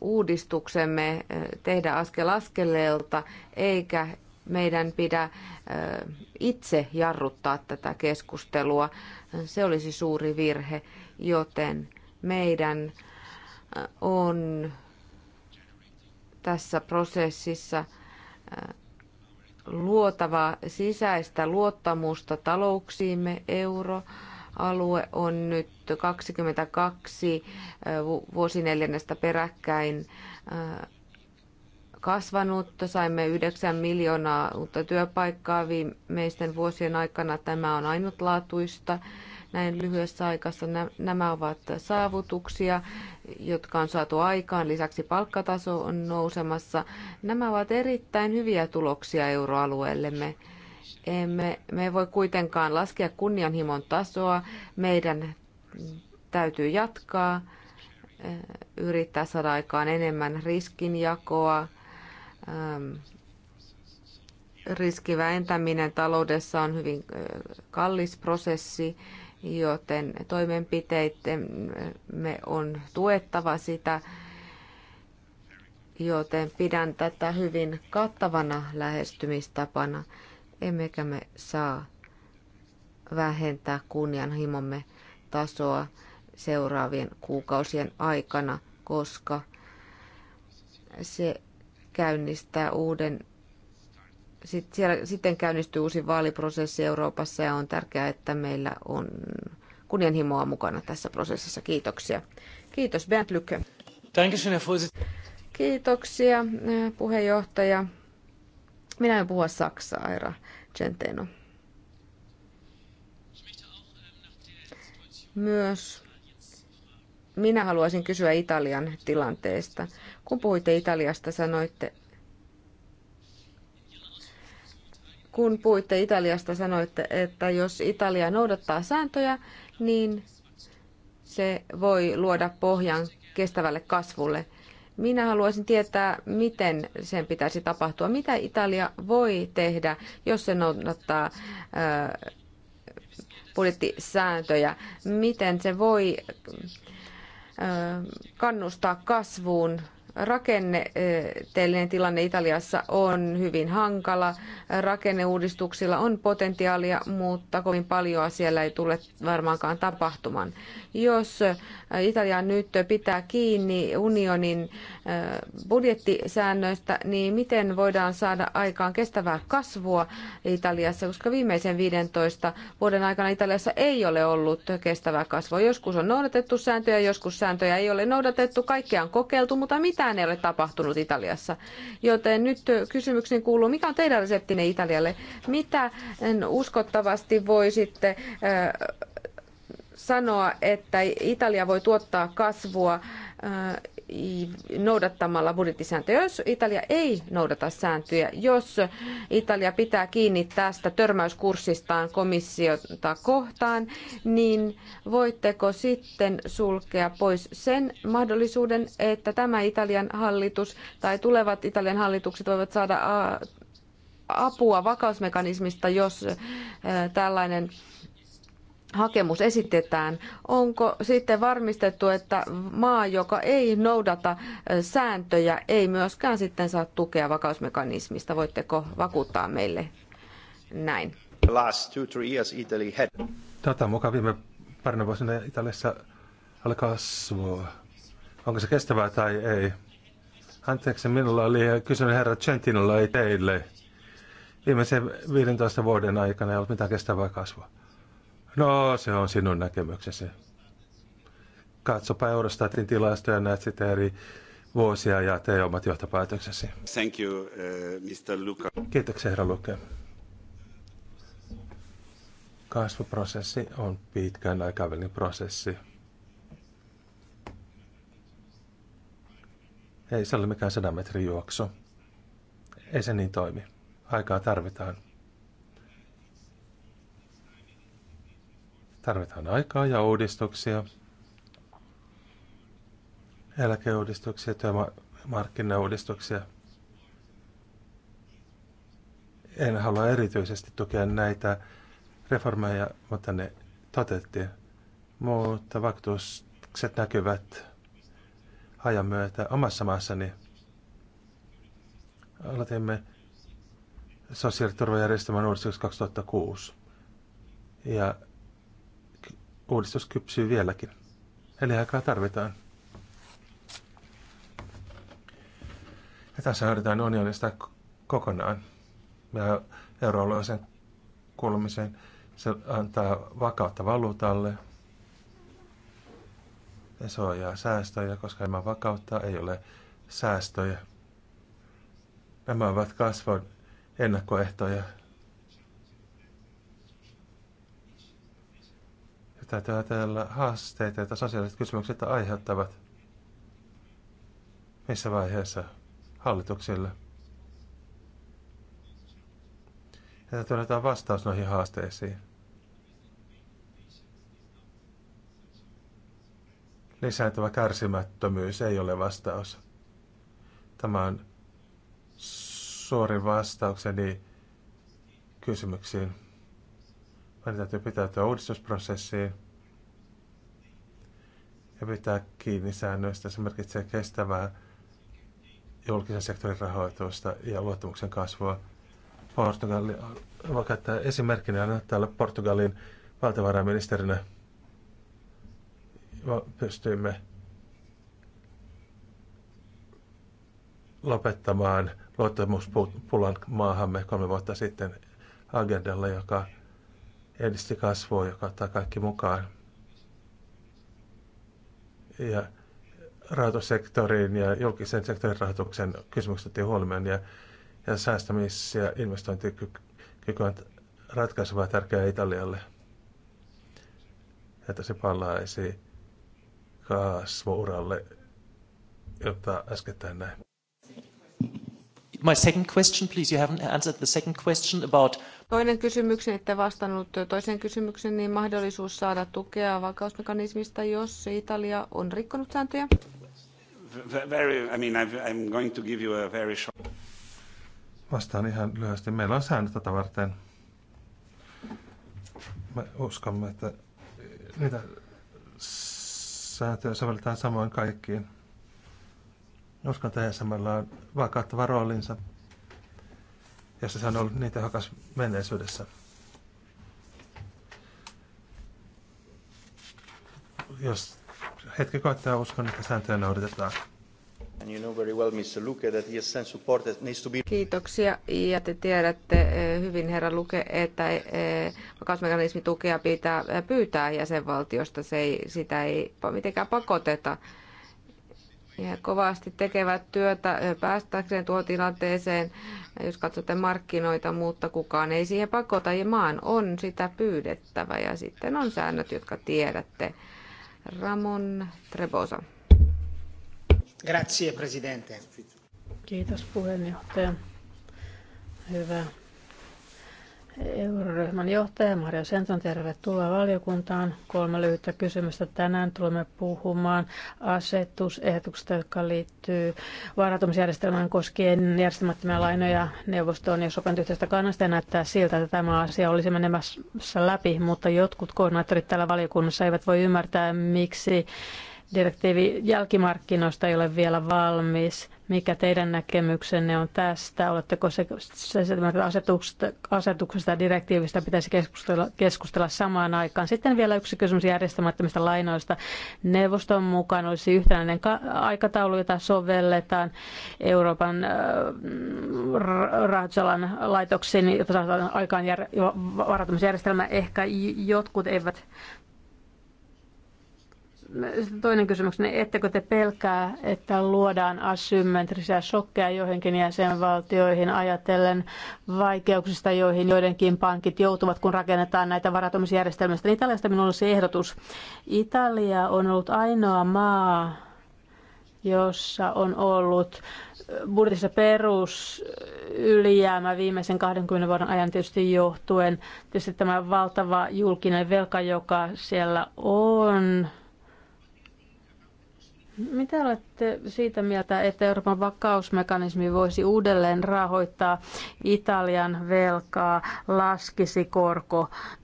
uudistuksemme tehdä askel askeleelta, eikä meidän pidä itse jarruttaa tätä keskustelua. Se olisi suuri virhe, joten meidän on tässä prosessissa – luotava sisäistä luottamusta talouksiimme. Euroalue on nyt 22 vuosineljännestä peräkkäin kasvanut. Saimme 9 miljoonaa uutta työpaikkaa viimeisten vuosien aikana. Tämä on ainutlaatuista näin lyhyessä aikassa. Nämä ovat saavutuksia, jotka on saatu aikaan. Lisäksi palkkataso on nousemassa. Nämä ovat erittäin hyviä tuloksia euroalueellemme. Emme, me voi kuitenkaan laskea kunnianhimon tasoa. Meidän täytyy jatkaa, eh, yrittää saada aikaan enemmän riskinjakoa. Ehm, riskivähentäminen taloudessa on hyvin eh, kallis prosessi joten toimenpiteittemme on tuettava sitä, joten pidän tätä hyvin kattavana lähestymistapana, emmekä me saa vähentää kunnianhimomme tasoa seuraavien kuukausien aikana, koska se käynnistää uuden sitten, siellä, sitten käynnistyy uusi vaaliprosessi Euroopassa ja on tärkeää, että meillä on kunnianhimoa mukana tässä prosessissa. Kiitoksia. Kiitos Bernd Lykke. Kiitoksia eh, puheenjohtaja. Minä en puhua saksaa, Aira Centeno. Myös minä haluaisin kysyä Italian tilanteesta. Kun puhuitte Italiasta, sanoitte, kun puhuitte Italiasta, sanoitte, että jos Italia noudattaa sääntöjä, niin se voi luoda pohjan kestävälle kasvulle. Minä haluaisin tietää, miten sen pitäisi tapahtua. Mitä Italia voi tehdä, jos se noudattaa budjettisääntöjä? Miten se voi kannustaa kasvuun rakenteellinen tilanne Italiassa on hyvin hankala. Rakenneuudistuksilla on potentiaalia, mutta kovin paljon siellä ei tule varmaankaan tapahtumaan. Jos äh, Italia nyt pitää kiinni unionin äh, budjettisäännöistä, niin miten voidaan saada aikaan kestävää kasvua Italiassa, koska viimeisen 15 vuoden aikana Italiassa ei ole ollut kestävää kasvua. Joskus on noudatettu sääntöjä, joskus sääntöjä ei ole noudatettu, kaikkea on kokeiltu, mutta mitään ei ole tapahtunut Italiassa. Joten nyt kysymykseni kuuluu, mikä on teidän reseptinne Italialle? Mitä uskottavasti voisitte äh, sanoa, että Italia voi tuottaa kasvua äh, noudattamalla budjettisääntöjä. Jos Italia ei noudata sääntöjä, jos Italia pitää kiinni tästä törmäyskurssistaan komissiota kohtaan, niin voitteko sitten sulkea pois sen mahdollisuuden, että tämä Italian hallitus tai tulevat Italian hallitukset voivat saada äh, apua vakausmekanismista, jos äh, tällainen hakemus esitetään, onko sitten varmistettu, että maa, joka ei noudata sääntöjä, ei myöskään sitten saa tukea vakausmekanismista? Voitteko vakuuttaa meille näin? Tätä mukaan viime parina vuosina Italiassa alkaa kasvua. Onko se kestävää tai ei? Anteeksi, minulla oli kysynyt herra Centinolla, ei teille. Viimeisen 15 vuoden aikana ei ollut mitään kestävää kasvua. No, se on sinun näkemyksesi. Katsopa Eurostatin tilastoja, näet sitä eri vuosia ja tee omat johtopäätöksesi. Thank you, uh, eh, Mr. Luca. Kiitoksia, herra Luke. Kasvuprosessi on pitkän aikavälin prosessi. Ei se ole mikään sadan metrin juoksu. Ei se niin toimi. Aikaa tarvitaan. Tarvitaan aikaa ja uudistuksia. Eläkeuudistuksia, työmarkkinauudistuksia. En halua erityisesti tukea näitä reformeja, mutta ne toteutettiin. Mutta vaikutukset näkyvät ajan myötä omassa maassani. Aloitimme sosiaaliturvajärjestelmän uudistus 2006. Ja uudistus kypsyy vieläkin. Eli aikaa tarvitaan. Ja tässä yritetään unionista kokonaan. Ja euroalueeseen kuulumisen se antaa vakautta valuutalle. Ja se ojaa säästöjä, koska ilman vakautta ei ole säästöjä. Nämä ovat kasvun ennakkoehtoja. Täytyy ajatella haasteita, joita sosiaaliset kysymykset aiheuttavat. Missä vaiheessa hallituksille? Ja täytyy löytää vastaus noihin haasteisiin. Lisääntyvä kärsimättömyys ei ole vastaus. Tämä on suorin vastaukseni kysymyksiin. Meidän täytyy pitäytyä uudistusprosessiin ja pitää kiinni säännöistä. Se merkitsee kestävää julkisen sektorin rahoitusta ja luottamuksen kasvua. Portugali, voi käyttää esimerkkinä täällä Portugalin valtiovarainministerinä pystyimme lopettamaan luottamuspulan maahamme kolme vuotta sitten agendalla, joka edisti kasvua, joka ottaa kaikki mukaan ja rahoitussektorin ja julkisen sektorin rahoituksen kysymykset otettiin huomioon ja, ja säästämis- ja investointikyky on ratkaisevaa tärkeää Italialle, että se palaisi kasvuuralle, jota äskettäin näin. My second question, please. You haven't answered the second question about Toinen kysymys, että vastannut toisen kysymyksen, niin mahdollisuus saada tukea vakausmekanismista, jos Italia on rikkonut sääntöjä? Very, I mean, I'm going to give you a very short... Vastaan ihan lyhyesti. Meillä on säännöt tätä varten. Me uskomme, että niitä sääntöjä sovelletaan samoin kaikkiin. Uskon, että e on vakauttava roolinsa jossa se on ollut niin tehokas menneisyydessä. Jos hetki koittaa, uskon, että sääntöjä noudatetaan. Kiitoksia. Ja te tiedätte eh, hyvin, herra Luke, että eh, vakausmekanismi tukea pitää eh, pyytää jäsenvaltiosta. Se ei, sitä ei mitenkään pakoteta. Ja kovasti tekevät työtä päästäkseen tuo tilanteeseen jos katsotte markkinoita, mutta kukaan ei siihen pakota ja maan on sitä pyydettävä ja sitten on säännöt, jotka tiedätte. Ramon Trebosa. Grazie, presidente. Kiitos puheenjohtaja. Hyvä Euroryhmän johtaja Maria Senton, tervetuloa valiokuntaan. Kolme lyhyttä kysymystä. Tänään tulemme puhumaan asetusehdotuksesta, jotka liittyy varautumisjärjestelmään koskien järjestämättömiä lainoja neuvostoon ja sopimusyhteisestä kannasta. Ja näyttää siltä, että tämä asia olisi menemässä läpi, mutta jotkut koordinaattorit täällä valiokunnassa eivät voi ymmärtää, miksi direktiivi jälkimarkkinoista ei ole vielä valmis. Mikä teidän näkemyksenne on tästä? Oletteko se, se, se asetuksesta, asetuksesta ja direktiivistä pitäisi keskustella, keskustella samaan aikaan? Sitten vielä yksi kysymys järjestämättömistä lainoista. Neuvoston mukaan olisi yhtenäinen aikataulu, jota sovelletaan Euroopan äh, rahoitusalan laitoksiin, jota saadaan aikaan jär- varautumisjärjestelmä. Ehkä jotkut eivät toinen kysymys niin ettekö te pelkää, että luodaan asymmetrisiä shokkeja joihinkin jäsenvaltioihin ajatellen vaikeuksista, joihin joidenkin pankit joutuvat, kun rakennetaan näitä varatomisjärjestelmistä? Niin tällaista minulla olisi ehdotus. Italia on ollut ainoa maa, jossa on ollut budjetissa perus ylijäämä viimeisen 20 vuoden ajan tietysti johtuen. Tietysti tämä valtava julkinen velka, joka siellä on, mitä olette siitä mieltä, että Euroopan vakausmekanismi voisi uudelleen rahoittaa Italian velkaa, laskisi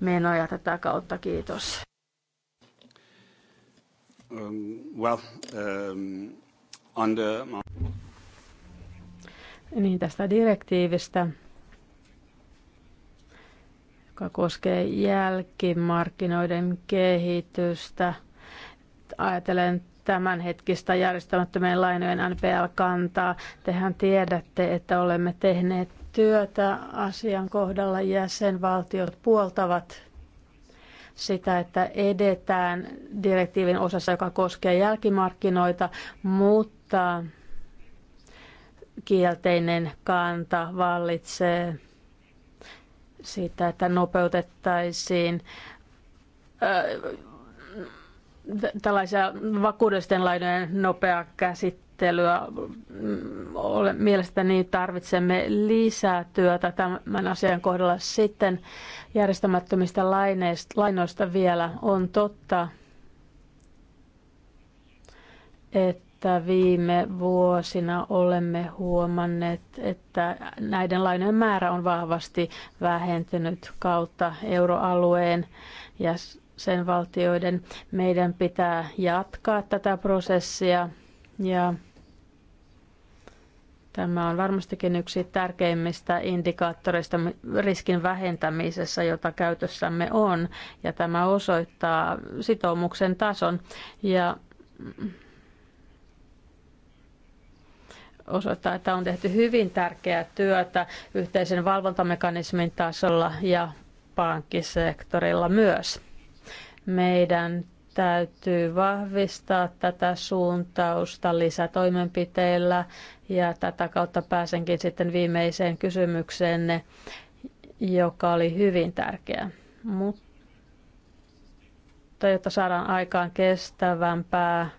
menoja tätä kautta? Kiitos. Um, well, um, Niin tästä direktiivistä, joka koskee jälkimarkkinoiden kehitystä. Ajatellen tämänhetkistä järjestämättömien lainojen NPL-kantaa. Tehän tiedätte, että olemme tehneet työtä asian kohdalla. Jäsenvaltiot puoltavat sitä, että edetään direktiivin osassa, joka koskee jälkimarkkinoita, mutta kielteinen kanta vallitsee siitä, että nopeutettaisiin tällaisia vakuudellisten lainojen nopeaa käsittelyä. mielestäni tarvitsemme lisää työtä tämän asian kohdalla. Sitten järjestämättömistä laineista, lainoista vielä on totta, että viime vuosina olemme huomanneet, että näiden lainojen määrä on vahvasti vähentynyt kautta euroalueen ja sen valtioiden. Meidän pitää jatkaa tätä prosessia ja Tämä on varmastikin yksi tärkeimmistä indikaattoreista riskin vähentämisessä, jota käytössämme on, ja tämä osoittaa sitoumuksen tason ja osoittaa, että on tehty hyvin tärkeää työtä yhteisen valvontamekanismin tasolla ja pankkisektorilla myös. Meidän täytyy vahvistaa tätä suuntausta lisätoimenpiteillä ja tätä kautta pääsenkin sitten viimeiseen kysymykseenne, joka oli hyvin tärkeä. Mutta jotta saadaan aikaan kestävämpää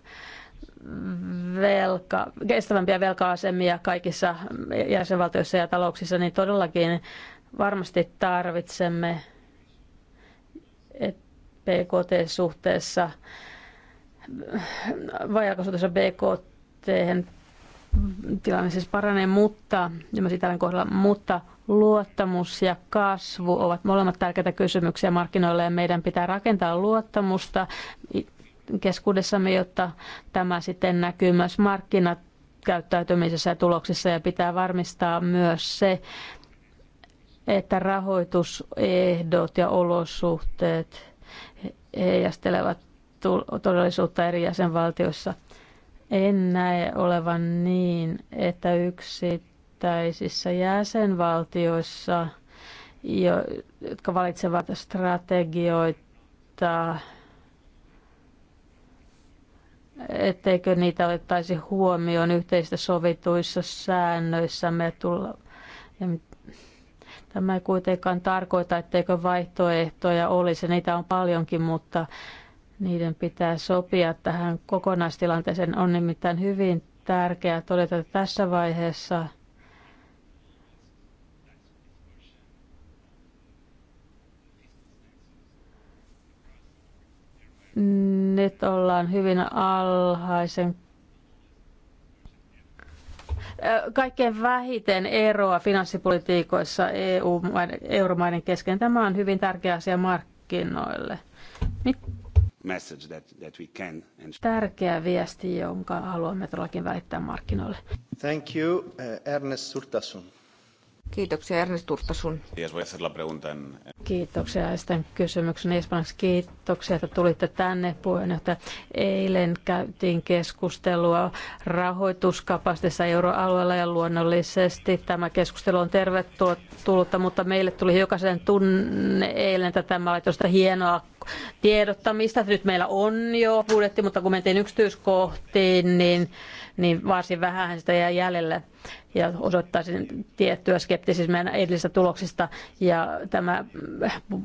velka, kestävämpiä velka-asemia kaikissa jäsenvaltioissa ja talouksissa, niin todellakin varmasti tarvitsemme, että BKT suhteessa, vajakasuhteessa BKT, tilanne siis paranee, mutta, Italian kohdalla, mutta luottamus ja kasvu ovat molemmat tärkeitä kysymyksiä markkinoille ja meidän pitää rakentaa luottamusta keskuudessamme, jotta tämä sitten näkyy myös markkinat käyttäytymisessä ja tuloksissa ja pitää varmistaa myös se, että rahoitusehdot ja olosuhteet heijastelevat todellisuutta eri jäsenvaltioissa. En näe olevan niin, että yksittäisissä jäsenvaltioissa, jotka valitsevat strategioita, etteikö niitä otettaisi huomioon yhteistä sovituissa säännöissä me tulla, ja Tämä ei kuitenkaan tarkoita, etteikö vaihtoehtoja olisi. Niitä on paljonkin, mutta niiden pitää sopia tähän kokonaistilanteeseen. On nimittäin hyvin tärkeää todeta, että tässä vaiheessa nyt ollaan hyvin alhaisen kaikkein vähiten eroa finanssipolitiikoissa EU, euromaiden kesken. Tämä on hyvin tärkeä asia markkinoille. Mit? Tärkeä viesti, jonka haluamme todellakin välittää markkinoille. Thank you, uh, Ernest Surtasun. Kiitoksia Ernest Turtasun. Kiitoksia sitten kysymyksen espanjaksi. Kiitoksia, että tulitte tänne puheenjohtaja. Eilen käytiin keskustelua rahoituskapasiteetissa euroalueella ja luonnollisesti tämä keskustelu on tervetullutta, mutta meille tuli jokaisen tunne eilen, että tämä oli hienoa tiedottamista. Nyt meillä on jo budjetti, mutta kun mentiin yksityiskohtiin, niin, niin varsin vähän sitä jää jäljelle ja osoittaisin tiettyä skeptisismiä edellisistä tuloksista. Ja tämä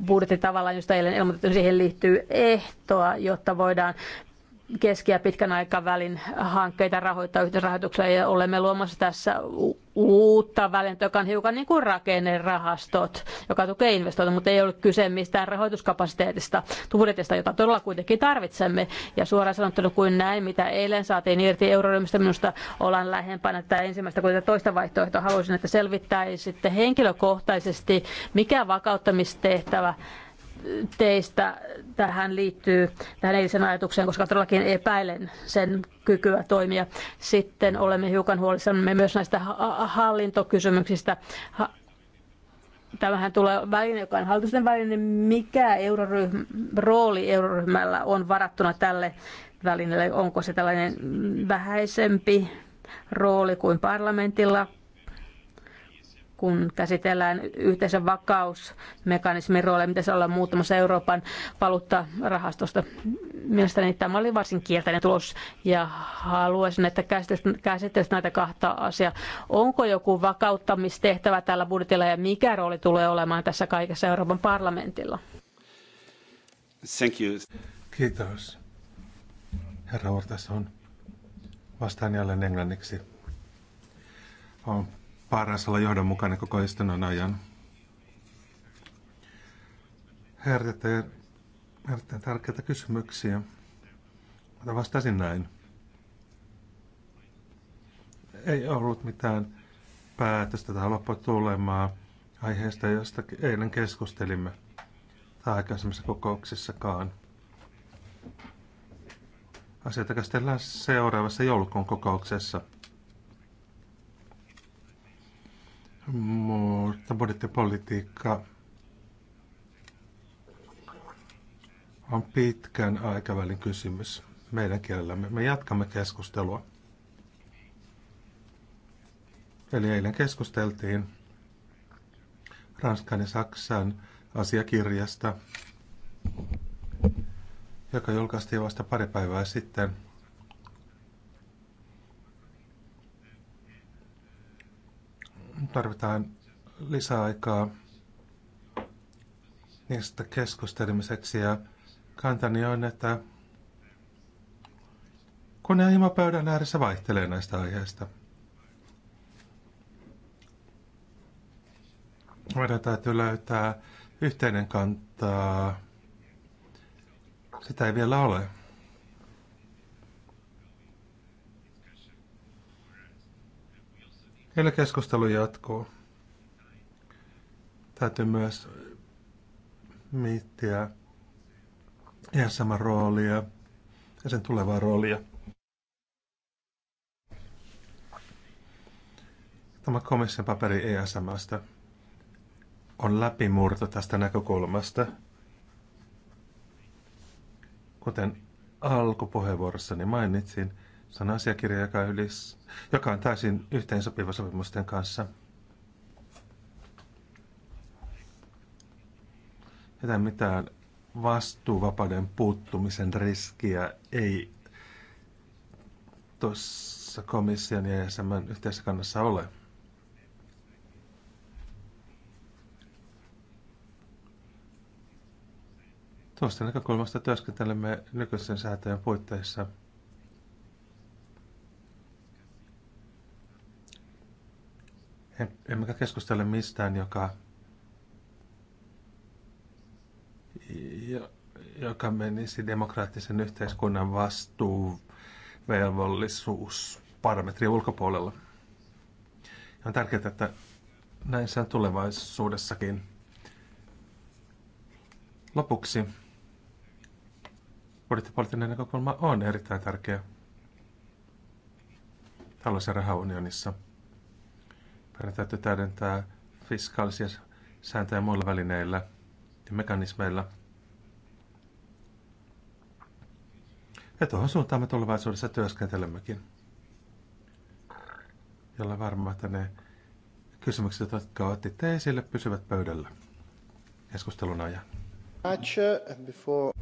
budjetti tavallaan, josta eilen ilmoitettu, siihen liittyy ehtoa, jotta voidaan keski- ja pitkän aikavälin hankkeita rahoittaa yhteisrahoituksella ja olemme luomassa tässä uutta välintä, joka on hiukan niin kuin rakennerahastot, joka tukee investointeja, mutta ei ole kyse mistään rahoituskapasiteetista, budjetista, jota todella kuitenkin tarvitsemme. Ja suoraan sanottuna kuin näin, mitä eilen saatiin irti euroryhmistä, minusta ollaan lähempänä tätä ensimmäistä kuin toista vaihtoehtoa. Haluaisin, että selvittäisitte henkilökohtaisesti, mikä vakauttamistehtävä teistä tähän liittyy, tähän eilisen ajatukseen, koska todellakin epäilen sen kykyä toimia. Sitten olemme hiukan huolissamme myös näistä hallintokysymyksistä. Tämähän tulee väline, joka on hallitusten väline. Mikä euroryhm, rooli euroryhmällä on varattuna tälle välineelle? Onko se tällainen vähäisempi rooli kuin parlamentilla? kun käsitellään yhteisen vakausmekanismin roolia, mitä se ollaan muuttamassa Euroopan valuuttarahastosta. Mielestäni tämä oli varsin kielteinen tulos ja haluaisin, että käsittelisit näitä kahta asiaa. Onko joku vakauttamistehtävä tällä budjetilla ja mikä rooli tulee olemaan tässä kaikessa Euroopan parlamentilla? Thank you. Kiitos. Herra Ortas on vastaan jälleen englanniksi. On paras olla johdonmukainen koko istunnon ajan. Herätetään, herätetään tärkeitä kysymyksiä. Mutta vastasin näin. Ei ollut mitään päätöstä tai lopputulemaa aiheesta, josta eilen keskustelimme tai aikaisemmissa kokouksissakaan. Asioita käsitellään seuraavassa joulukuun kokouksessa – mutta budjettipolitiikka on pitkän aikavälin kysymys meidän kielellämme. Me jatkamme keskustelua. Eli eilen keskusteltiin Ranskan ja Saksan asiakirjasta, joka julkaistiin vasta pari päivää sitten – tarvitaan lisäaikaa niistä keskustelemiseksi ja kantani on, että kunnianhimo pöydän ääressä vaihtelee näistä aiheista. Meidän täytyy löytää yhteinen kantaa. Sitä ei vielä ole. Vielä keskustelu jatkuu. Täytyy myös miettiä ihan e sama roolia ja sen tulevaa roolia. Tämä komission paperi ESMstä on läpimurto tästä näkökulmasta. Kuten alkupuheenvuorossani mainitsin, se on asiakirja, joka, ylis, joka on täysin yhteensopiva sopimusten kanssa. Että mitään vastuuvapauden puuttumisen riskiä ei tuossa komission ja jäsenmän e yhteisessä kannassa ole. Tuosta näkökulmasta työskentelemme nykyisen säätöjen puitteissa – Emmekä keskustele mistään, joka, joka menisi demokraattisen yhteiskunnan vastuuvelvollisuus parametrin ulkopuolella. Ja on tärkeää, että näin se on tulevaisuudessakin. Lopuksi budjettipoliittinen näkökulma on erittäin tärkeä tällaisen rahaunionissa – meidän täytyy täydentää fiskaalisia sääntöjä muilla välineillä ja mekanismeilla. Ja tuohon suuntaan me tulevaisuudessa työskentelemmekin. Jolla varmaan, että ne kysymykset, jotka otitte esille, pysyvät pöydällä keskustelun ajan.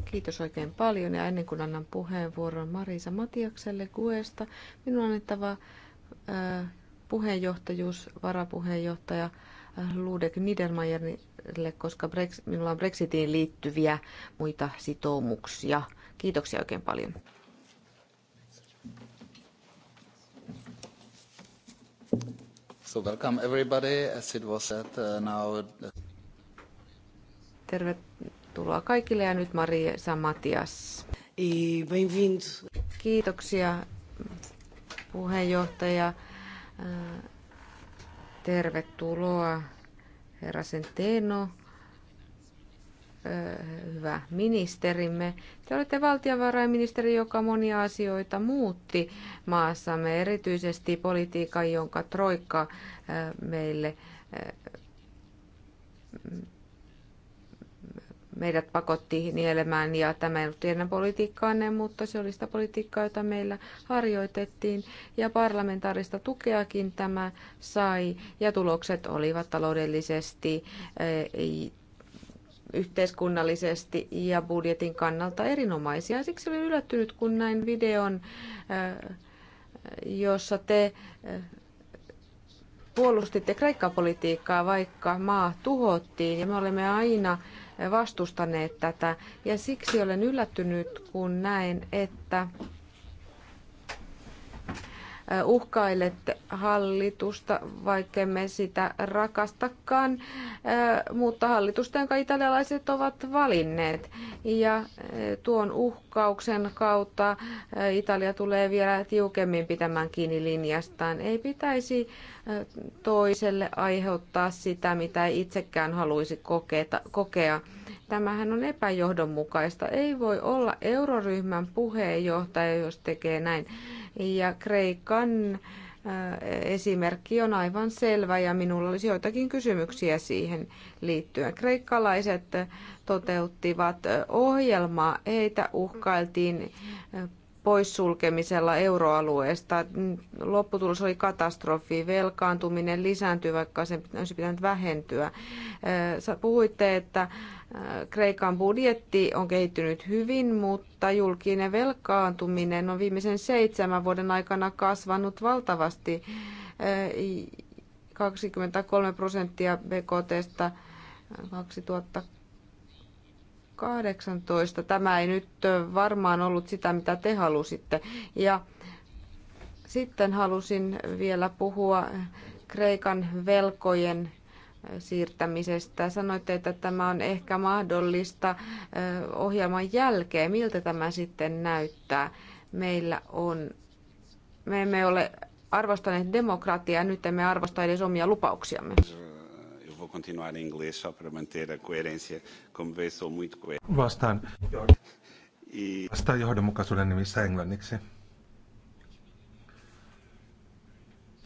Kiitos oikein paljon ja ennen kuin annan puheenvuoron Marisa Matiakselle Kuesta, minun on annettava äh, puheenjohtajuus, varapuheenjohtaja Ludek Niedermayerille, koska Brex- minulla on Brexitiin liittyviä muita sitoumuksia. Kiitoksia oikein paljon. So welcome everybody, as it was said uh, now. Uh, Tervetuloa kaikille ja nyt Marisa Matias. Kiitoksia puheenjohtaja Tervetuloa, herra Senteno. hyvä ministerimme. Te olette valtiovarainministeri, joka monia asioita muutti maassamme, erityisesti politiikan, jonka Troikka meille meidät pakotti nielemään ja tämä ei ollut teidän politiikkaanne, mutta se oli sitä politiikkaa, jota meillä harjoitettiin ja parlamentaarista tukeakin tämä sai ja tulokset olivat taloudellisesti eh, yhteiskunnallisesti ja budjetin kannalta erinomaisia. Siksi olin yllättynyt, kun näin videon, eh, jossa te eh, puolustitte Kreikka-politiikkaa, vaikka maa tuhottiin. Ja me olemme aina vastustaneet tätä. Ja siksi olen yllättynyt, kun näen, että uhkailette hallitusta, vaikka me sitä rakastakaan, mutta hallitusta, jonka italialaiset ovat valinneet. Ja tuon uhkauksen kautta Italia tulee vielä tiukemmin pitämään kiinni linjastaan. Ei pitäisi toiselle aiheuttaa sitä, mitä ei itsekään haluaisi kokea. Tämähän on epäjohdonmukaista. Ei voi olla euroryhmän puheenjohtaja, jos tekee näin. Ja Kreikan äh, esimerkki on aivan selvä ja minulla olisi joitakin kysymyksiä siihen liittyen. Kreikkalaiset toteuttivat äh, ohjelmaa, heitä uhkailtiin äh, poissulkemisella euroalueesta. Lopputulos oli katastrofi, velkaantuminen lisääntyi, vaikka sen olisi pitänyt vähentyä. Sä puhuitte, että Kreikan budjetti on kehittynyt hyvin, mutta julkinen velkaantuminen on viimeisen seitsemän vuoden aikana kasvanut valtavasti 23 prosenttia BKTstä 2018. Tämä ei nyt varmaan ollut sitä, mitä te halusitte. Ja sitten halusin vielä puhua Kreikan velkojen siirtämisestä. Sanoitte, että tämä on ehkä mahdollista ohjelman jälkeen. Miltä tämä sitten näyttää? Meillä on, me emme ole arvostaneet demokratiaa, nyt emme arvosta edes omia lupauksiamme. Vastaan. E Vastaan johdonmukaisuuden nimissä englanniksi.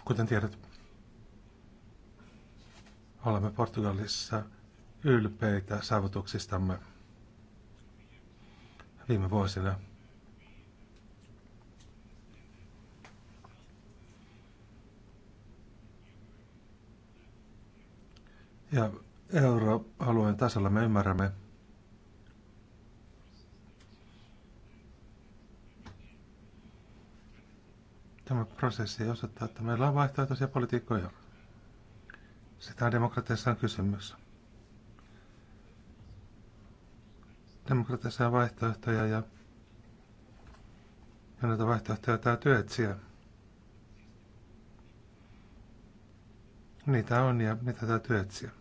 Kuten tiedät, Olemme Portugalissa ylpeitä saavutuksistamme viime vuosina. Ja euroalueen tasolla me ymmärrämme, tämä prosessi osoittaa, että meillä on vaihtoehtoisia politiikkoja. Sitä demokratiassa on kysymys. Demokratiassa on vaihtoehtoja ja, ja näitä vaihtoehtoja täytyy etsiä. Niitä on ja niitä täytyy etsiä.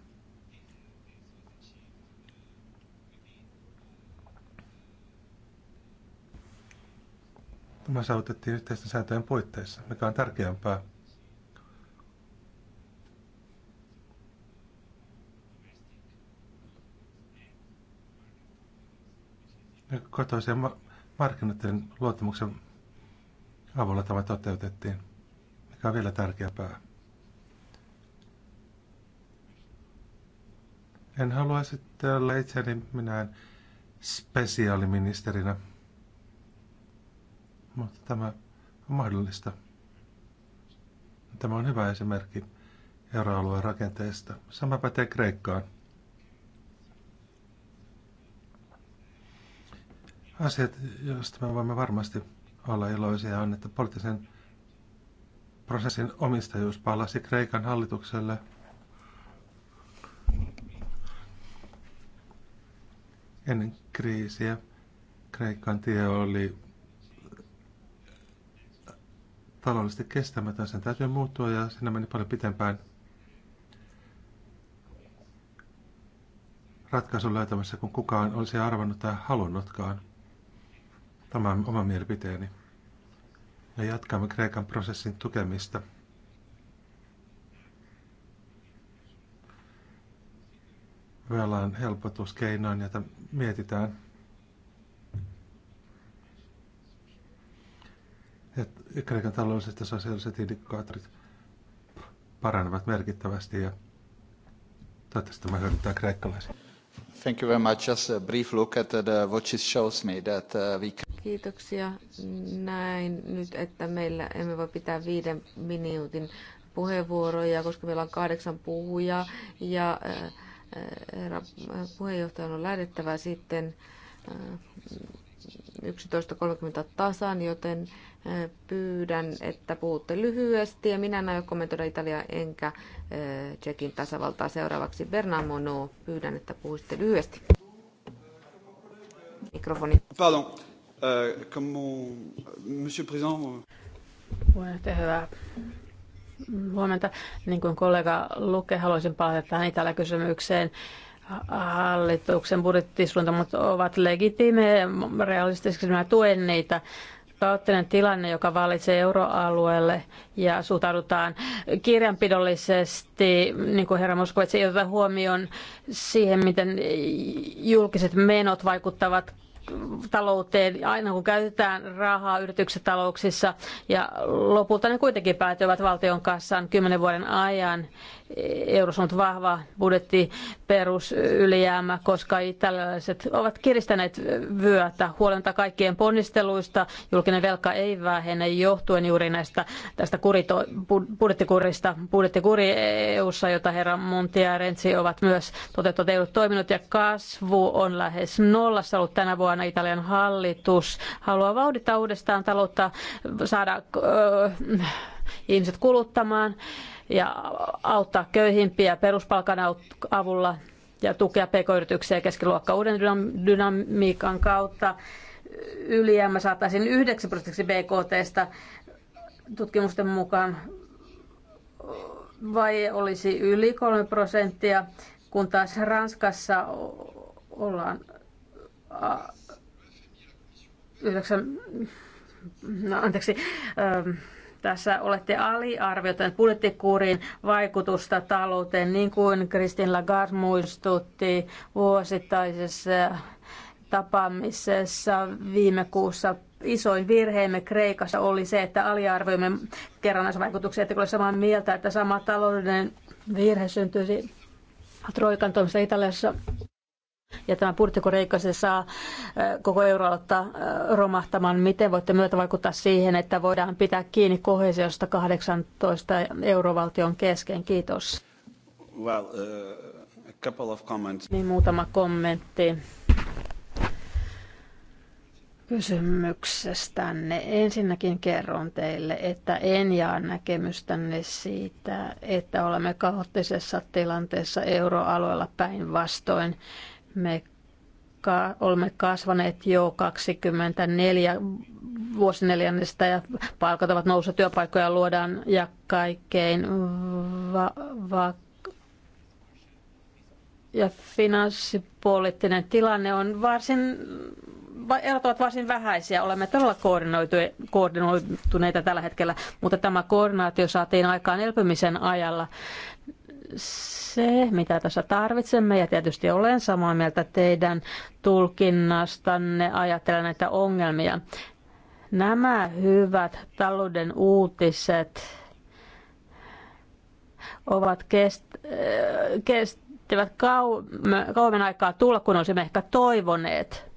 Tämä saavutettiin yhteisten sääntöjen puitteissa, mikä on tärkeämpää. kotoisia markkinoiden luottamuksen avulla tämä toteutettiin, mikä on vielä tärkeämpää. En halua sitten olla itseäni minään spesiaaliministerinä, mutta tämä on mahdollista. Tämä on hyvä esimerkki euroalueen rakenteesta. Sama pätee Kreikkaan. Asiat, joista me voimme varmasti olla iloisia, on, että poliittisen prosessin omistajuus palasi Kreikan hallitukselle. Ennen kriisiä Kreikan tie oli taloudellisesti kestämätön. Sen täytyy muuttua ja siinä meni paljon pitempään. ratkaisun löytämässä kuin kukaan olisi arvannut tai halunnutkaan. Tämä on oma mielipiteeni. Ja jatkamme Kreikan prosessin tukemista. Vellaan helpotuskeinoin, jota mietitään. Että Kreikan taloudelliset ja sosiaaliset indikaattorit paranevat merkittävästi ja toivottavasti tämä hyödyttää kreikkalaisia. Thank you very much. Just a brief look at the watches shows me that uh, we can... Kiitoksia. Näin nyt, että meillä emme voi pitää viiden minuutin puheenvuoroja, koska meillä on kahdeksan puhujaa ja äh, äh, herra puheenjohtajan on lähdettävä sitten äh, 11.30 tasan, joten pyydän, että puhutte lyhyesti. Ja minä en aio kommentoida Italia enkä Tsekin tasavaltaa seuraavaksi. Mono, pyydän, että puhutte lyhyesti. Mikrofoni. Pardon. Uh, como, monsieur Président... Puheenjohtaja, huomenta. Niin kuin kollega Luke, haluaisin palata tähän Italia-kysymykseen hallituksen budjettisuunnitelmat ovat legitiimejä, realistisiksi. minä tuen niitä. Kaoottinen tilanne, joka valitsee euroalueelle ja suhtaudutaan kirjanpidollisesti, niin kuin herra Moskovitsi, ei oteta huomioon siihen, miten julkiset menot vaikuttavat talouteen, aina kun käytetään rahaa yrityksen talouksissa ja lopulta ne kuitenkin päätyvät valtion kassaan kymmenen vuoden ajan eurossa on vahva budjetti perusylijäämä, koska tällaiset ovat kiristäneet vyötä huolenta kaikkien ponnisteluista. Julkinen velka ei vähene johtuen juuri näistä tästä kurito, budjettikurista, budjettikuri EUssa, jota herra Monti ja Renzi ovat myös toteuttaneet toiminut ja kasvu on lähes nollassa ollut tänä vuonna. Italian hallitus haluaa vauhdittaa uudestaan taloutta, saada öö, ihmiset kuluttamaan ja auttaa köyhimpiä peruspalkan avulla ja tukea pk-yrityksiä keskiluokka uuden dynamiikan kautta. Ylijäämä saataisiin 9 prosentiksi BKT tutkimusten mukaan vai olisi yli 3 prosenttia, kun taas Ranskassa ollaan 9, no, anteeksi, tässä olette aliarvioineet budjettikuurin vaikutusta talouteen, niin kuin Kristin Lagarde muistutti vuosittaisessa tapaamisessa viime kuussa isoin virheemme Kreikassa oli se, että aliarvioimme kerrannaisvaikutuksia, että ole samaa mieltä, että sama taloudellinen virhe syntyisi Troikan toimesta Italiassa ja tämä purttikoreikka se saa koko euroaluetta romahtamaan. Miten voitte myötä vaikuttaa siihen, että voidaan pitää kiinni kohesiosta 18 eurovaltion kesken? Kiitos. Well, uh, a couple of comments. Niin muutama kommentti kysymyksestänne. Ensinnäkin kerron teille, että en jaa näkemystänne siitä, että olemme kaoottisessa tilanteessa euroalueella päinvastoin. Me ka- olemme kasvaneet jo 24 vuosineljännestä ja palkat ovat nousseet, työpaikkoja luodaan ja kaikkein va- va- ja finanssipoliittinen tilanne on varsin erot ovat varsin vähäisiä. Olemme todella koordinoituneita tällä hetkellä, mutta tämä koordinaatio saatiin aikaan elpymisen ajalla se, mitä tässä tarvitsemme, ja tietysti olen samaa mieltä teidän tulkinnastanne, ajattelen näitä ongelmia. Nämä hyvät talouden uutiset ovat kest, äh, kestivät kauemmin aikaa tulla, kun olisimme ehkä toivoneet,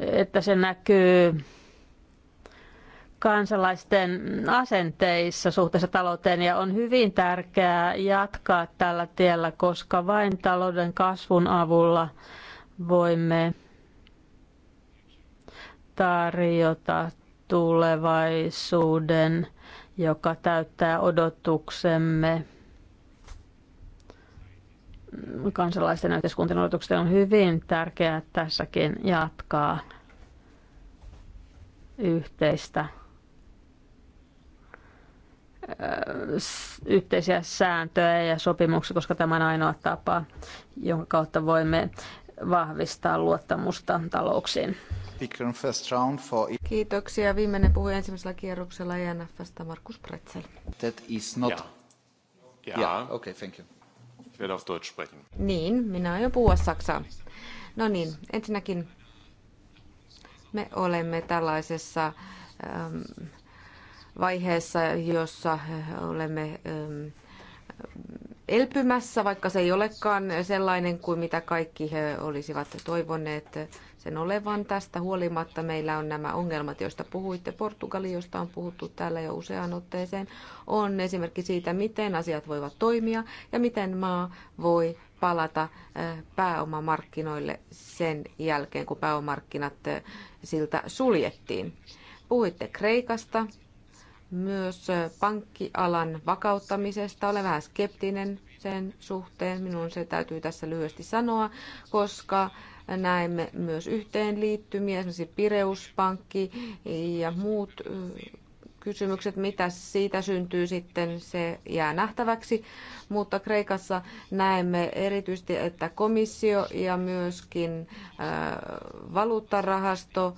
että se näkyy kansalaisten asenteissa suhteessa talouteen ja on hyvin tärkeää jatkaa tällä tiellä, koska vain talouden kasvun avulla voimme tarjota tulevaisuuden, joka täyttää odotuksemme. Kansalaisten ja yhteiskuntien odotukset on hyvin tärkeää tässäkin jatkaa yhteistä yhteisiä sääntöjä ja sopimuksia, koska tämä on ainoa tapa, jonka kautta voimme vahvistaa luottamusta talouksiin. Kiitoksia. Viimeinen puhuja ensimmäisellä kierroksella INFstä e Markus Pretzel. That is not... Ja. ja. Okay, thank you. Niin, minä aion puhua saksaa. No niin, ensinnäkin me olemme tällaisessa ähm, vaiheessa, jossa eh, olemme elpymässä, vaikka se ei olekaan sellainen kuin mitä kaikki he eh, olisivat toivoneet sen olevan. Tästä huolimatta meillä on nämä ongelmat, joista puhuitte. Portugali, josta on puhuttu täällä jo useaan otteeseen, on esimerkki siitä, miten asiat voivat toimia ja miten maa voi palata eh, pääomamarkkinoille sen jälkeen, kun pääomamarkkinat siltä suljettiin. Puhuitte Kreikasta, myös pankkialan vakauttamisesta. Olen vähän skeptinen sen suhteen, minun se täytyy tässä lyhyesti sanoa, koska näemme myös yhteenliittymiä, esimerkiksi Pireuspankki ja muut kysymykset, mitä siitä syntyy sitten, se jää nähtäväksi. Mutta Kreikassa näemme erityisesti, että komissio ja myöskin valuuttarahasto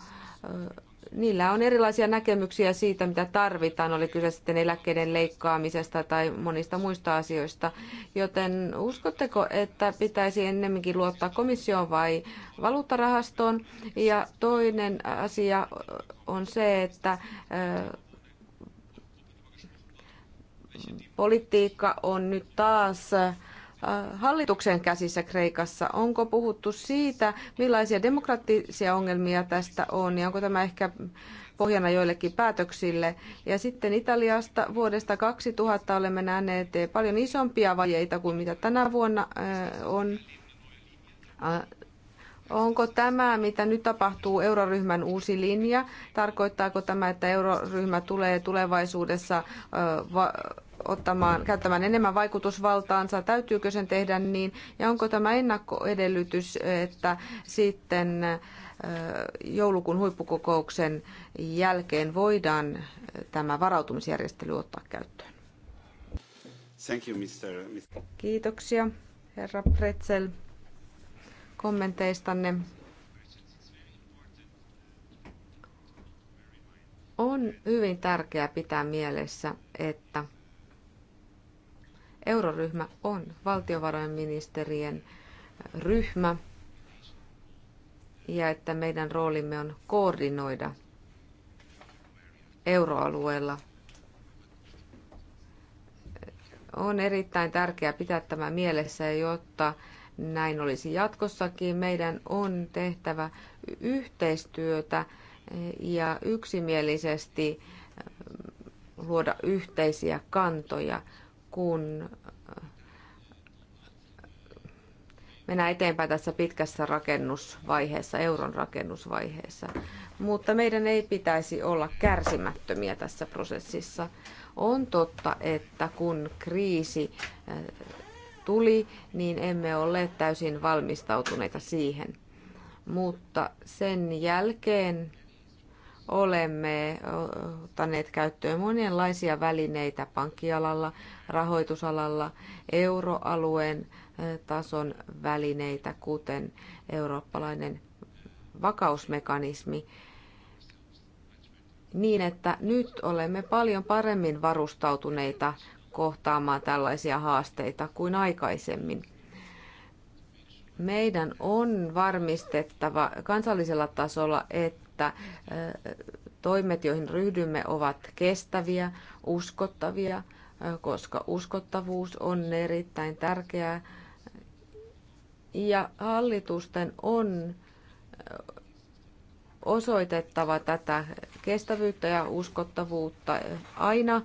niillä on erilaisia näkemyksiä siitä, mitä tarvitaan, oli kyse sitten eläkkeiden leikkaamisesta tai monista muista asioista. Joten uskotteko, että pitäisi ennemminkin luottaa komissioon vai valuuttarahastoon? Ja toinen asia on se, että politiikka on nyt taas Äh, hallituksen käsissä Kreikassa? Onko puhuttu siitä, millaisia demokraattisia ongelmia tästä on ja onko tämä ehkä pohjana joillekin päätöksille. Ja sitten Italiasta vuodesta 2000 olemme nähneet paljon isompia vajeita kuin mitä tänä vuonna äh, on. Äh, onko tämä, mitä nyt tapahtuu, euroryhmän uusi linja? Tarkoittaako tämä, että euroryhmä tulee tulevaisuudessa ottamaan, käyttämään enemmän vaikutusvaltaansa, täytyykö sen tehdä niin, ja onko tämä ennakkoedellytys, että sitten joulukuun huippukokouksen jälkeen voidaan tämä varautumisjärjestely ottaa käyttöön? Thank you, Mr. Kiitoksia, herra Pretzel, kommenteistanne. On hyvin tärkeää pitää mielessä, että Euroryhmä on valtiovarainministerien ryhmä ja että meidän roolimme on koordinoida euroalueella. On erittäin tärkeää pitää tämä mielessä, jotta näin olisi jatkossakin. Meidän on tehtävä yhteistyötä ja yksimielisesti luoda yhteisiä kantoja kun äh, mennään eteenpäin tässä pitkässä rakennusvaiheessa, euron rakennusvaiheessa. Mutta meidän ei pitäisi olla kärsimättömiä tässä prosessissa. On totta, että kun kriisi äh, tuli, niin emme ole täysin valmistautuneita siihen. Mutta sen jälkeen olemme ottaneet käyttöön monenlaisia välineitä pankkialalla, rahoitusalalla, euroalueen tason välineitä, kuten eurooppalainen vakausmekanismi, niin että nyt olemme paljon paremmin varustautuneita kohtaamaan tällaisia haasteita kuin aikaisemmin. Meidän on varmistettava kansallisella tasolla, että että toimet, joihin ryhdymme, ovat kestäviä, uskottavia, koska uskottavuus on erittäin tärkeää. Ja hallitusten on osoitettava tätä kestävyyttä ja uskottavuutta aina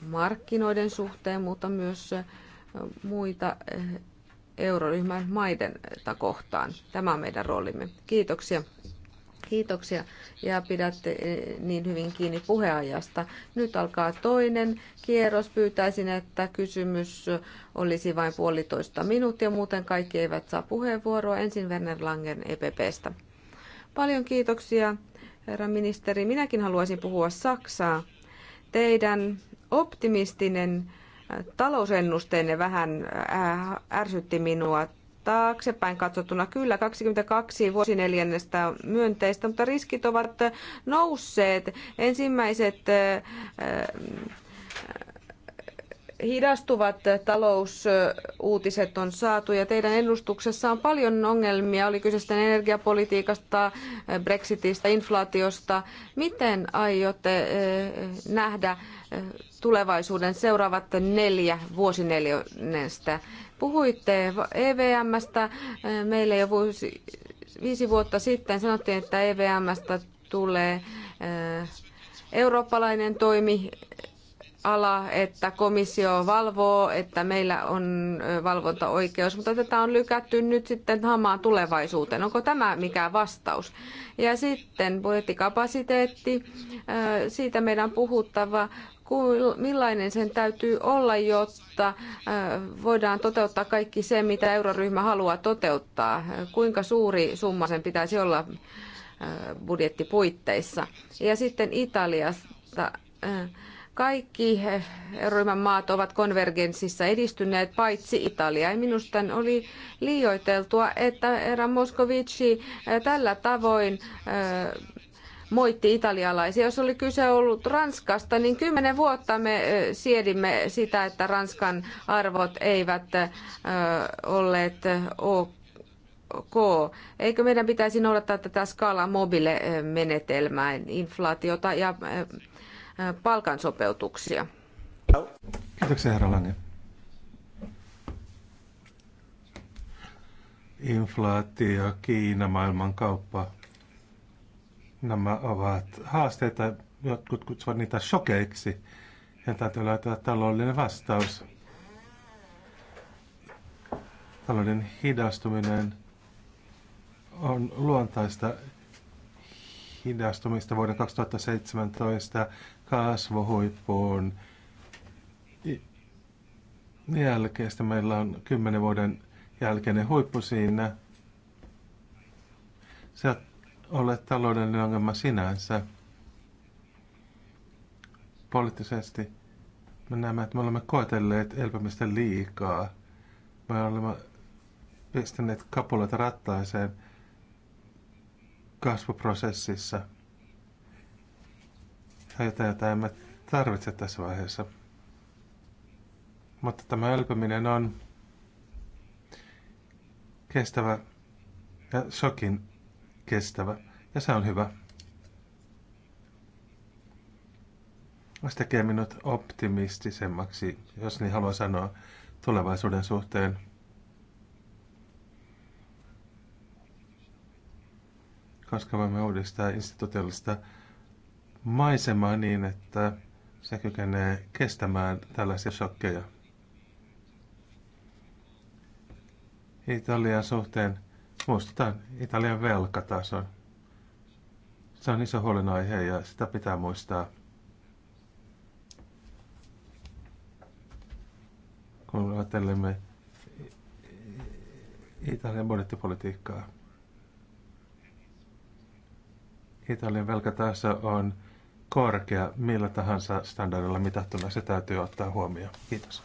markkinoiden suhteen, mutta myös muita euroryhmän maiden kohtaan. Tämä on meidän roolimme. Kiitoksia. Kiitoksia ja pidätte eh, niin hyvin kiinni puheajasta. Nyt alkaa toinen kierros. Pyytäisin, että kysymys olisi vain puolitoista minuuttia, muuten kaikki eivät saa puheenvuoroa. Ensin Werner Langen EPPstä. Paljon kiitoksia, herra ministeri. Minäkin haluaisin puhua Saksaa. Teidän optimistinen talousennusteenne vähän äh, ärsytti minua. Taaksepäin katsottuna kyllä 22 vuosineljännestä on myönteistä, mutta riskit ovat nousseet. Ensimmäiset äh, äh, hidastuvat talousuutiset on saatu ja teidän ennustuksessa on paljon ongelmia, oli kyse sitten energiapolitiikasta, Brexitistä, inflaatiosta. Miten aiotte nähdä tulevaisuuden seuraavat neljä vuosineljännestä. Puhuitte EVMstä. Meille jo vuosi, viisi vuotta sitten sanottiin, että EVMstä tulee eh, eurooppalainen toimi ala, että komissio valvoo, että meillä on eh, valvontaoikeus, mutta tätä on lykätty nyt sitten hamaan tulevaisuuteen. Onko tämä mikään vastaus? Ja sitten budjettikapasiteetti, eh, siitä meidän on puhuttava, millainen sen täytyy olla, jotta äh, voidaan toteuttaa kaikki se, mitä euroryhmä haluaa toteuttaa? Kuinka suuri summa sen pitäisi olla äh, budjettipuitteissa? Ja sitten Italiasta. Äh, kaikki euroryhmän maat ovat konvergenssissa edistyneet, paitsi Italia. Ja minusta oli liioiteltua, että Era Moskovici tällä tavoin moitti italialaisia. Jos oli kyse ollut Ranskasta, niin kymmenen vuotta me siedimme sitä, että Ranskan arvot eivät olleet ok. Eikö meidän pitäisi noudattaa tätä skaala mobile-menetelmää, inflaatiota ja palkansopeutuksia? Kiitoksia, herra Lange. Inflaatio, Kiina, maailmankauppa, Nämä ovat haasteita, jotkut kutsuvat niitä shokeiksi. Ja täytyy löytää taloudellinen vastaus. Talouden hidastuminen on luontaista hidastumista vuoden 2017 kasvuhuippuun jälkeistä. Meillä on kymmenen vuoden jälkeinen huippu siinä. Se ole taloudellinen ongelma sinänsä. Poliittisesti me näemme, että me olemme koetelleet elpymistä liikaa. Me olemme pistäneet kapuloita rattaiseen kasvuprosessissa. Tai jotain, jota emme tarvitse tässä vaiheessa. Mutta tämä elpyminen on kestävä ja shokin kestävä ja se on hyvä. Se tekee minut optimistisemmaksi, jos niin haluan sanoa, tulevaisuuden suhteen. Koska voimme uudistaa instituutiollista maisemaa niin, että se kykenee kestämään tällaisia shokkeja. Italian suhteen muistetaan Italian velkatason. Se on iso huolenaihe ja sitä pitää muistaa. Kun ajattelemme Italian budjettipolitiikkaa. Italian velkataso on korkea millä tahansa standardilla mitattuna. Se täytyy ottaa huomioon. Kiitos.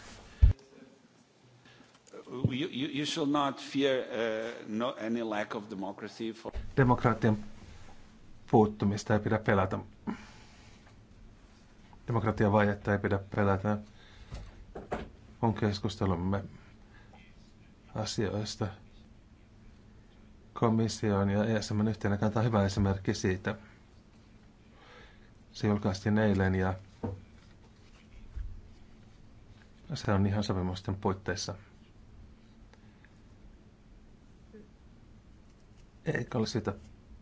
You, not fear uh, no, any lack of democracy for... Demokraattien puuttumista ei pidä pelätä. Demokratian vajetta ei pidä pelätä. On keskustelumme asioista. Komission ja ESMn yhteenä kantaa hyvä esimerkki siitä. Se julkaistiin eilen ja se on ihan sopimusten puitteissa. Ei ole sitä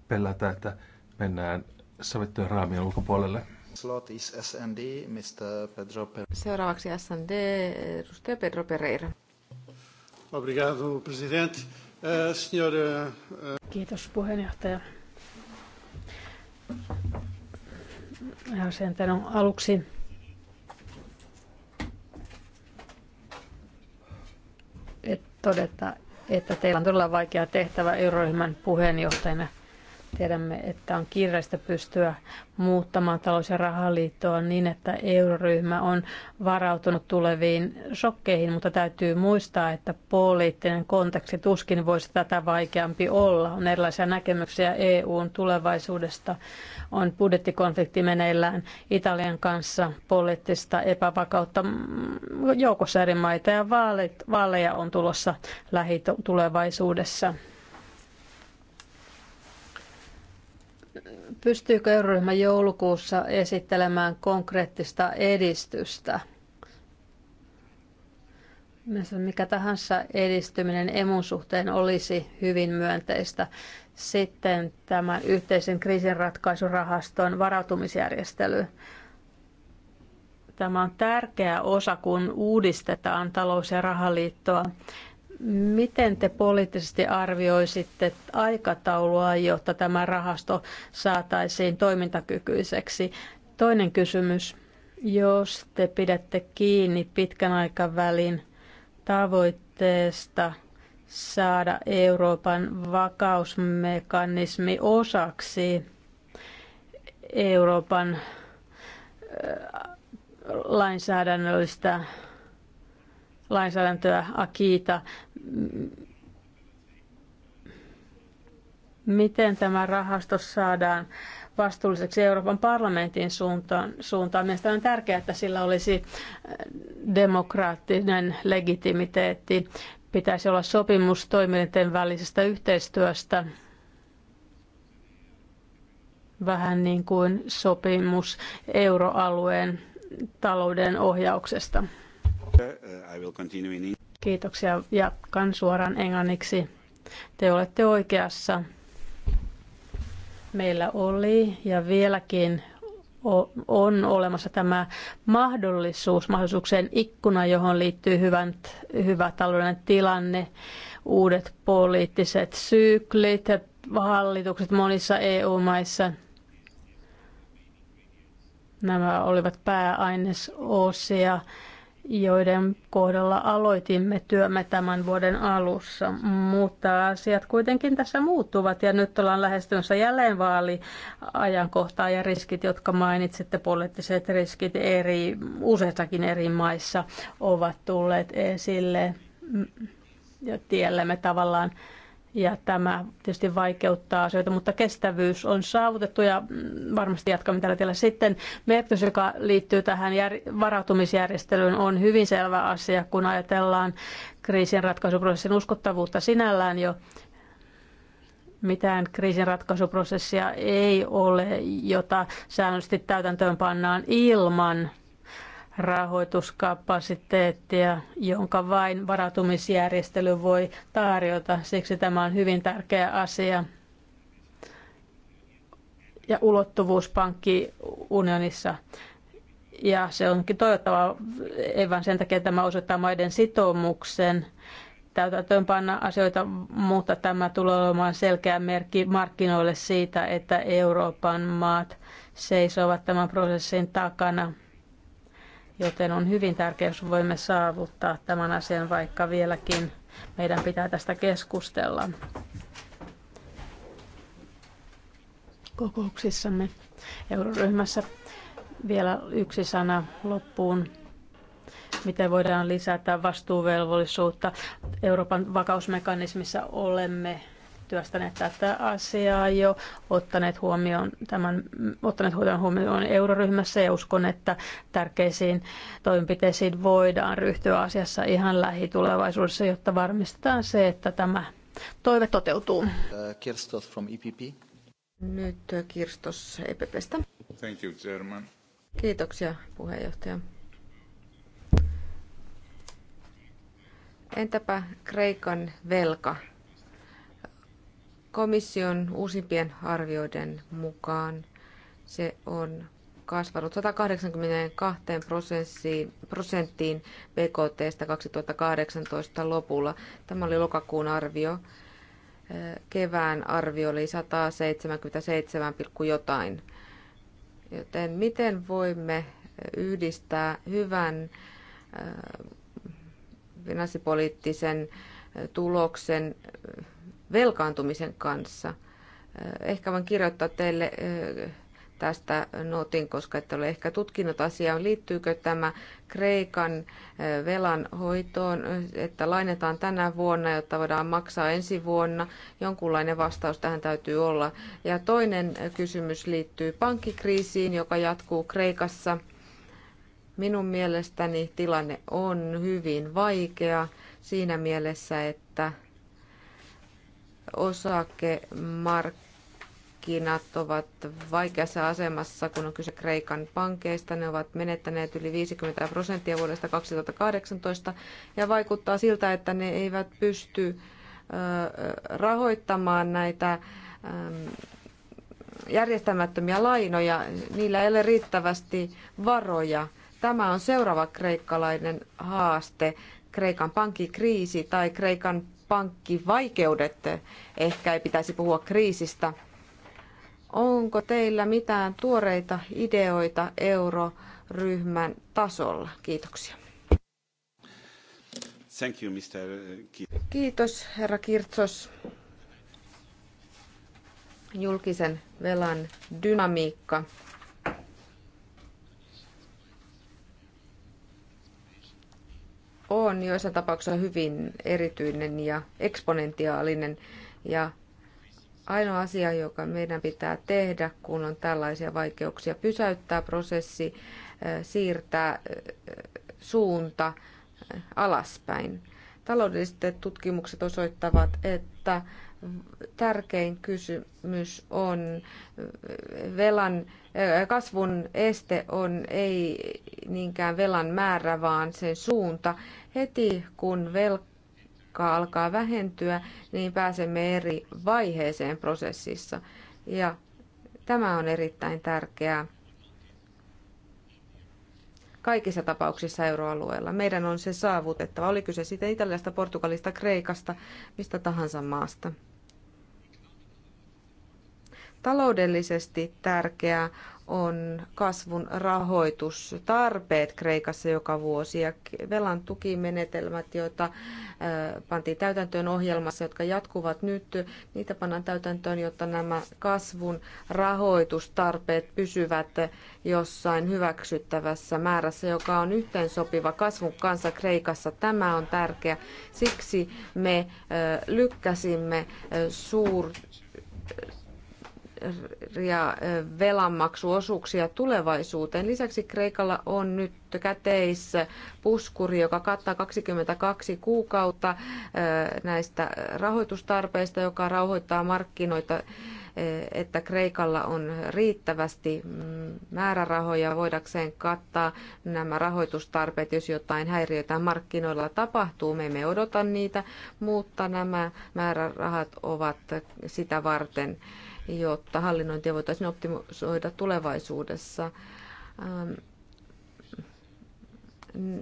pelätä, että mennään sovittujen raamien ulkopuolelle. Slot is SND, Mr. Pedro Pereira. Seuraavaksi SND, edustaja Pedro Pereira. Obrigado, presidente. Uh, eh, signor, uh, eh, eh. Kiitos puheenjohtaja. Ja sen aluksi todeta, että teillä on todella vaikea tehtävä euroryhmän puheenjohtajana. Tiedämme, että on kiireistä pystyä muuttamaan talous- ja rahaliittoa niin, että euroryhmä on varautunut tuleviin shokkeihin, mutta täytyy muistaa, että poliittinen konteksti tuskin voisi tätä vaikeampi olla. On erilaisia näkemyksiä EUn tulevaisuudesta. On budjettikonflikti meneillään Italian kanssa poliittista epävakautta joukossa eri maita ja vaaleja on tulossa lähitulevaisuudessa. pystyykö euroryhmä joulukuussa esittelemään konkreettista edistystä? Mikä tahansa edistyminen emun suhteen olisi hyvin myönteistä. Sitten tämän yhteisen kriisinratkaisurahaston varautumisjärjestely. Tämä on tärkeä osa, kun uudistetaan talous- ja rahaliittoa. Miten te poliittisesti arvioisitte aikataulua, jotta tämä rahasto saataisiin toimintakykyiseksi? Toinen kysymys. Jos te pidätte kiinni pitkän aikavälin tavoitteesta saada Euroopan vakausmekanismi osaksi Euroopan lainsäädännöllistä lainsäädäntöä, Akiita. Miten tämä rahasto saadaan vastuulliseksi Euroopan parlamentin suuntaan. suuntaan. Mielestäni on tärkeää, että sillä olisi äh, demokraattinen legitimiteetti. Pitäisi olla sopimus toimijoiden välisestä yhteistyöstä, vähän niin kuin sopimus euroalueen talouden ohjauksesta. Uh, Kiitoksia. Jatkan suoraan englanniksi. Te olette oikeassa. Meillä oli ja vieläkin on olemassa tämä mahdollisuus, mahdollisuuksien ikkuna, johon liittyy hyvän, hyvä talouden tilanne, uudet poliittiset syklit ja hallitukset monissa EU-maissa. Nämä olivat pääainesosia joiden kohdalla aloitimme työmme tämän vuoden alussa, mutta asiat kuitenkin tässä muuttuvat ja nyt ollaan lähestymässä jälleen vaaliajankohtaa ja riskit, jotka mainitsitte, poliittiset riskit eri, useissakin eri maissa ovat tulleet esille ja tiellämme tavallaan ja tämä tietysti vaikeuttaa asioita, mutta kestävyys on saavutettu ja varmasti jatkamme tällä tiellä. Sitten merkitys, joka liittyy tähän jär- varautumisjärjestelyyn, on hyvin selvä asia, kun ajatellaan kriisin ratkaisuprosessin uskottavuutta sinällään jo. Mitään kriisinratkaisuprosessia ei ole, jota säännöllisesti täytäntöön pannaan ilman – rahoituskapasiteettia, jonka vain varautumisjärjestely voi tarjota. Siksi tämä on hyvin tärkeä asia. Ja ulottuvuus pankkiunionissa. Ja se onkin toivottava, ei vain sen takia, että tämä osoittaa maiden sitoumuksen täytäntöönpanna asioita, mutta tämä tulee olemaan selkeä merkki markkinoille siitä, että Euroopan maat seisovat tämän prosessin takana – Joten on hyvin tärkeää, jos voimme saavuttaa tämän asian, vaikka vieläkin meidän pitää tästä keskustella kokouksissamme euroryhmässä. Vielä yksi sana loppuun miten voidaan lisätä vastuuvelvollisuutta. Euroopan vakausmekanismissa olemme työstäneet tätä asiaa jo, ottaneet huomioon, tämän, ottaneet huomioon euroryhmässä ja uskon, että tärkeisiin toimenpiteisiin voidaan ryhtyä asiassa ihan lähitulevaisuudessa, jotta varmistetaan se, että tämä toive toteutuu. Äh, e äh, Kirstos from e EPP. Nyt Kirstos EPPstä. Thank you, German. Kiitoksia puheenjohtaja. Entäpä Kreikan velka? Komission uusimpien arvioiden mukaan se on kasvanut 182 prosenttiin BKTstä 2018 lopulla. Tämä oli lokakuun arvio. Kevään arvio oli 177, jotain. Joten miten voimme yhdistää hyvän finanssipoliittisen tuloksen velkaantumisen kanssa. Ehkä voin kirjoittaa teille tästä notin, koska ette ole ehkä tutkinut asiaa, liittyykö tämä Kreikan velan hoitoon, että lainetaan tänä vuonna, jotta voidaan maksaa ensi vuonna. Jonkunlainen vastaus tähän täytyy olla. Ja toinen kysymys liittyy pankkikriisiin, joka jatkuu Kreikassa. Minun mielestäni tilanne on hyvin vaikea siinä mielessä, että osakemarkkinat ovat vaikeassa asemassa, kun on kyse Kreikan pankeista. Ne ovat menettäneet yli 50 prosenttia vuodesta 2018 ja vaikuttaa siltä, että ne eivät pysty rahoittamaan näitä järjestämättömiä lainoja. Niillä ei ole riittävästi varoja. Tämä on seuraava kreikkalainen haaste. Kreikan pankkikriisi tai Kreikan pankkivaikeudet, ehkä ei pitäisi puhua kriisistä. Onko teillä mitään tuoreita ideoita euroryhmän tasolla? Kiitoksia. Thank you, Mr. Uh, Kiitos, herra Kirtsos. Julkisen velan dynamiikka on joissain tapauksissa hyvin erityinen ja eksponentiaalinen. Ja ainoa asia, joka meidän pitää tehdä, kun on tällaisia vaikeuksia, pysäyttää prosessi, siirtää suunta alaspäin. Taloudelliset tutkimukset osoittavat, että tärkein kysymys on velan äh, kasvun este on ei niinkään velan määrä, vaan sen suunta. Heti kun velka alkaa vähentyä, niin pääsemme eri vaiheeseen prosessissa. Ja tämä on erittäin tärkeää kaikissa tapauksissa euroalueella. Meidän on se saavutettava, oli kyse sitten Italiasta, Portugalista, Kreikasta, mistä tahansa maasta. Taloudellisesti tärkeää on kasvun rahoitustarpeet Kreikassa joka vuosi ja velan tukimenetelmät, joita pantiin täytäntöön ohjelmassa, jotka jatkuvat nyt, niitä pannaan täytäntöön, jotta nämä kasvun rahoitustarpeet pysyvät jossain hyväksyttävässä määrässä, joka on yhteensopiva kasvun kanssa Kreikassa. Tämä on tärkeä. Siksi me lykkäsimme suur suuria velanmaksuosuuksia tulevaisuuteen. Lisäksi Kreikalla on nyt käteissä puskuri, joka kattaa 22 kuukautta näistä rahoitustarpeista, joka rauhoittaa markkinoita että Kreikalla on riittävästi mm, määrärahoja voidakseen kattaa nämä rahoitustarpeet, jos jotain häiriötä markkinoilla tapahtuu. Me emme odota niitä, mutta nämä määrärahat ovat sitä varten jotta hallinnointia voitaisiin optimoida tulevaisuudessa. Ähm,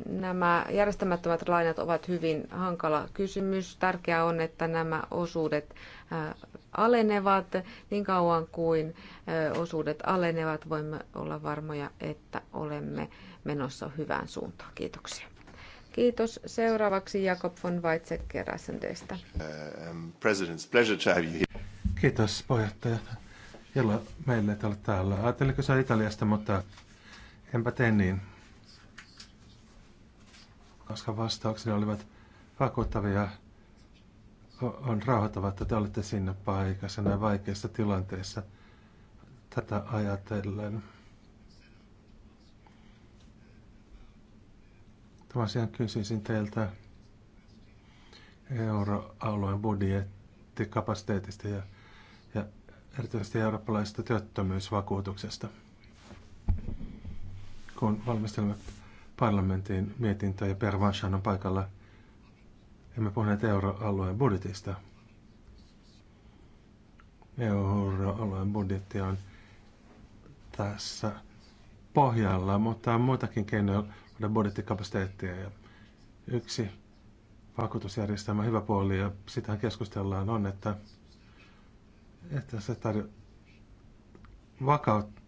nämä järjestämättömät lainat ovat hyvin hankala kysymys. Tärkeää on, että nämä osuudet äh, alenevat. Niin kauan kuin äh, osuudet alenevat, voimme olla varmoja, että olemme menossa hyvään suuntaan. Kiitoksia. Kiitos. Seuraavaksi Jakob von Weizsäcker SNDstä. Uh, um, Kiitos puheenjohtaja. Jalla meille, että olet täällä. Ajattelinko sä Italiasta, mutta enpä tee niin. Koska vastaukseni olivat vakuuttavia, on rauhoittavaa, että te olette siinä paikassa näin vaikeassa tilanteessa tätä ajatellen. Tämä asian kysyisin teiltä euroalueen budjettikapasiteetista ja erityisesti eurooppalaisesta työttömyysvakuutuksesta. Kun valmistelemme parlamentin mietintöä ja Per Vanshan on paikalla, emme puhuneet euroalueen budjetista. Euroalueen budjetti on tässä pohjalla, mutta on muitakin keinoja luoda budjettikapasiteettia. Ja yksi vakuutusjärjestelmä hyvä puoli, ja sitähän keskustellaan, on, että että se tarjo- vakauttaa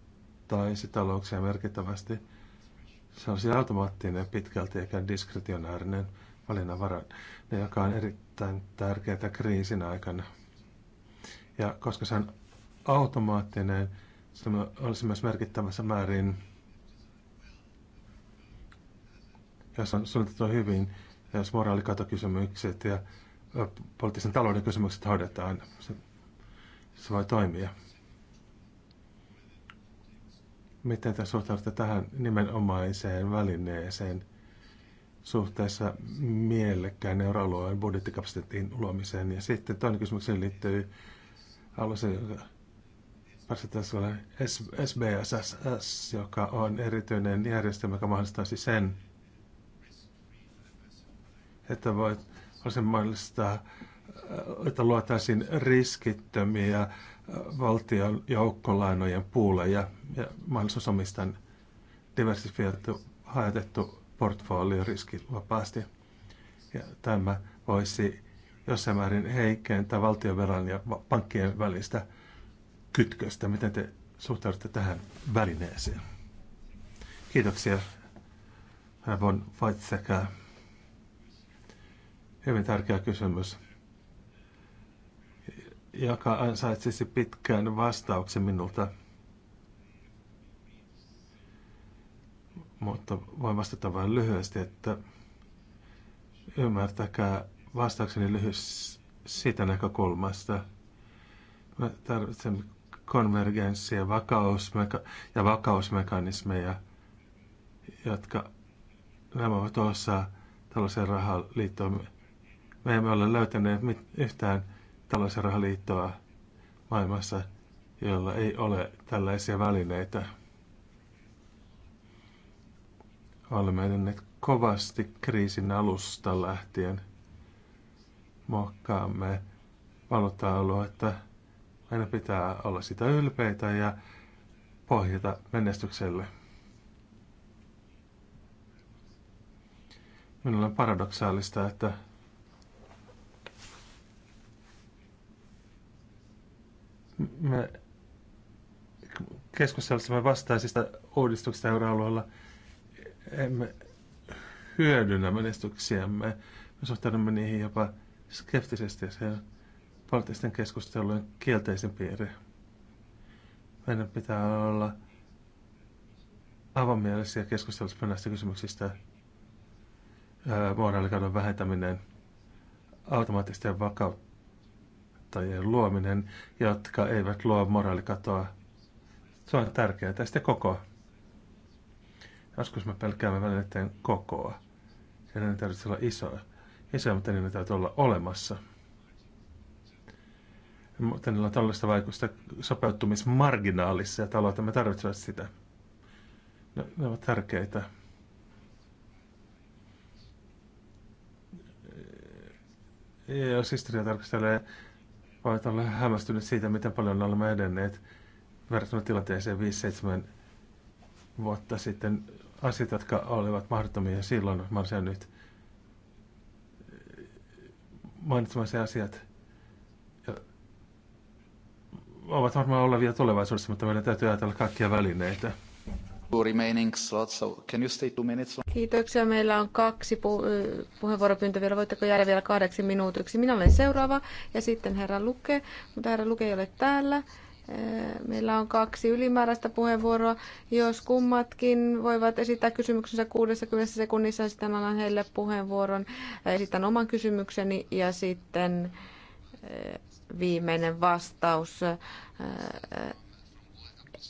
talouksia merkittävästi. Se on siellä automaattinen pitkälti eikä diskretionaarinen valinnanvarainen, joka on erittäin tärkeää kriisin aikana. Ja koska se on automaattinen, se olisi myös merkittävässä määrin, jos on suunniteltu hyvin, jos moraalikatokysymykset ja poliittisen talouden kysymykset hoidetaan, se sai toimia. Miten te suhtaudutte tähän nimenomaiseen välineeseen suhteessa mielekkään euroalueen budjettikapasiteettiin luomiseen? Ja sitten toinen kysymys liittyy alueeseen, SBSS, joka on erityinen järjestelmä, joka siis sen, että voit, olisi mahdollista että luotaisiin riskittömiä äh, valtion joukkolainojen puuleja ja mahdollisuus omistaa diversifioitu, hajotettu portfolio riskivapaasti. Ja tämä voisi jossain määrin heikentää valtionvelan ja pankkien välistä kytköstä. Miten te suhtaudutte tähän välineeseen? Kiitoksia, Ravon Weizsäcker. Hyvin tärkeä kysymys joka ansaitsisi pitkän vastauksen minulta. Mutta voin vastata vain lyhyesti, että ymmärtäkää vastaukseni lyhyesti siitä näkökulmasta. Mä tarvitsemme konvergenssia vakausmeka- ja vakausmekanismeja, jotka nämä ovat osa tällaisen rahaliittoon. Me emme ole löytäneet mit- yhtään tällaisia rahaliittoa maailmassa, jolla ei ole tällaisia välineitä. Olemme edenneet kovasti kriisin alusta lähtien. Mokkaamme valuutta-aluetta. Meidän pitää olla sitä ylpeitä ja pohjata menestykselle. Minulla on paradoksaalista, että me keskustelussamme vastaisista uudistuksista euroalueella. Emme hyödynnä menestyksiämme. Me suhtaudumme niihin jopa skeptisesti ja se on poliittisten keskustelujen kielteisen piirre. Meidän pitää olla avamielisiä keskustelussa näistä kysymyksistä. Moraalikadon vähentäminen, automaattisten vakautta sääntöjen luominen, jotka eivät luo moraalikatoa. Se on tärkeää. Tästä koko. Joskus me pelkäämme välineiden kokoa. Ja ne tarvitsee olla isoja, isoja mutta ne täytyy olla olemassa. Mutta niillä on tällaista vaikutusta sopeutumismarginaalissa ja me tarvitsevat sitä. Ne, ne ovat tärkeitä. Ja jos historia tarkastelee ovat olleet hämmästynyt siitä, miten paljon olemme edenneet verrattuna tilanteeseen 5-7 vuotta sitten. Asiat, jotka olivat mahdottomia silloin, mahdollisia nyt. Mainitsemasi asiat ovat varmaan olevia tulevaisuudessa, mutta meidän täytyy ajatella kaikkia välineitä. Kiitoksia. Meillä on kaksi pu- puheenvuoropyyntöä vielä. Voitteko jäädä vielä kahdeksi minuutiksi? Minä olen seuraava ja sitten herra Luke, mutta herra Luke ei ole täällä. Meillä on kaksi ylimääräistä puheenvuoroa. Jos kummatkin voivat esittää kysymyksensä 60 sekunnissa, sitten annan heille puheenvuoron. Esitän oman kysymykseni ja sitten viimeinen vastaus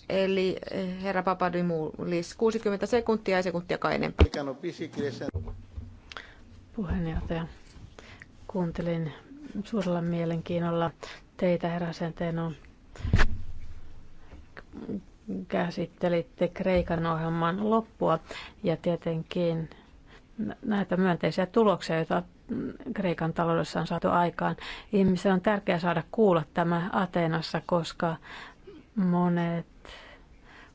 Eli eh, herra Papadimoulis, 60 sekuntia ja kai enempää. Puheenjohtaja, kuuntelin suurella mielenkiinnolla teitä herra Senteno. Käsittelitte Kreikan ohjelman loppua ja tietenkin näitä myönteisiä tuloksia, joita Kreikan taloudessa on saatu aikaan. Ihmisen on tärkeää saada kuulla tämä Ateenassa, koska monet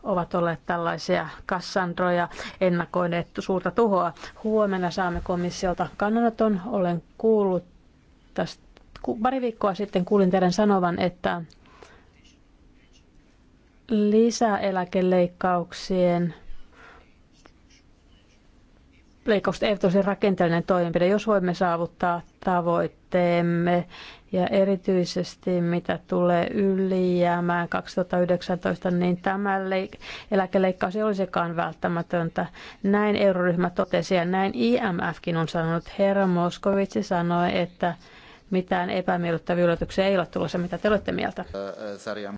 ovat olleet tällaisia kassandroja, ennakoineet suurta tuhoa. Huomenna saamme komissiolta kannanoton. Olen kuullut tästä pari viikkoa sitten kuulin teidän sanovan, että lisäeläkeleikkauksien leikkaukset eivät olisi rakenteellinen toimenpide, jos voimme saavuttaa tavoitteet teemme ja erityisesti mitä tulee ylijäämään 2019, niin tämä eläkeleikkaus ei olisikaan välttämätöntä. Näin euroryhmä totesi ja näin IMFkin on sanonut. Herra Moskovitsi sanoi, että mitään epämiellyttäviä yllätyksiä ei ole tulossa. Mitä te olette mieltä?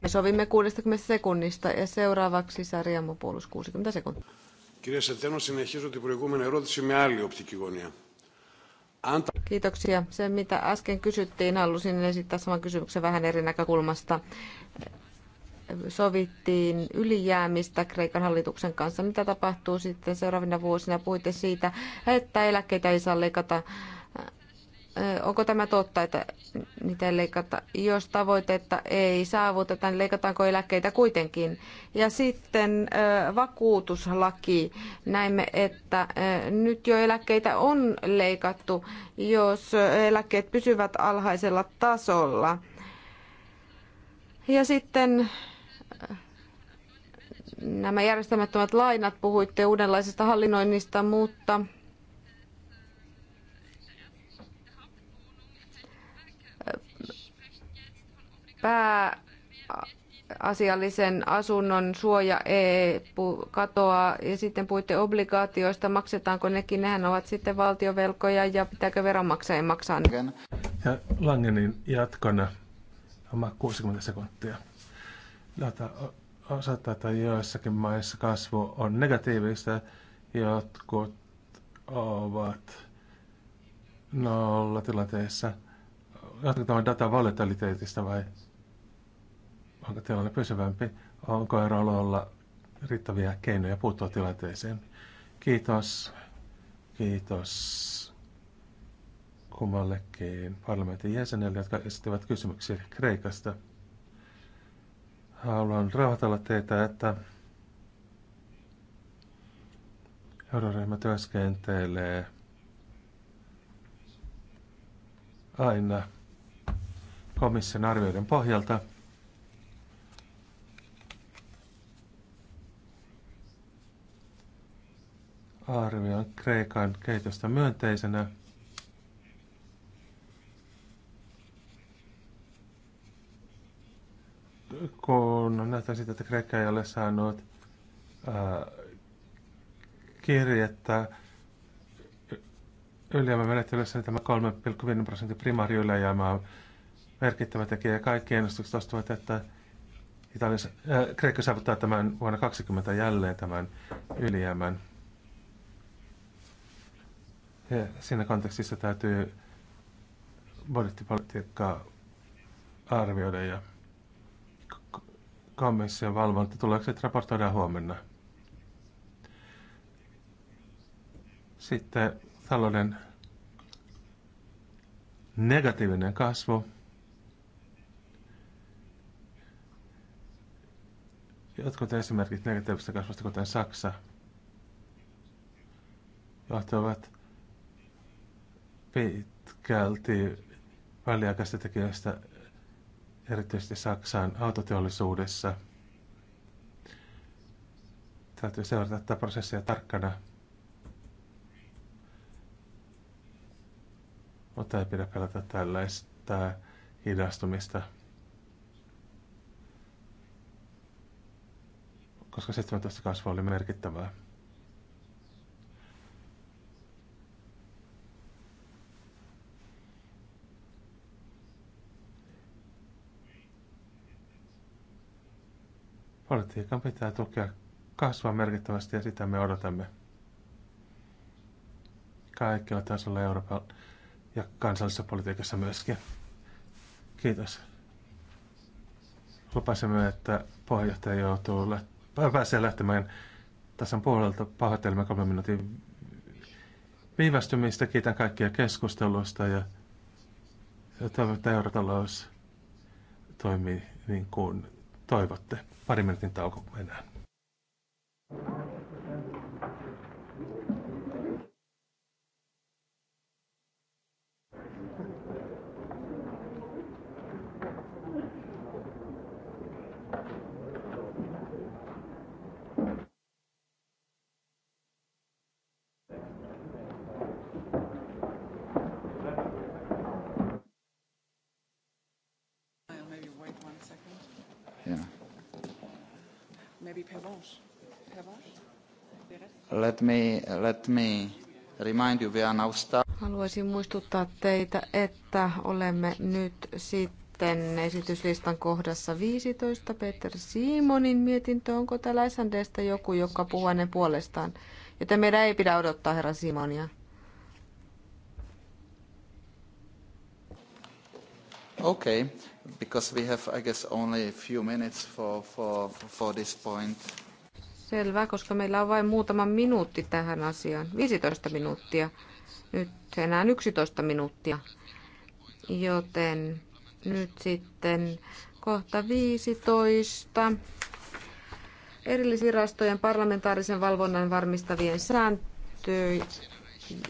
Me sovimme 60 sekunnista ja seuraavaksi Sarjamo puolus 60 sekuntia. Κύριε Σατένο, συνεχίζω την προηγούμενη ερώτηση με άλλη οπτική γωνία. Kiitoksia. Se, mitä äsken kysyttiin, halusin esittää saman kysymyksen vähän eri näkökulmasta. Sovittiin ylijäämistä Kreikan hallituksen kanssa. Mitä tapahtuu sitten seuraavina vuosina? Puhuitte siitä, että eläkkeitä ei saa leikata onko tämä totta, että ei leikata, jos tavoitetta ei saavuteta, niin leikataanko eläkkeitä kuitenkin. Ja sitten vakuutuslaki. Näimme, että nyt jo eläkkeitä on leikattu, jos eläkkeet pysyvät alhaisella tasolla. Ja sitten nämä järjestämättömät lainat, puhuitte uudenlaisesta hallinnoinnista, mutta pääasiallisen asunnon suoja ei katoaa ja sitten puitte obligaatioista, maksetaanko nekin, nehän ovat sitten valtiovelkoja ja pitääkö veronmaksajien maksaa ne? Ja Langenin jatkona oma 60 sekuntia. Data osoittaa, että joissakin maissa kasvu on negatiivista, jotkut ovat nolla tilanteessa. Jatketaan data volatiliteetista vai onko tilanne pysyvämpi, onko euroalueella riittäviä keinoja puuttua tilanteeseen. Kiitos. Kiitos kummallekin parlamentin jäsenelle, jotka esittivät kysymyksiä Kreikasta. Haluan rauhoitella teitä, että euroryhmä työskentelee aina komission arvioiden pohjalta – arvioin Kreikan kehitystä myönteisenä. Kun näyttää sitä, että Kreikka ei ole saanut ää, kirjettä menettelyssä, niin tämä 3,5 prosentin ylijäämä on merkittävä tekijä. Kaikki ennustukset ostavat, että Italiassa, äh, Kreikka saavuttaa tämän vuonna 2020 jälleen tämän ylijäämän. Ja siinä kontekstissa täytyy budjettipolitiikkaa arvioida ja komission se raportoida huomenna. Sitten talouden negatiivinen kasvu. Jotkut esimerkit negatiivisesta kasvusta, kuten Saksa, johtavat pitkälti väliaikaisista tekijöistä, erityisesti Saksan autoteollisuudessa. Täytyy seurata tätä prosessia tarkkana. Mutta ei pidä pelätä tällaista hidastumista. Koska 17 kasvu oli merkittävää. Politiikan pitää tukea kasvaa merkittävästi ja sitä me odotamme kaikilla tasolla Euroopan ja kansallisessa politiikassa myöskin. Kiitos. Lupasimme, että puheenjohtaja joutuu pääsee lähtemään tasan puolelta pahoittelemme kolmen minuutin viivästymistä. Kiitän kaikkia keskustelusta ja toivon, että eurotalous toimii niin kuin toivotte. Pari minuutin tauko enää. Let me, let me remind you, we are now start. Haluaisin muistuttaa teitä, että olemme nyt sitten esityslistan kohdassa 15. Peter Simonin mietintö. Onko täällä SNDstä joku, joka puhuu hänen puolestaan? Joten meidän ei pidä odottaa herra Simonia. Okay, because we have, I guess, only a few minutes for, for, for this point. Selvä, koska meillä on vain muutama minuutti tähän asiaan. 15 minuuttia. Nyt enää 11 minuuttia. Joten nyt sitten kohta 15. Erillisvirastojen parlamentaarisen valvonnan varmistavien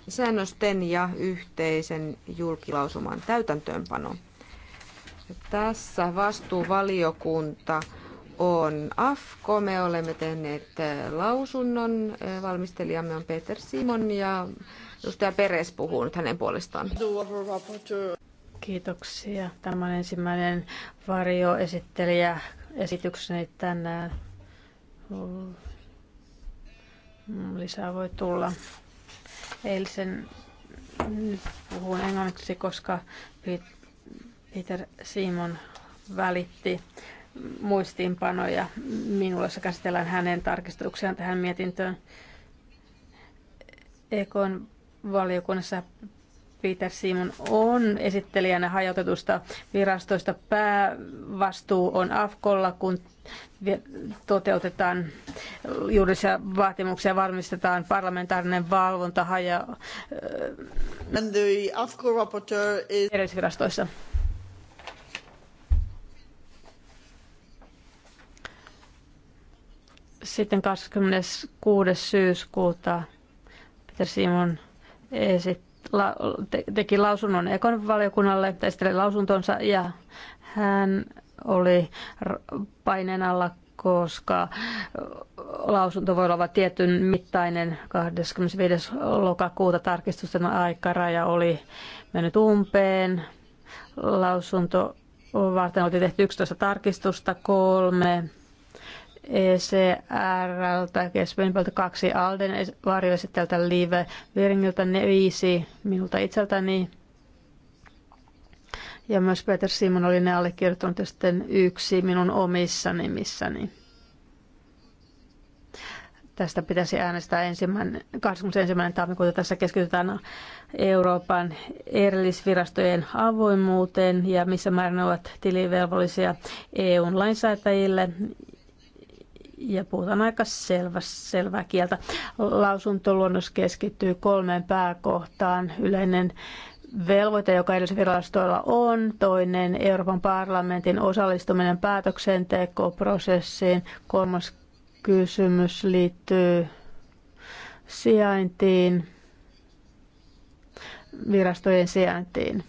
säännösten ja yhteisen julkilausuman täytäntöönpano. Tässä vastuuvaliokunta on AFKO. Me olemme tehneet äh, lausunnon. Äh, valmistelijamme on Peter Simon ja edustaja Peres puhuu nyt hänen puolestaan. Kiitoksia. Tämä on ensimmäinen varjoesittelijä esitykseni tänään. Mm, lisää voi tulla. Eilisen puhun englanniksi, koska Peter Simon välitti muistiinpanoja. Minulla se käsitellään hänen tarkistuksiaan tähän mietintöön. Ekon valiokunnassa Peter Simon on esittelijänä hajautetusta virastoista. Päävastuu on AFKolla, kun toteutetaan juridisia vaatimuksia, varmistetaan parlamentaarinen valvonta haja... And the AFCO rapporteur is... Sitten 26. syyskuuta Peter Simon esitti la, te, teki lausunnon ekonvaliokunnalle, esitteli lausuntonsa ja hän oli paineen alla, koska lausunto voi olla tietyn mittainen 25. lokakuuta tarkistusten aikaraja oli mennyt umpeen. Lausunto varten oli tehty 11 tarkistusta, kolme ECRltä, Kespenpeltä kaksi Alden varjoesittäjältä Live, Viringiltä ne viisi, minulta itseltäni. Ja myös Peter Simon oli ne allekirjoittanut ja sitten yksi minun omissa nimissäni. Tästä pitäisi äänestää ensimmäinen, 21. tammikuuta. Tässä keskitytään Euroopan erillisvirastojen avoimuuteen ja missä määrin ne ovat tilivelvollisia EUn lainsäätäjille ja puhutaan aika selvä, selvää kieltä. Lausuntoluonnos keskittyy kolmeen pääkohtaan. Yleinen velvoite, joka edes virastoilla on, toinen Euroopan parlamentin osallistuminen päätöksentekoprosessiin, kolmas kysymys liittyy sijaintiin, virastojen sijaintiin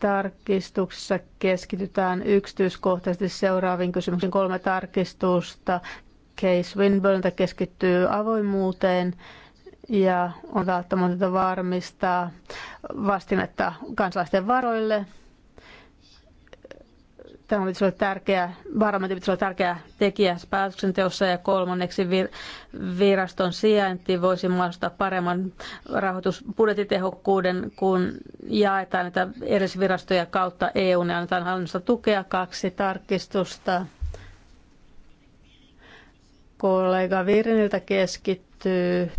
tarkistuksessa keskitytään yksityiskohtaisesti seuraaviin kysymyksiin. Kolme tarkistusta. Case Winburnilta keskittyy avoimuuteen ja on välttämätöntä varmistaa vastinetta kansalaisten varoille. Tämä oli sulle tärkeä, varmasti pitäisi olla tärkeä tekijä päätöksenteossa ja kolmanneksi vir- viraston sijainti voisi mahdollistaa paremman rahoitusbudjetitehokkuuden, kun jaetaan näitä virastoja kautta EU ja annetaan hallinnosta tukea kaksi tarkistusta. Kollega Virniltä keskittyy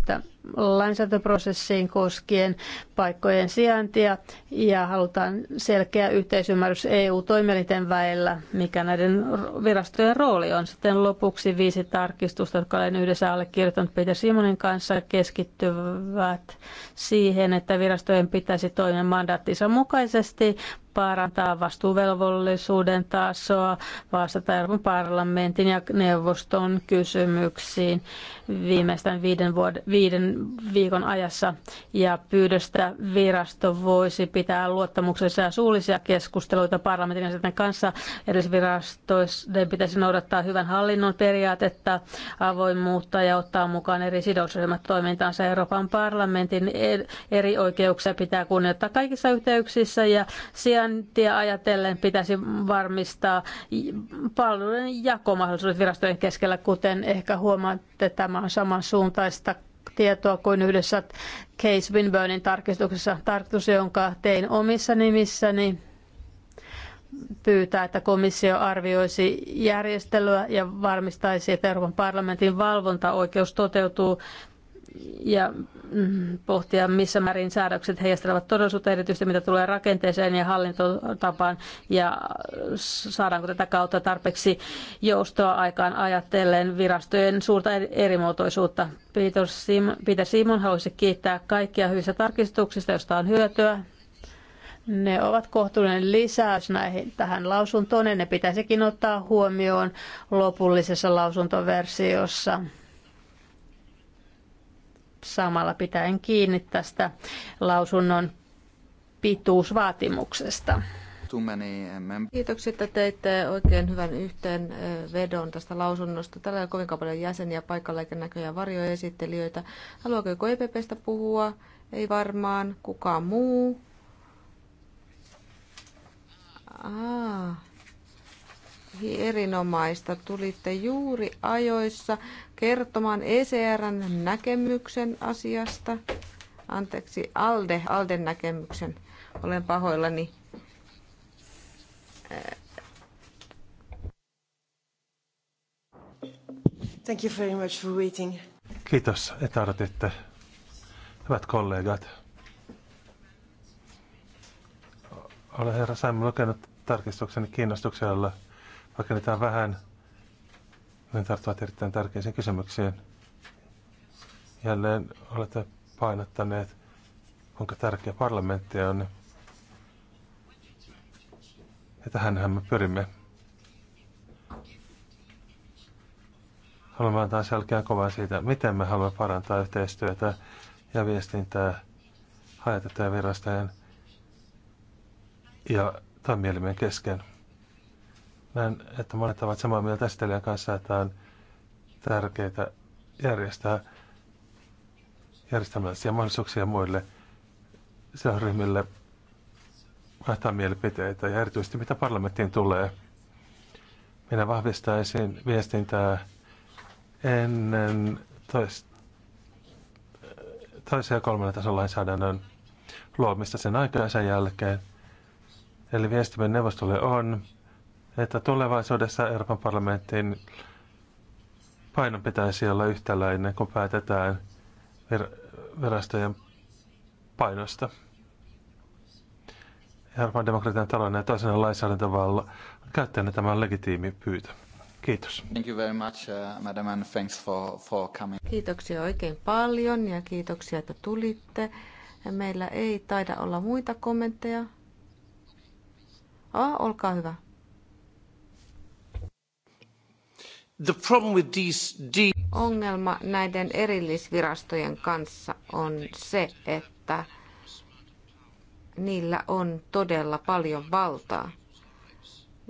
lainsäädäntöprosessiin koskien paikkojen sijaintia ja halutaan selkeä yhteisymmärrys EU-toimielinten väillä, mikä näiden virastojen rooli on. Sitten lopuksi viisi tarkistusta, jotka olen yhdessä allekirjoittanut Peter Simonin kanssa, keskittyvät siihen, että virastojen pitäisi toimia mandaattinsa mukaisesti, parantaa vastuuvelvollisuuden tasoa, vastata Euroopan parlamentin ja neuvoston kysymyksiin viimeistään viiden, vuoden, viiden viikon ajassa ja pyydöstä virasto voisi pitää luottamuksellisia suullisia keskusteluita parlamentin jäsenten kanssa. Erillisvirastoiden pitäisi noudattaa hyvän hallinnon periaatetta, avoimuutta ja ottaa mukaan eri sidosryhmät toimintaansa. Euroopan parlamentin eri oikeuksia pitää kunnioittaa kaikissa yhteyksissä ja sijaintia ajatellen pitäisi varmistaa palvelujen jakomahdollisuudet virastojen keskellä, kuten ehkä huomaatte, tämä on samansuuntaista tietoa kuin yhdessä Case Winburnin tarkistuksessa, tarkistus, jonka tein omissa nimissäni pyytää, että komissio arvioisi järjestelyä ja varmistaisi, että Euroopan parlamentin valvontaoikeus toteutuu ja mm, pohtia, missä määrin säädökset heijastelevat todellisuutta, erityisesti mitä tulee rakenteeseen ja hallintotapaan, ja saadaanko tätä kautta tarpeeksi joustoa aikaan ajatellen virastojen suurta erimuotoisuutta. Peter, Peter Simon haluaisi kiittää kaikkia hyvistä tarkistuksista, joista on hyötyä. Ne ovat kohtuullinen lisäys näihin, tähän lausuntoon ja ne pitäisikin ottaa huomioon lopullisessa lausuntoversiossa samalla pitäen kiinni tästä lausunnon pituusvaatimuksesta. Eh, Kiitoksia, että teitte oikein hyvän yhteenvedon tästä lausunnosta. Täällä on kovin paljon jäseniä paikalla eikä näköjään varjoesittelijöitä. Haluaako joku EPPstä puhua? Ei varmaan. Kuka muu? Ah, erinomaista. Tulitte juuri ajoissa kertomaan ECRn näkemyksen asiasta. Anteeksi, ALDE, ALDEn näkemyksen. Olen pahoillani. Thank you very much for waiting. Kiitos, että odotitte. Hyvät kollegat. Olen herra Saimme lukenut tarkistukseni kiinnostuksella. on vähän ne tarttuvat erittäin tärkeisiin kysymyksiin. Jälleen olette painottaneet, kuinka tärkeä parlamentti on. Ja tähänhän me pyrimme. Haluamme antaa selkeän kovan siitä, miten me haluamme parantaa yhteistyötä ja viestintää hajatettujen virastojen ja toimielimien kesken. Näen, että monet ovat samaa mieltä esittelijän kanssa, että on tärkeää järjestää järjestelmällisiä mahdollisuuksia muille seuraryhmille vaihtaa mielipiteitä ja erityisesti mitä parlamenttiin tulee. Minä vahvistaisin viestintää ennen toista toisen ja kolmannen tason lainsäädännön luomista sen aikaa sen jälkeen. Eli viestimen neuvostolle on, että tulevaisuudessa Euroopan parlamentin painon pitäisi olla yhtäläinen, kun päätetään vir- virastojen painosta. Euroopan demokratian talouden ja toisena lainsäädäntövalla käyttäen tämä legitiimi pyytö. Kiitos. Thank you very much, uh, madam, and thanks for, for coming. Kiitoksia oikein paljon ja kiitoksia, että tulitte. Meillä ei taida olla muita kommentteja. Oh, olkaa hyvä. The problem with these, Ongelma näiden erillisvirastojen kanssa on se, että niillä on todella paljon valtaa.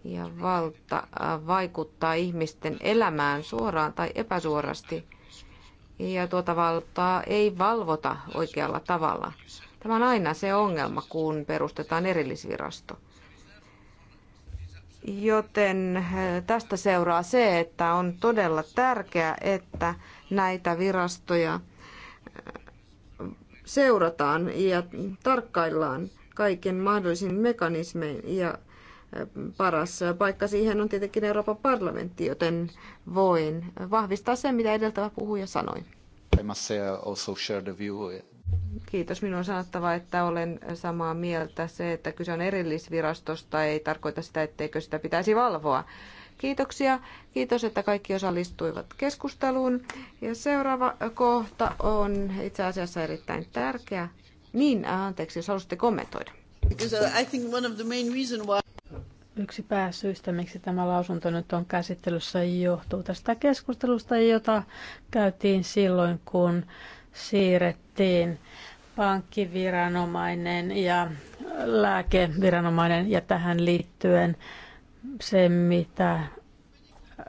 Ja valta äh, vaikuttaa ihmisten elämään suoraan tai epäsuorasti. Ja tuota valtaa ei valvota oikealla tavalla. Tämä on aina se ongelma, kun perustetaan erillisvirasto. Joten eh, tästä seuraa se, että on todella tärkeää, että näitä virastoja eh, seurataan ja tarkkaillaan kaiken mahdollisin mekanismein ja eh, paras paikka siihen on tietenkin Euroopan parlamentti, joten voin vahvistaa sen, mitä edeltävä puhuja sanoi. I must say I also share the view Kiitos. Minun on sanottava, että olen samaa mieltä. Se, että kyse on erillisvirastosta, ei tarkoita sitä, etteikö sitä pitäisi valvoa. Kiitoksia. Kiitos, että kaikki osallistuivat keskusteluun. Ja seuraava kohta on itse asiassa erittäin tärkeä. Niin, anteeksi, jos halusitte kommentoida. Yksi pääsyistä, miksi tämä lausunto nyt on käsittelyssä, johtuu tästä keskustelusta, jota käytiin silloin, kun siirrettiin pankkiviranomainen ja lääkeviranomainen ja tähän liittyen se, mitä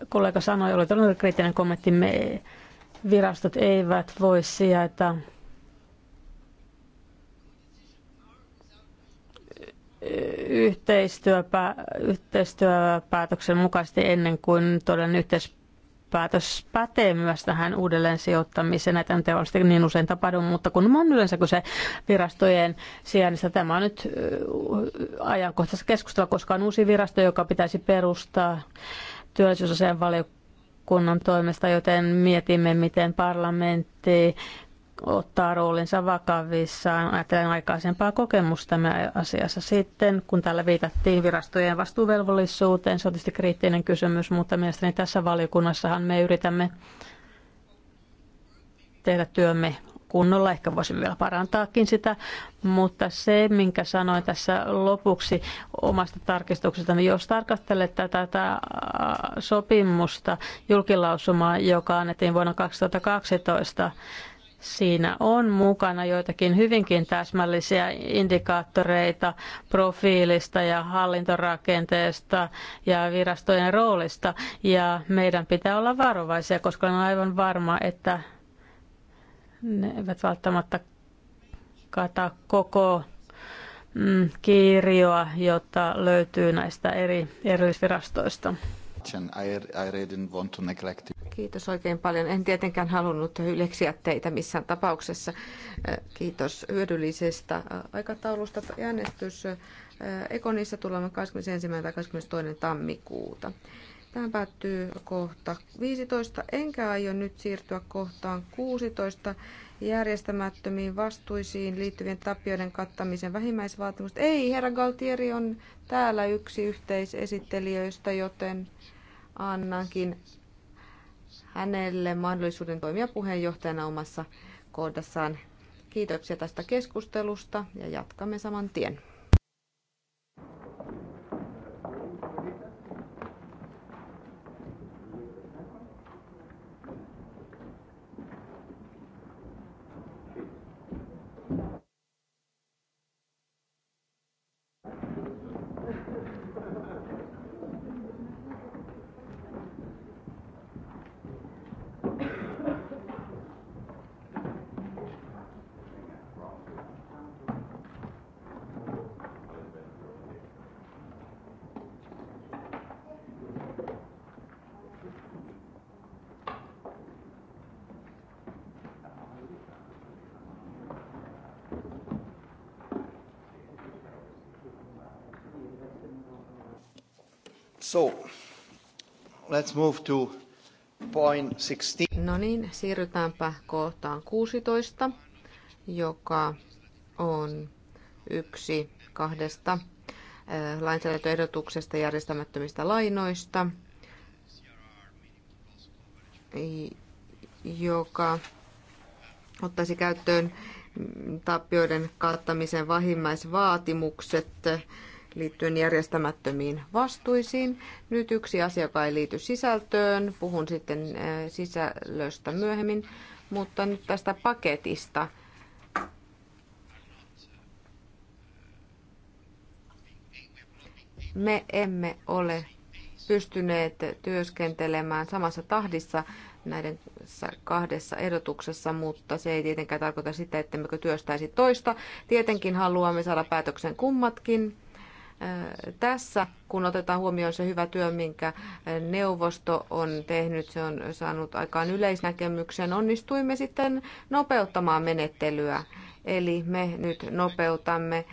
kollega sanoi, oli todella kriittinen kommentti. Me virastot eivät voi sijaita yhteistyöpä, yhteistyöpäätöksen mukaisesti ennen kuin todellinen yhteis, päätös pätee myös tähän uudelleen sijoittamiseen. Näitä nyt ei ole niin usein tapahtunut, mutta kun on yleensä kyse virastojen sijainnista, tämä on nyt ajankohtaisessa keskustelua, koska on uusi virasto, joka pitäisi perustaa työllisyysasian valiokunnan toimesta, joten mietimme, miten parlamentti ottaa roolinsa vakavissaan. Ajattelen aikaisempaa kokemusta tämä asiassa sitten, kun täällä viitattiin virastojen vastuuvelvollisuuteen. Se on tietysti kriittinen kysymys, mutta mielestäni tässä valiokunnassahan me yritämme tehdä työmme kunnolla. Ehkä voisimme vielä parantaakin sitä, mutta se, minkä sanoin tässä lopuksi omasta tarkistuksesta, niin jos tarkastelet tätä, tätä sopimusta, julkilausumaa, joka annettiin vuonna 2012, Siinä on mukana joitakin hyvinkin täsmällisiä indikaattoreita profiilista ja hallintorakenteesta ja virastojen roolista. Ja meidän pitää olla varovaisia, koska on aivan varma, että ne eivät välttämättä kata koko mm, kirjoa, jota löytyy näistä eri erillisvirastoista. Kiitos oikein paljon. En tietenkään halunnut yleksiä teitä missään tapauksessa. Äh, kiitos hyödyllisestä äh, aikataulusta. Äänestys äh, Ekonissa tulemme 21. tai 22. tammikuuta. Tähän päättyy kohta 15, enkä aio nyt siirtyä kohtaan 16 järjestämättömiin vastuisiin liittyvien tappioiden kattamisen vähimmäisvaatimusta. Ei, herra Galtieri on täällä yksi yhteisesittelijöistä, joten annankin hänelle mahdollisuuden toimia puheenjohtajana omassa kohdassaan. Kiitoksia tästä keskustelusta ja jatkamme saman tien. So, let's move to point 16. No niin, siirrytäänpä kohtaan 16, joka on yksi kahdesta lainsäädäntöehdotuksesta järjestämättömistä lainoista, joka ottaisi käyttöön mm, tappioiden kattamisen vähimmäisvaatimukset liittyen järjestämättömiin vastuisiin. Nyt yksi asia, joka ei liity sisältöön, puhun sitten eh, sisällöstä myöhemmin, mutta nyt tästä paketista. Me emme ole pystyneet työskentelemään samassa tahdissa näiden kahdessa ehdotuksessa, mutta se ei tietenkään tarkoita sitä, ettemmekö työstäisi toista. Tietenkin haluamme saada päätöksen kummatkin tässä, kun otetaan huomioon se hyvä työ, minkä neuvosto on tehnyt, se on saanut aikaan yleisnäkemyksen, onnistuimme sitten nopeuttamaan menettelyä. Eli me nyt nopeutamme eh,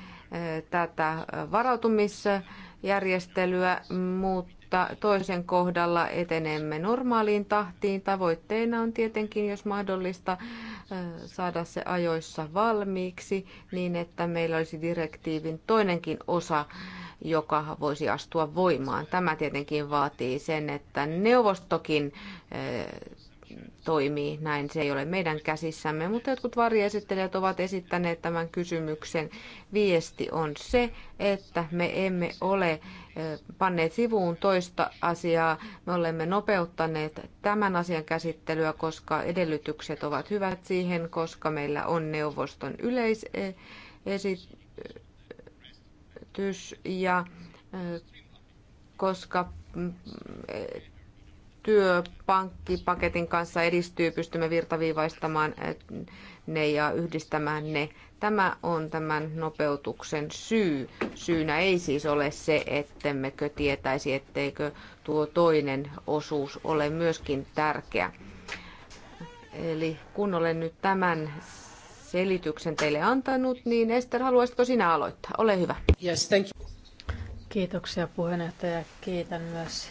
tätä varautumisjärjestelyä, mutta toisen kohdalla etenemme normaaliin tahtiin. Tavoitteena on tietenkin, jos mahdollista, saada se ajoissa valmiiksi niin, että meillä olisi direktiivin toinenkin osa, joka voisi astua voimaan. Tämä tietenkin vaatii sen, että neuvostokin toimii näin. Se ei ole meidän käsissämme, mutta jotkut varjoesittelijät ovat esittäneet tämän kysymyksen. Viesti on se, että me emme ole panneet sivuun toista asiaa. Me olemme nopeuttaneet tämän asian käsittelyä, koska edellytykset ovat hyvät siihen, koska meillä on neuvoston yleisesitys ja koska työ pankkipaketin kanssa edistyy, pystymme virtaviivaistamaan ne ja yhdistämään ne. Tämä on tämän nopeutuksen syy. Syynä ei siis ole se, ettemmekö tietäisi, etteikö tuo toinen osuus ole myöskin tärkeä. Eli kun olen nyt tämän selityksen teille antanut, niin Ester, haluaisitko sinä aloittaa? Ole hyvä. Yes, thank you. Kiitoksia puheenjohtaja. Kiitän myös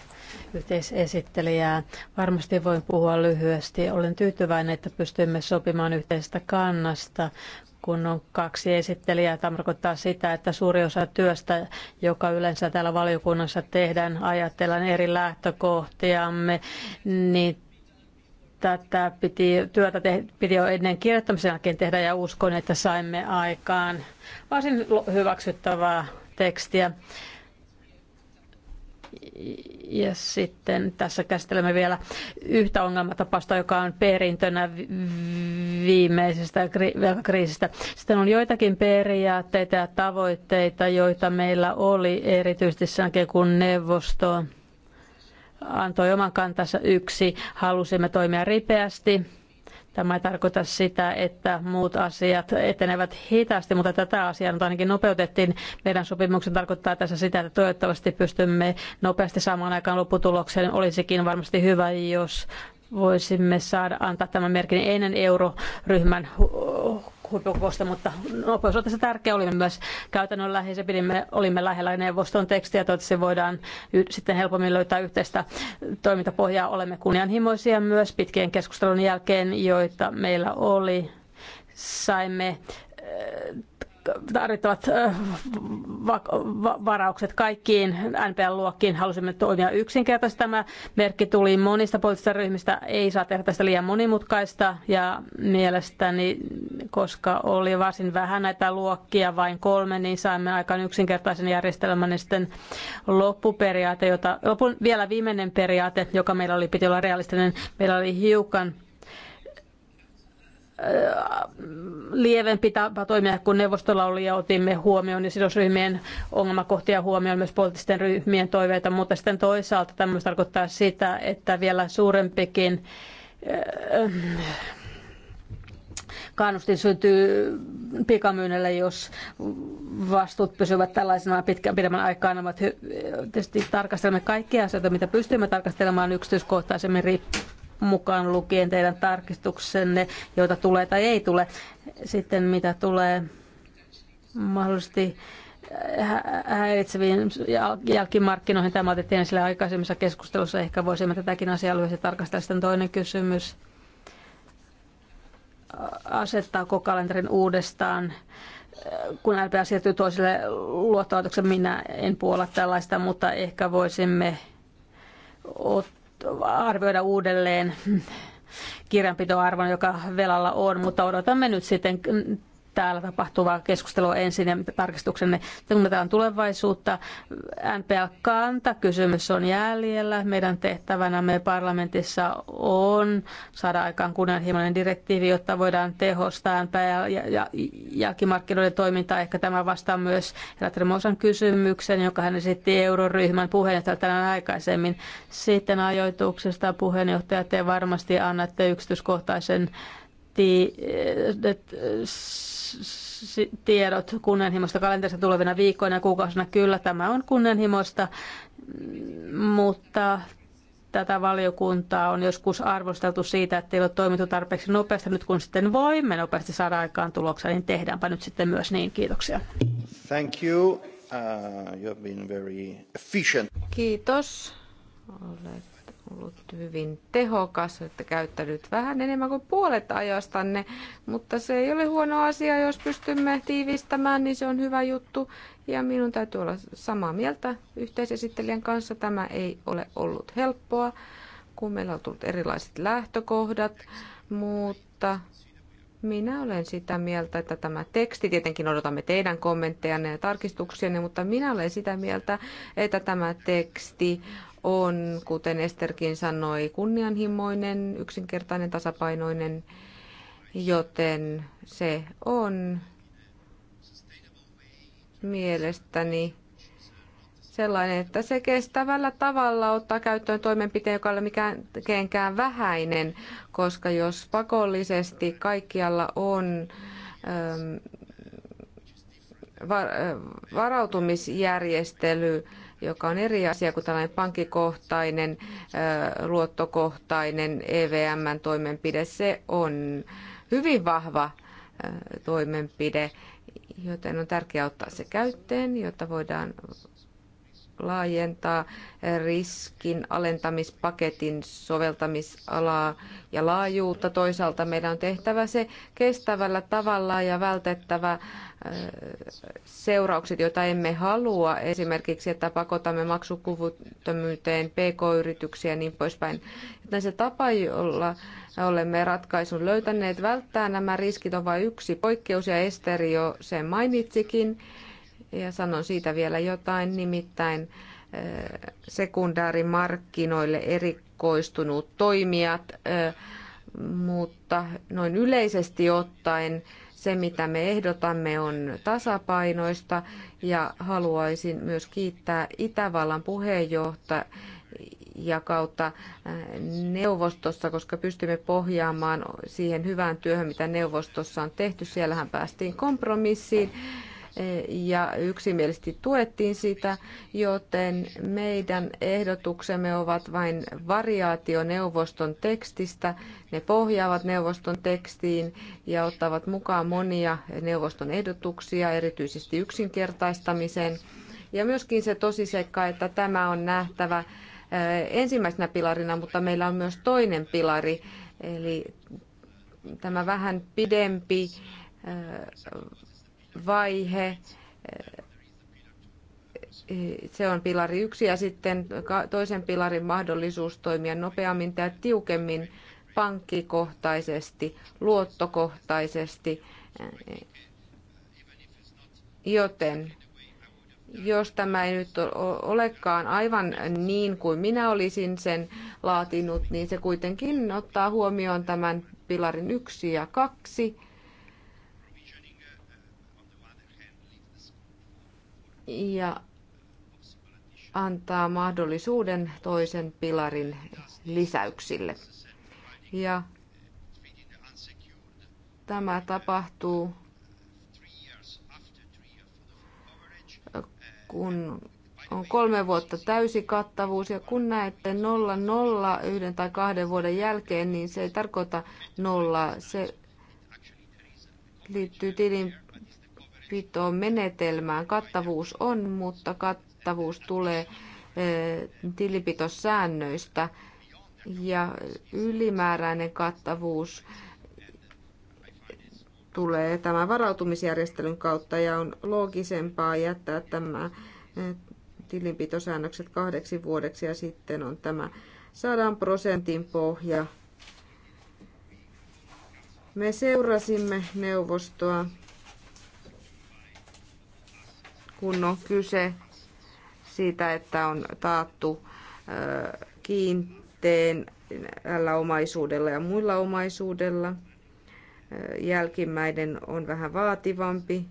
yhteisesittelijää. Varmasti voin puhua lyhyesti. Olen tyytyväinen, että pystymme sopimaan yhteisestä kannasta, kun on kaksi esittelijää. Tämä tarkoittaa sitä, että suuri osa työstä, joka yleensä täällä valiokunnassa tehdään, ajatellaan eri lähtökohtiamme, niin tätä piti, työtä te, piti jo ennen kirjoittamisen jälkeen tehdä ja uskon, että saimme aikaan varsin hyväksyttävää tekstiä. Ja sitten tässä käsittelemme vielä yhtä ongelmatapausta, joka on perintönä viimeisestä velkakriisistä. Sitten on joitakin periaatteita ja tavoitteita, joita meillä oli erityisesti sen kun neuvosto antoi oman kantansa yksi. Halusimme toimia ripeästi Tämä ei tarkoita sitä, että muut asiat etenevät hitaasti, mutta tätä asiaa nyt ainakin nopeutettiin. Meidän sopimuksen tarkoittaa tässä sitä, että toivottavasti pystymme nopeasti saamaan aikaan lopputuloksen. Olisikin varmasti hyvä, jos voisimme saada antaa tämän merkin ennen euroryhmän huippukokousta, mutta nopeus on tässä tärkeä. Olimme myös käytännönläheisiä, pidimme, olimme lähellä neuvoston tekstiä, toivottavasti voidaan y- sitten helpommin löytää yhteistä toimintapohjaa. Olemme kunnianhimoisia myös pitkien keskustelun jälkeen, joita meillä oli. Saimme tarvittavat varaukset kaikkiin NPL-luokkiin. Halusimme toimia yksinkertaisesti. Tämä merkki tuli monista poliittisista ryhmistä. Ei saa tehdä tästä liian monimutkaista ja mielestäni, koska oli varsin vähän näitä luokkia, vain kolme, niin saimme aikaan yksinkertaisen järjestelmän. Ja sitten loppuperiaate, jota, lopun, vielä viimeinen periaate, joka meillä oli, piti olla realistinen, meillä oli hiukan lievempi tapa toimia kuin neuvostolla oli ja otimme huomioon ja sidosryhmien ongelmakohtia huomioon myös poliittisten ryhmien toiveita, mutta sitten toisaalta tämä myös tarkoittaa sitä, että vielä suurempikin kannustin syntyy pikamyynnille, jos vastuut pysyvät tällaisena pitkä, pidemmän aikaa. Nämä tietysti tarkastelemme kaikkia asioita, mitä pystymme tarkastelemaan yksityiskohtaisemmin riippuen mukaan lukien teidän tarkistuksenne, joita tulee tai ei tule. Sitten mitä tulee mahdollisesti häiritseviin jälkimarkkinoihin. Tämä otettiin sillä aikaisemmissa keskustelussa. Ehkä voisimme tätäkin asiaa lyhyesti tarkastella. Sitten toinen kysymys. Asettaako kalenterin uudestaan? Kun LPA siirtyy toiselle luottolaitokselle, minä en puolla tällaista, mutta ehkä voisimme ottaa arvioida uudelleen kirjanpitoarvon, joka velalla on, mutta odotamme nyt sitten täällä tapahtuvaa keskustelua ensin ja tarkistuksenne. Kun tulevaisuutta, NPL-kanta, kysymys on jäljellä. Meidän me parlamentissa on saada aikaan kunnianhimoinen direktiivi, jotta voidaan tehostaa NPL- ja, ja jälkimarkkinoiden toimintaa. Ehkä tämä vastaa myös Ratrimosan kysymyksen, jonka hän esitti euroryhmän puheenjohtaja tänään aikaisemmin. Sitten ajoituksesta puheenjohtaja, te varmasti annatte yksityiskohtaisen Eh, eh, tiedot kunnianhimoista kalenterista tulevina viikkoina ja kuukausina. Kyllä tämä on kunnianhimoista, mm, mutta tätä valiokuntaa on joskus arvosteltu siitä, että ei ole toimittu tarpeeksi nopeasti. Nyt kun sitten voimme nopeasti saada aikaan tuloksia, niin tehdäänpä nyt sitten myös niin. Kiitoksia. Thank you. Uh, you have been very efficient. Kiitos. Olet ollut hyvin tehokas, että käyttänyt vähän enemmän kuin puolet ajastanne, mutta se ei ole huono asia, jos pystymme tiivistämään, niin se on hyvä juttu. Ja minun täytyy olla samaa mieltä yhteisesittelijän kanssa. Tämä ei ole ollut helppoa, kun meillä on tullut erilaiset lähtökohdat, mutta minä olen sitä mieltä, että tämä teksti, tietenkin odotamme teidän kommenttejanne ja tarkistuksianne, mutta minä olen sitä mieltä, että tämä teksti on, kuten Esterkin sanoi, kunnianhimoinen, yksinkertainen, tasapainoinen, joten se on mielestäni sellainen, että se kestävällä tavalla ottaa käyttöön toimenpiteen, joka ei ole mikään vähäinen, koska jos pakollisesti kaikkialla on ähm, äh, varautumisjärjestely, joka on eri asia kuin tällainen pankkikohtainen, luottokohtainen EVM-toimenpide. Se on hyvin vahva toimenpide, joten on tärkeää ottaa se käyttöön, jotta voidaan laajentaa riskin alentamispaketin soveltamisalaa ja laajuutta. Toisaalta meidän on tehtävä se kestävällä tavalla ja vältettävä seuraukset, joita emme halua, esimerkiksi että pakotamme maksukuvuttomyyteen pk-yrityksiä ja niin poispäin. Joten se tapa, jolla olemme ratkaisun löytäneet, välttää nämä riskit on vain yksi poikkeus ja Esteri jo sen mainitsikin ja sanon siitä vielä jotain, nimittäin eh, sekundaarimarkkinoille erikoistunut toimijat, eh, mutta noin yleisesti ottaen se, mitä me ehdotamme, on tasapainoista ja haluaisin myös kiittää Itävallan puheenjohtajaa ja kautta eh, neuvostossa, koska pystymme pohjaamaan siihen hyvään työhön, mitä neuvostossa on tehty. Siellähän päästiin kompromissiin ja yksimielisesti tuettiin sitä, joten meidän ehdotuksemme ovat vain variaatio neuvoston tekstistä. Ne pohjaavat neuvoston tekstiin ja ottavat mukaan monia neuvoston ehdotuksia, erityisesti yksinkertaistamiseen. Ja myöskin se tosiseikka, että tämä on nähtävä ensimmäisenä pilarina, mutta meillä on myös toinen pilari, eli tämä vähän pidempi vaihe. Se on pilari yksi ja sitten toisen pilarin mahdollisuus toimia nopeammin tai tiukemmin pankkikohtaisesti, luottokohtaisesti, joten jos tämä ei nyt olekaan aivan niin kuin minä olisin sen laatinut, niin se kuitenkin ottaa huomioon tämän pilarin yksi ja kaksi ja antaa mahdollisuuden toisen pilarin lisäyksille. Ja tämä tapahtuu, kun on kolme vuotta täysi kattavuus ja kun näette nolla nolla yhden tai kahden vuoden jälkeen, niin se ei tarkoita nollaa. Se liittyy tilin yhteenpitoon menetelmään kattavuus on, mutta kattavuus tulee eh, tilinpitosäännöistä ja ylimääräinen kattavuus tulee tämän varautumisjärjestelyn kautta ja on loogisempaa jättää tämä eh, tilinpitosäännökset kahdeksi vuodeksi ja sitten on tämä sadan prosentin pohja. Me seurasimme neuvostoa kun on kyse siitä, että on taattu tällä omaisuudella ja muilla omaisuudella. Jälkimmäinen on vähän vaativampi,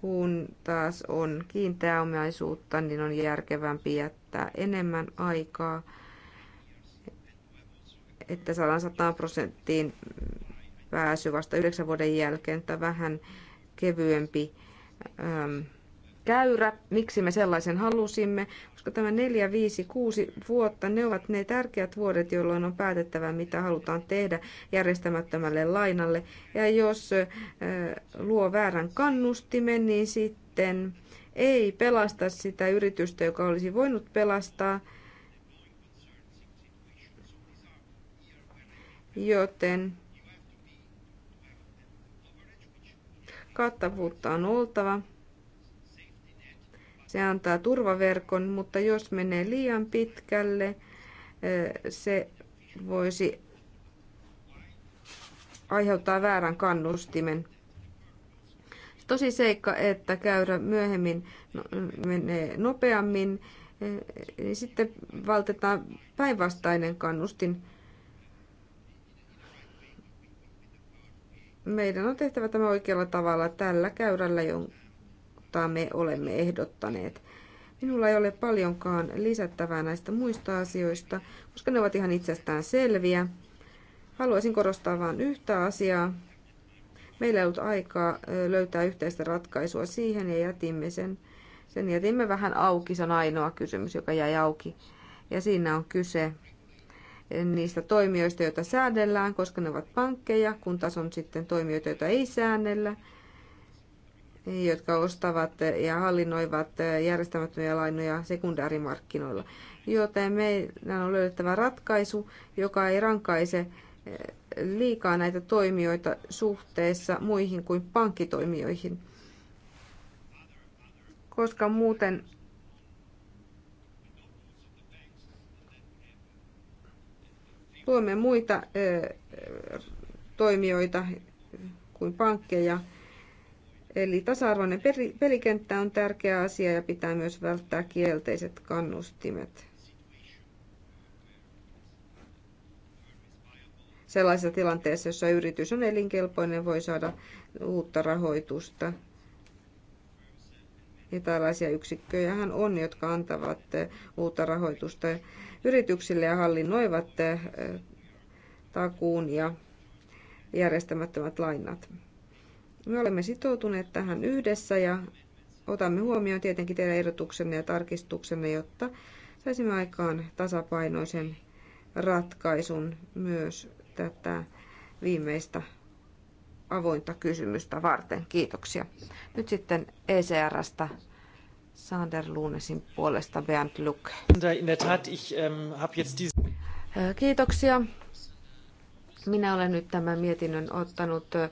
kun taas on kiinteä omaisuutta, niin on järkevämpi jättää enemmän aikaa, että saadaan 100 prosenttiin pääsy vasta yhdeksän vuoden jälkeen, tai vähän kevyempi Ähm, käyrä, miksi me sellaisen halusimme, koska tämä 4, 5, 6 vuotta, ne ovat ne tärkeät vuodet, jolloin on päätettävä, mitä halutaan tehdä järjestämättömälle lainalle. Ja jos luo väärän kannustimen, niin sitten ei pelasta sitä yritystä, joka olisi voinut pelastaa. Joten Kattavuutta on oltava. Se antaa turvaverkon, mutta jos menee liian pitkälle, eh, se voisi aiheuttaa väärän kannustimen. Tosi seikka, että käyrä myöhemmin no, menee nopeammin, eh, niin sitten valtetaan päinvastainen kannustin meidän on tehtävä tämä oikealla tavalla tällä käyrällä, jota me olemme ehdottaneet. Minulla ei ole paljonkaan lisättävää näistä muista asioista, koska ne ovat ihan itsestään selviä. Haluaisin korostaa vain yhtä asiaa. Meillä ei ollut aikaa löytää yhteistä ratkaisua siihen ja jätimme sen. Sen jätimme vähän auki, se on ainoa kysymys, joka jäi auki. Ja siinä on kyse niistä toimijoista, joita säädellään, koska ne ovat pankkeja, kun taas on sitten toimijoita, joita ei säännellä, jotka ostavat ja hallinnoivat järjestämättömiä lainoja sekundäärimarkkinoilla. Joten meidän on löydettävä ratkaisu, joka ei rankaise eh, liikaa näitä toimijoita suhteessa muihin kuin pankkitoimijoihin, koska muuten Tuemme muita toimijoita kuin pankkeja. Eli tasa-arvoinen pelikenttä on tärkeä asia ja pitää myös välttää kielteiset kannustimet. Sellaisessa tilanteessa, jossa yritys on elinkelpoinen, voi saada uutta rahoitusta ja tällaisia yksikköjähän on, jotka antavat eh, uutta rahoitusta yrityksille ja hallinnoivat eh, takuun ja järjestämättömät lainat. Me olemme sitoutuneet tähän yhdessä ja otamme huomioon tietenkin teidän ehdotuksenne ja tarkistuksenne, jotta saisimme aikaan tasapainoisen ratkaisun myös tätä viimeistä avointa kysymystä varten. Kiitoksia. Nyt sitten ECRstä Sander Luunesin puolesta Bernd Luke. Ähm, äh, kiitoksia. Minä olen nyt tämän mietinnön ottanut äh,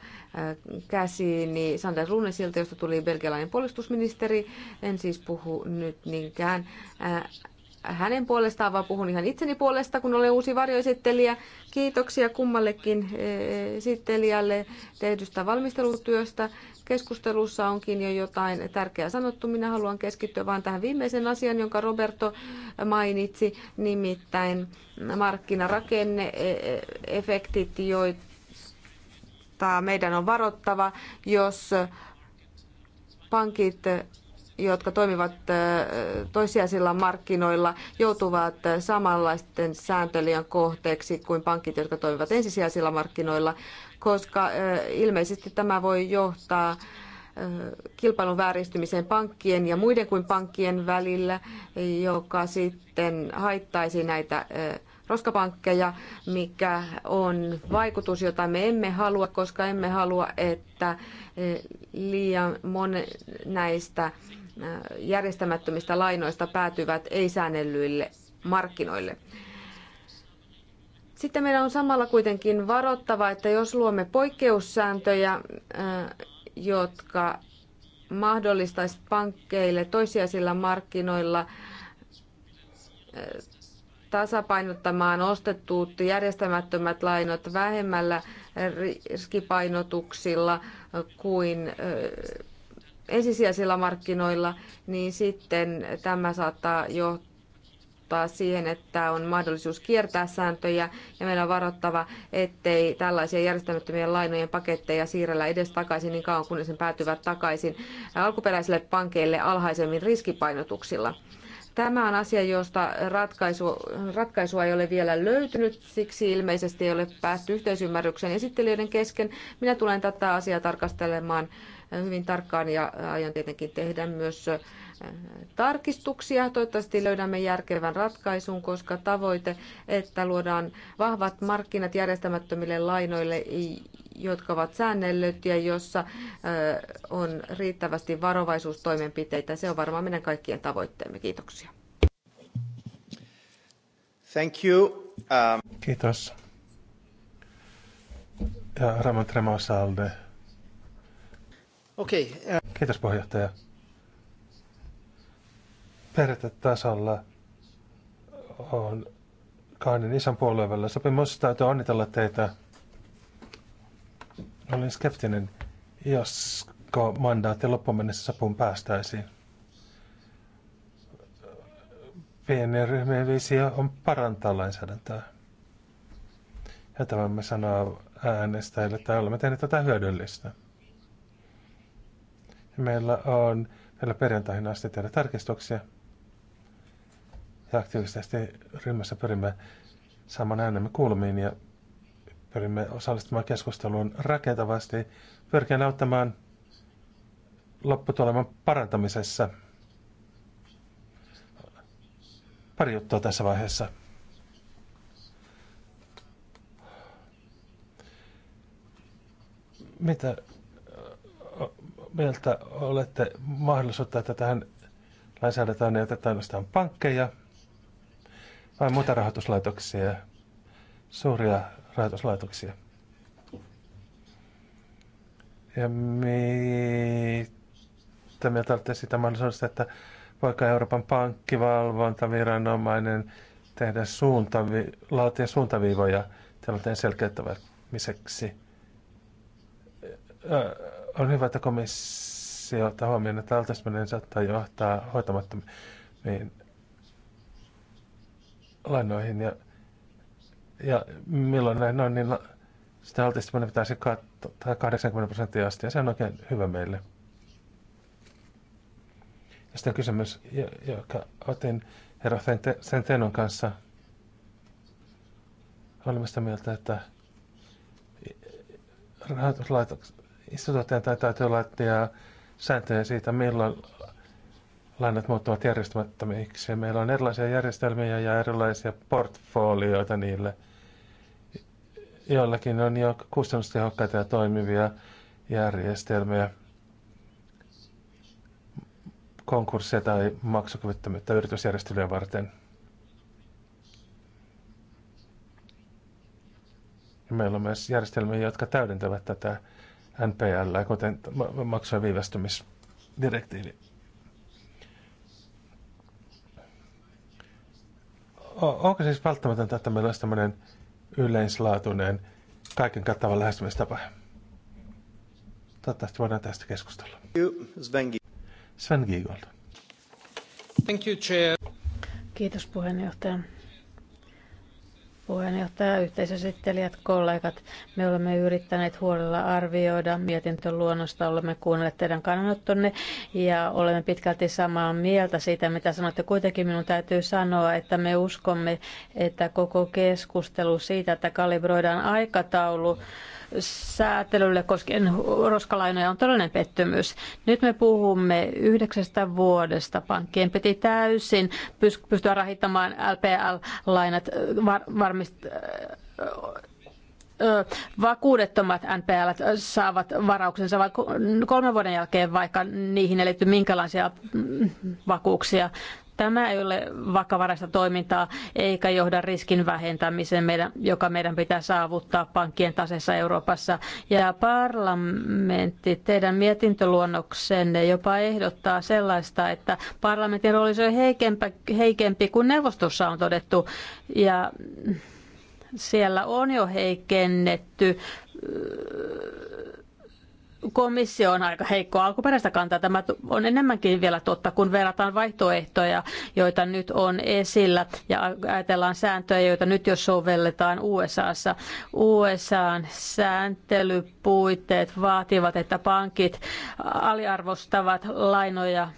käsiini Sander Luunesilta, josta tuli belgialainen puolustusministeri. En siis puhu nyt niinkään äh, hänen puolestaan, vaan puhun ihan itseni puolesta, kun olen uusi varjoesittelijä. Kiitoksia kummallekin eh, eh, esittelijälle tehdystä valmistelutyöstä. Keskustelussa onkin jo jotain tärkeää sanottu. Minä haluan keskittyä vain tähän viimeisen asian, jonka Roberto mainitsi, nimittäin markkinarakenneefektit, eh, joita meidän on varottava, jos pankit jotka toimivat toisiaisilla markkinoilla, joutuvat samanlaisten sääntelijän kohteeksi kuin pankit, jotka toimivat ensisijaisilla markkinoilla, koska ilmeisesti tämä voi johtaa kilpailun vääristymiseen pankkien ja muiden kuin pankkien välillä, joka sitten haittaisi näitä roskapankkeja, mikä on vaikutus, jota me emme halua, koska emme halua, että liian monen näistä järjestämättömistä lainoista päätyvät ei-säännellyille markkinoille. Sitten meidän on samalla kuitenkin varottava, että jos luomme poikkeussääntöjä, äh, jotka mahdollistaisi pankkeille toisiaisilla markkinoilla äh, tasapainottamaan ostetut järjestämättömät lainat vähemmällä riskipainotuksilla kuin äh, ensisijaisilla markkinoilla, niin sitten tämä saattaa johtaa siihen, että on mahdollisuus kiertää sääntöjä ja meillä on varoittava, ettei tällaisia järjestämättömien lainojen paketteja siirrellä edes takaisin niin kauan, kunnes ne päätyvät takaisin alkuperäisille pankeille alhaisemmin riskipainotuksilla. Tämä on asia, josta ratkaisu, ratkaisua ei ole vielä löytynyt, siksi ilmeisesti ei ole päästy yhteisymmärrykseen esittelijöiden kesken. Minä tulen tätä asiaa tarkastelemaan hyvin tarkkaan ja aion tietenkin tehdä myös tarkistuksia. Toivottavasti löydämme järkevän ratkaisun, koska tavoite, että luodaan vahvat markkinat järjestämättömille lainoille, jotka ovat säännellyt ja jossa on riittävästi varovaisuustoimenpiteitä. Se on varmaan meidän kaikkien tavoitteemme. Kiitoksia. Thank you. Um... Kiitos. Ja Ramon Tremasalde Okei. Okay. Kiitos puheenjohtaja. Perhetetasolla on Kaanin isän puolueen välillä sopimus. Täytyy onnitella teitä. Olin skeptinen, josko mandaatti loppuun mennessä sapuun päästäisiin. Pienien ryhmien visio on parantaa lainsäädäntöä. Ja tämän me sanoa äänestäjille, että olemme tehneet tätä hyödyllistä. Meillä on vielä perjantaihin asti tehdä tarkistuksia. Ja aktiivisesti ryhmässä pyrimme saamaan äänemme kulmiin ja pyrimme osallistumaan keskusteluun rakentavasti, pyrkien auttamaan lopputuleman parantamisessa. Pari juttua tässä vaiheessa. Mitä mieltä olette mahdollisuutta, että tähän lainsäädäntöön ei oteta ainoastaan pankkeja, vai muita rahoituslaitoksia, suuria rahoituslaitoksia? Ja mitä mieltä olette sitä mahdollisuudesta, että vaikka Euroopan pankkivalvontaviranomainen tehdä suuntavi- laatia suuntaviivoja tilanteen selkeyttämiseksi? Öö, on hyvä, että komissio ottaa huomioon, että altistuminen saattaa johtaa hoitamattomiin lainoihin. Ja, ja milloin näin on, niin sitä altistuminen pitäisi katsoa 80 prosenttia asti, ja se on oikein hyvä meille. Ja sitten kysymys, joka otin herra Sentenon kanssa, olimme sitä mieltä, että rahoituslaitokset Instituutioiden tai täytyy laittaa sääntöjä siitä, milloin lainat muuttuvat järjestämättömiksi. Meillä on erilaisia järjestelmiä ja erilaisia portfolioita niille. Joillakin on jo kustannustehokkaita ja toimivia järjestelmiä konkursseja tai maksukyvyttömyyttä yritysjärjestelyjä varten. meillä on myös järjestelmiä, jotka täydentävät tätä NPL, kuten maksaa viivästymisdirektiivi. Onko siis välttämätöntä, että meillä olisi tämmöinen yleislaatuinen, kaiken kattava lähestymistapa? Toivottavasti voidaan tästä keskustella. Sven, Sven Giegold. Thank you, Chair. Kiitos puheenjohtaja. Puheenjohtaja, yhteisösittelijät, kollegat, me olemme yrittäneet huolella arvioida luonnosta olemme kuunnelleet teidän kannanottonne ja olemme pitkälti samaa mieltä siitä, mitä sanotte. Kuitenkin minun täytyy sanoa, että me uskomme, että koko keskustelu siitä, että kalibroidaan aikataulu, säätelylle koskien roskalainoja on todellinen pettymys. Nyt me puhumme yhdeksästä vuodesta. Pankkien piti täysin pystyä rahittamaan LPL-lainat var- varmist- vakuudettomat NPL saavat varauksensa kolmen vuoden jälkeen, vaikka niihin ei liitty minkälaisia vakuuksia. Tämä ei ole vakavaraista toimintaa eikä johda riskin vähentämiseen, meidän, joka meidän pitää saavuttaa pankkien tasessa Euroopassa. Ja parlamentti, teidän mietintöluonnoksenne jopa ehdottaa sellaista, että parlamentin rooli on heikempi, heikempi kuin neuvostossa on todettu. Ja siellä on jo heikennetty komissio on aika heikko alkuperäistä kantaa. Tämä on enemmänkin vielä totta, kun verrataan vaihtoehtoja, joita nyt on esillä, ja ajatellaan sääntöjä, joita nyt jo sovelletaan USAssa. USAn sääntelypuitteet vaativat, että pankit aliarvostavat lainoja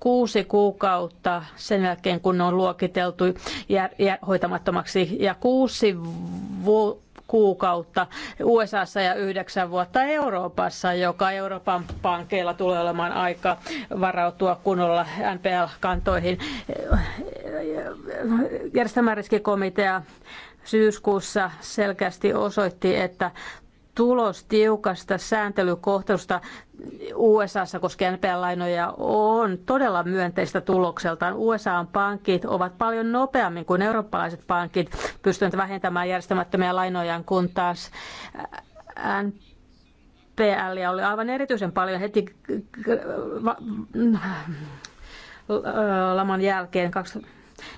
kuusi kuukautta sen jälkeen, kun ne on luokiteltu ja, hoitamattomaksi, ja kuusi vuotta kuukautta USAssa ja yhdeksän vuotta Euroopassa, joka Euroopan pankeilla tulee olemaan aika varautua kunnolla NPL-kantoihin. Järjestelmäriskikomitea syyskuussa selkeästi osoitti, että tulos tiukasta sääntelykohtelusta USAssa koskien NPL-lainoja on todella myönteistä tulokseltaan. USAn pankit ovat paljon nopeammin kuin eurooppalaiset pankit pystyneet vähentämään järjestämättömiä lainojaan, kun taas NPL oli aivan erityisen paljon heti äh, laman jälkeen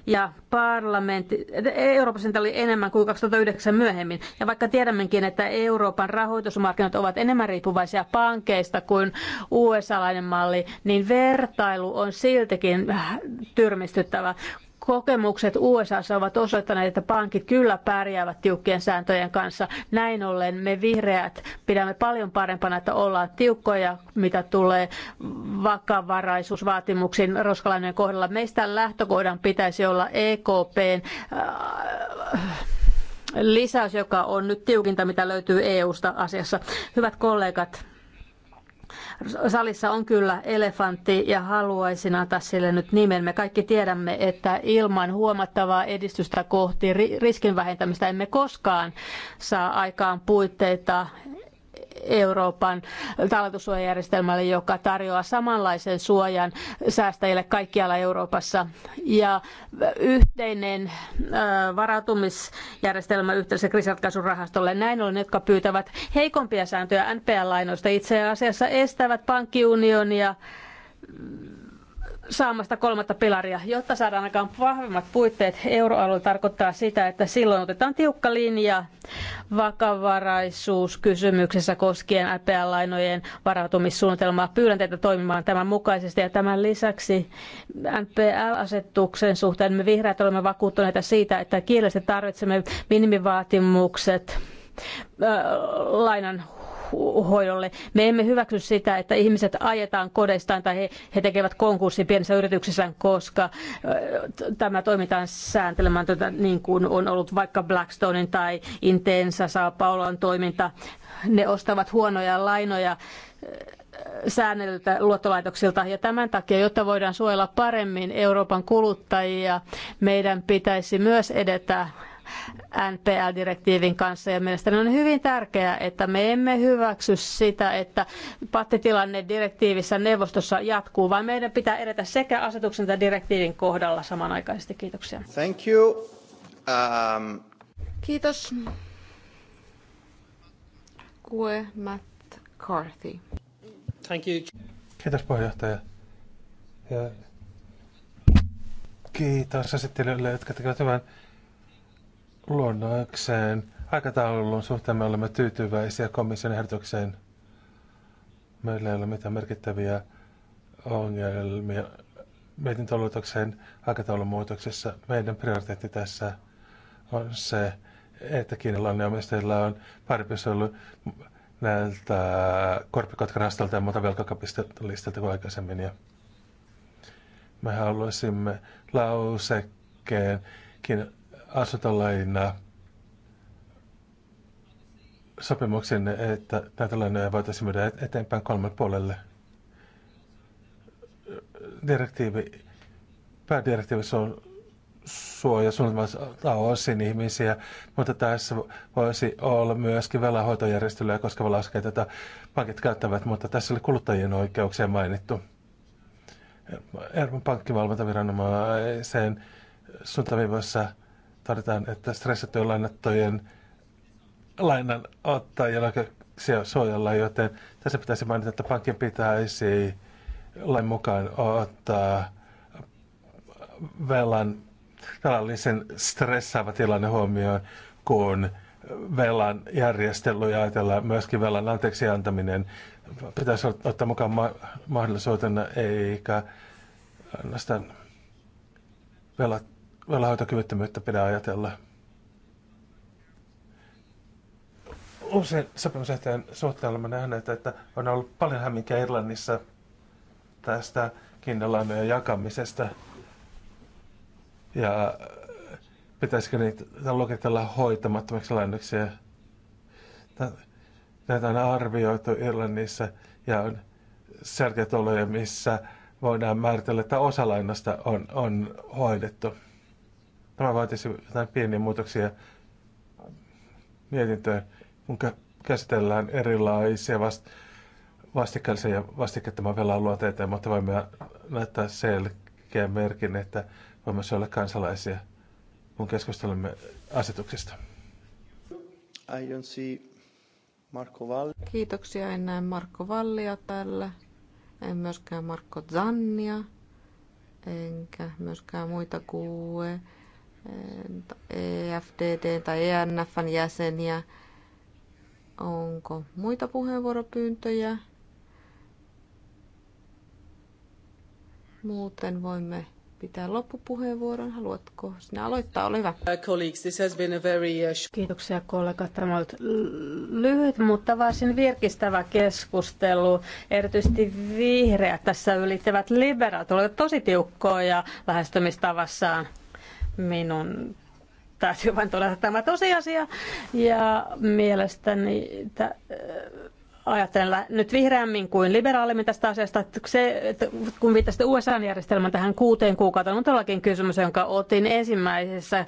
ja parlamentti, Euroopassa niitä oli enemmän kuin 2009 myöhemmin. Ja vaikka tiedämmekin, että Euroopan rahoitusmarkkinat ovat enemmän riippuvaisia pankeista kuin USA-lainen malli, niin vertailu on siltikin tyrmistyttävä kokemukset USAssa ovat osoittaneet, että pankit kyllä pärjäävät tiukkien sääntöjen kanssa. Näin ollen me vihreät pidämme paljon parempana, että ollaan tiukkoja, mitä tulee vakavaraisuusvaatimuksiin roskalainen kohdalla. Meistä lähtökohdan pitäisi olla EKPn äh, lisäys, joka on nyt tiukinta, mitä löytyy EU:sta asiassa. Hyvät kollegat, salissa on kyllä elefantti ja haluaisin antaa sille nyt nimen. Me kaikki tiedämme, että ilman huomattavaa edistystä kohti riskin vähentämistä emme koskaan saa aikaan puitteita Euroopan talletussuojajärjestelmälle, joka tarjoaa samanlaisen suojan säästäjille kaikkialla Euroopassa. Ja yhteinen varautumisjärjestelmä yhteisessä kriisiratkaisurahastolle. Näin ollen, jotka pyytävät heikompia sääntöjä NPL-lainoista, itse asiassa estävät pankkiunionia saamasta kolmatta pilaria. Jotta saadaan aikaan vahvemmat puitteet, euroalue tarkoittaa sitä, että silloin otetaan tiukka linja kysymyksessä koskien NPL-lainojen varautumissuunnitelmaa. Pyydän teitä toimimaan tämän mukaisesti ja tämän lisäksi NPL-asetuksen suhteen me vihreät olemme vakuuttuneita siitä, että kielellisesti tarvitsemme minimivaatimukset lainan hoidolle. Me emme hyväksy sitä, että ihmiset ajetaan kodeistaan tai he, he tekevät konkurssin pienessä yrityksissä, koska tämä toimitaan sääntelemätöntä niin kuin on ollut vaikka Blackstonein tai Intensa Sao Paulon toiminta. Ne ostavat huonoja lainoja säännellyltä luottolaitoksilta. Ja tämän takia, jotta voidaan suojella paremmin Euroopan kuluttajia, meidän pitäisi myös edetä NPL-direktiivin kanssa. Ja mielestäni on hyvin tärkeää, että me emme hyväksy sitä, että pattitilanne direktiivissä neuvostossa jatkuu, vaan meidän pitää edetä sekä asetuksen että direktiivin kohdalla samanaikaisesti. Kiitoksia. Thank you. Um... Kiitos. Kue Matt Carthy. Thank you. Kiitos puheenjohtaja. Ja kiitos esittelijöille, jotka tekevät hyvän Luonnokseen aikataulun suhteen me olemme tyytyväisiä komission ehdotukseen. Meillä ei ole mitään merkittäviä ongelmia mietintöluotokseen aikataulun muutoksessa. Meidän prioriteetti tässä on se, että kiinalainen omistajilla on parempi ollut näiltä korppikotkarastalta ja muuta velkakapistelistiltä kuin aikaisemmin. Ja me haluaisimme lausekkeen asuntolaina sopimuksen, että näitä lainoja voitaisiin myydä eteenpäin kolmen puolelle. Direktiivi, päädirektiivissä on suoja suunnitelmassa osin ihmisiä, mutta tässä voisi olla myöskin velanhoitojärjestelyä koskeva laske, tätä pankit käyttävät, mutta tässä oli kuluttajien oikeuksia mainittu. Euroopan pankkivalvontaviranomaisen suuntaviivassa todetaan, että stressattujen lainattojen lainan ottajien oikeuksia suojella, joten tässä pitäisi mainita, että pankin pitäisi lain mukaan ottaa velan, tällaisen stressaava tilanne huomioon, kun velan järjestely ja ajatellaan myöskin velan anteeksi antaminen pitäisi ottaa mukaan ma- mahdollisuutena, eikä ainoastaan velat velanhoitokyvyttömyyttä pidä ajatella. Usein sopimusehtojen suhteen olemme nähneet, että on ollut paljon hämminkiä Irlannissa tästä kiinnalainojen jakamisesta. Ja pitäisikö niitä luokitella hoitamattomaksi lainoiksi. Näitä on arvioitu Irlannissa ja on selkeät oloja, missä voidaan määritellä, että osa lainasta on, on hoidettu. Tämä vaatisi jotain pieniä muutoksia mietintöön, kun käsitellään erilaisia vast- vastikkeellisen ja vastikkeettoman velan luonteita, mutta voimme näyttää selkeän merkin, että voimme olla kansalaisia, kun keskustelemme asetuksista. I don't see Marko Kiitoksia, en näe Marko Vallia täällä. En myöskään Marko Zannia, enkä myöskään muita kuue EFDD tai ENFn jäseniä. Onko muita puheenvuoropyyntöjä? Muuten voimme pitää loppupuheenvuoron. Haluatko sinä aloittaa? Ole hyvä. Uh, uh, Kiitoksia kollegat. Tämä oli lyhyt, mutta varsin virkistävä keskustelu. Erityisesti vihreät tässä ylittävät liberaat olivat tosi tiukkoja lähestymistavassaan. Minun täytyy vain todeta tämä tosiasia. Ja mielestäni t- ajattelen nyt vihreämmin kuin liberaalimmin tästä asiasta. Että se, että kun viittasitte USA-järjestelmän tähän kuuteen kuukauteen, on todellakin kysymys, jonka otin ensimmäisessä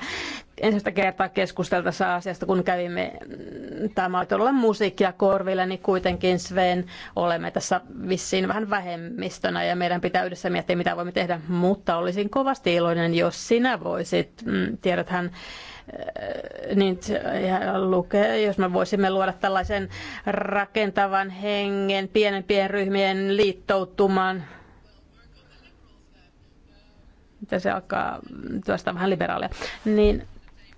ensimmäistä kertaa keskusteltassa asiasta, kun kävimme, mm, tämä oli musiikkia korville, niin kuitenkin Sven olemme tässä vissiin vähän vähemmistönä ja meidän pitää yhdessä miettiä, mitä voimme tehdä, mutta olisin kovasti iloinen, jos sinä voisit, mm, tiedäthän, niin lukee, jos me voisimme luoda tällaisen rakentavan hengen pienempien ryhmien liittoutumaan. Mitä se alkaa tuosta vähän liberaalia. Niin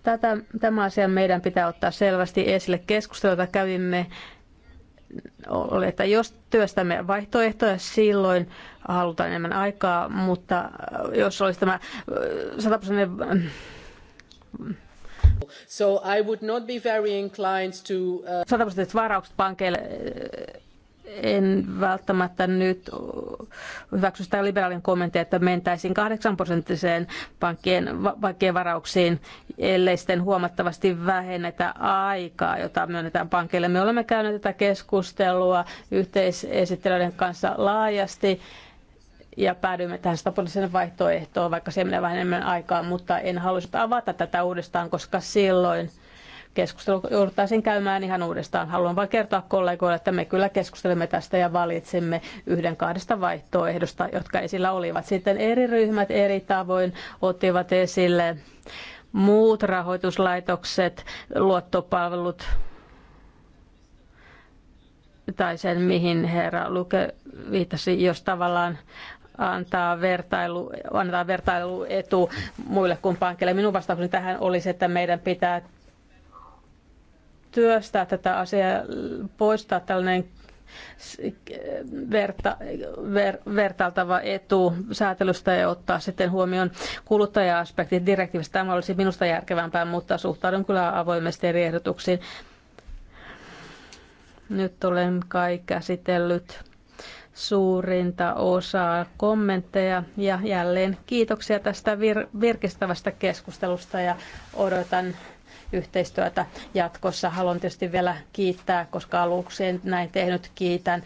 tätä, tämä asia meidän pitää ottaa selvästi esille keskustelua, kävimme oli, että jos työstämme vaihtoehtoja, silloin halutaan enemmän aikaa, mutta jos olisi tämä So I would not be very inclined to... Uh, varaukset pankeille eh, en välttämättä nyt hyväksy sitä liberaalin kommenttia, että mentäisiin 8 prosenttiseen pankkien, pankkien varauksiin, ellei sitten huomattavasti vähennetä aikaa, jota myönnetään pankeille. Me olemme käyneet tätä keskustelua yhteisesittelyiden kanssa laajasti ja päädyimme tähän satapuoliseen vaihtoehtoon, vaikka se menee vähän enemmän aikaa, mutta en halua avata tätä uudestaan, koska silloin keskustelu jouduttaisiin käymään ihan uudestaan. Haluan vain kertoa kollegoille, että me kyllä keskustelemme tästä ja valitsimme yhden kahdesta vaihtoehdosta, jotka esillä olivat. Sitten eri ryhmät eri tavoin ottivat esille muut rahoituslaitokset, luottopalvelut, tai sen, mihin herra Luke viittasi, jos tavallaan antaa, vertailu, antaa vertailuetu muille kuin pankille. Minun vastaukseni tähän olisi, että meidän pitää työstää tätä asiaa, poistaa tällainen verta, ver, vertailtava etu säätelystä ja ottaa sitten huomioon kuluttaja-aspektit direktiivistä. Tämä olisi minusta järkevämpää, mutta suhtaudun kyllä avoimesti eri ehdotuksiin. Nyt olen kai käsitellyt suurinta osaa kommentteja ja jälleen kiitoksia tästä vir- virkistävästä keskustelusta ja odotan yhteistyötä jatkossa. Haluan tietysti vielä kiittää, koska aluksi en näin tehnyt. Kiitän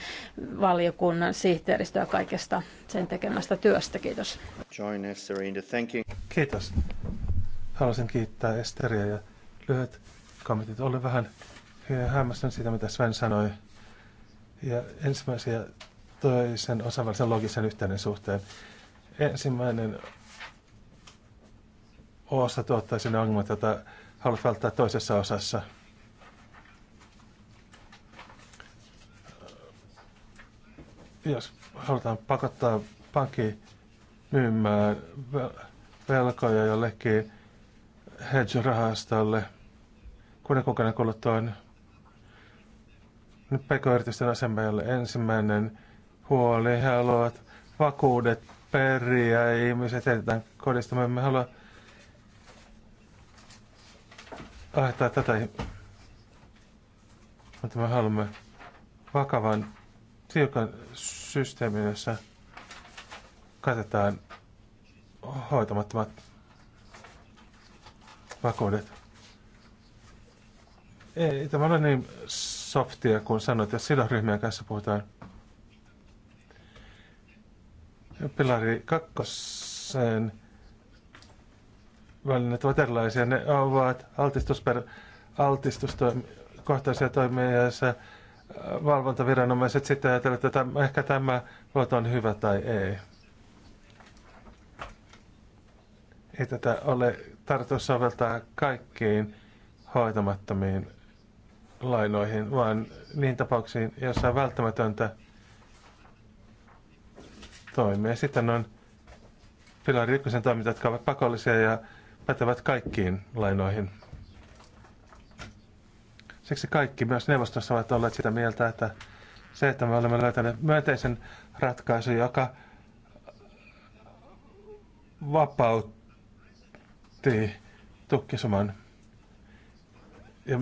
valiokunnan sihteeristöä kaikesta sen tekemästä työstä. Kiitos. Kiitos. Haluaisin kiittää Esteriä ja lyhyet kommentit. Olen vähän hämmästynyt siitä, mitä Sven sanoi. Ja ensimmäisiä toisen osavallisen logisen yhteyden suhteen. Ensimmäinen osa tuottaisi ne ongelmat, joita haluat välttää toisessa osassa. Jos halutaan pakottaa pankki myymään velkoja jollekin hedge-rahastolle, kuuden kuukauden kuluttua on niin nyt pk-yritysten asemalle ensimmäinen huoli. He haluavat vakuudet periä ja ihmiset etetään kodista. Me emme halua tätä, mutta me haluamme vakavan tiukan systeemin, jossa katsotaan hoitamattomat vakuudet. Ei tämä ole niin softia kuin sanoit, että sidosryhmien kanssa puhutaan pilari kakkoseen välineet ovat erilaisia. Ne ovat altistus per altistuskohtaisia toimia ja se äh, valvontaviranomaiset sitten ajatelleet, että ehkä tämä luoto on hyvä tai ei. Ei tätä ole tarkoitus soveltaa kaikkiin hoitamattomiin lainoihin, vaan niin tapauksiin, joissa on välttämätöntä – toimia. Sitten on Pilari Ykkösen toimintat, jotka ovat pakollisia ja pätevät kaikkiin lainoihin. Siksi kaikki myös neuvostossa ovat olleet sitä mieltä, että se, että me olemme löytäneet myönteisen ratkaisun, joka vapautti tukkisuman. Ja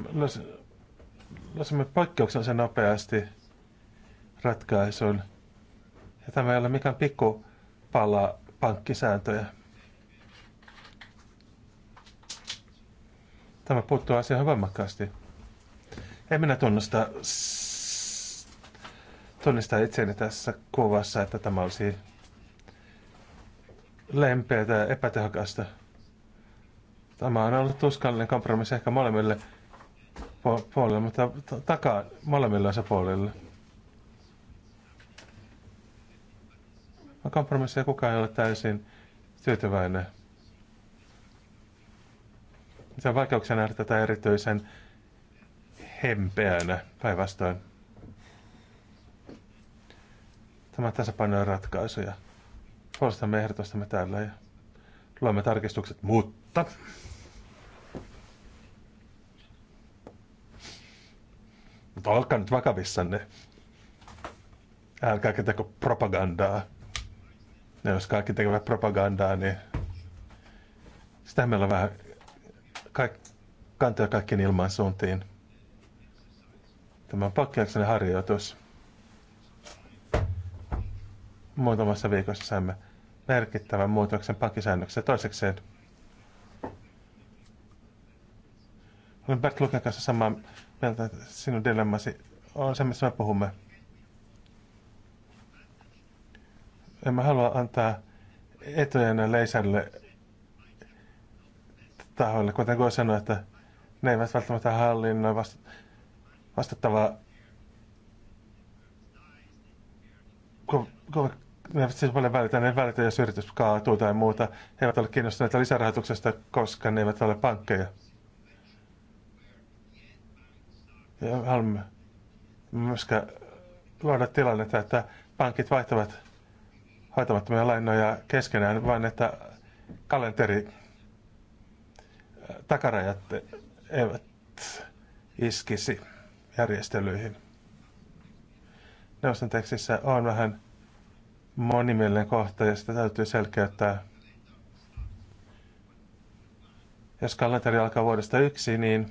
löysimme poikkeuksellisen nopeasti ratkaisun ja tämä ei ole mikään pikku pala pankkisääntöjä. Tämä puuttuu asiaan makkaasti. En minä tunnusta, tunnista itseäni tässä kuvassa, että tämä olisi lempeä tai epätehokasta. Tämä on ollut tuskallinen kompromissi ehkä molemmille puolille, mutta takaa molemmille osapuolille. on kompromissi ja kukaan ei ole täysin tyytyväinen. Se on vaikeuksia nähdä tätä erityisen hempeänä päinvastoin. Tämä tasapaino on ratkaisuja. Puolustamme ehdotustamme täällä ja luemme tarkistukset, mutta... Mutta olkaa nyt vakavissanne. Älkää ketäkö propagandaa ne jos kaikki tekevät propagandaa, niin sitä meillä on vähän kaik, kantaa kaikkien suuntiin. Tämä on poikkeuksellinen harjoitus. Muutamassa viikossa saimme merkittävän muutoksen pakisäännöksessä toisekseen. Olen Bert Luken kanssa samaa mieltä, että sinun dilemmasi on se, mistä me puhumme. mä halua antaa etujen leisälle tahoille, kuten voi sanoa, että ne eivät välttämättä hallinnoi vast, vastattavaa ko, ko, ne eivät siis paljon välitä, ne välitä, jos yritys kaatuu tai muuta. He eivät ole kiinnostuneita lisärahoituksesta, koska ne eivät ole pankkeja. Ja haluamme myöskään luoda tilannetta, että pankit vaihtavat hoitamattomia lainoja keskenään, vaan että kalenteri äh, takarajat eivät iskisi järjestelyihin. Neuvoston tekstissä on vähän monimielinen kohta ja sitä täytyy selkeyttää. Jos kalenteri alkaa vuodesta yksi, niin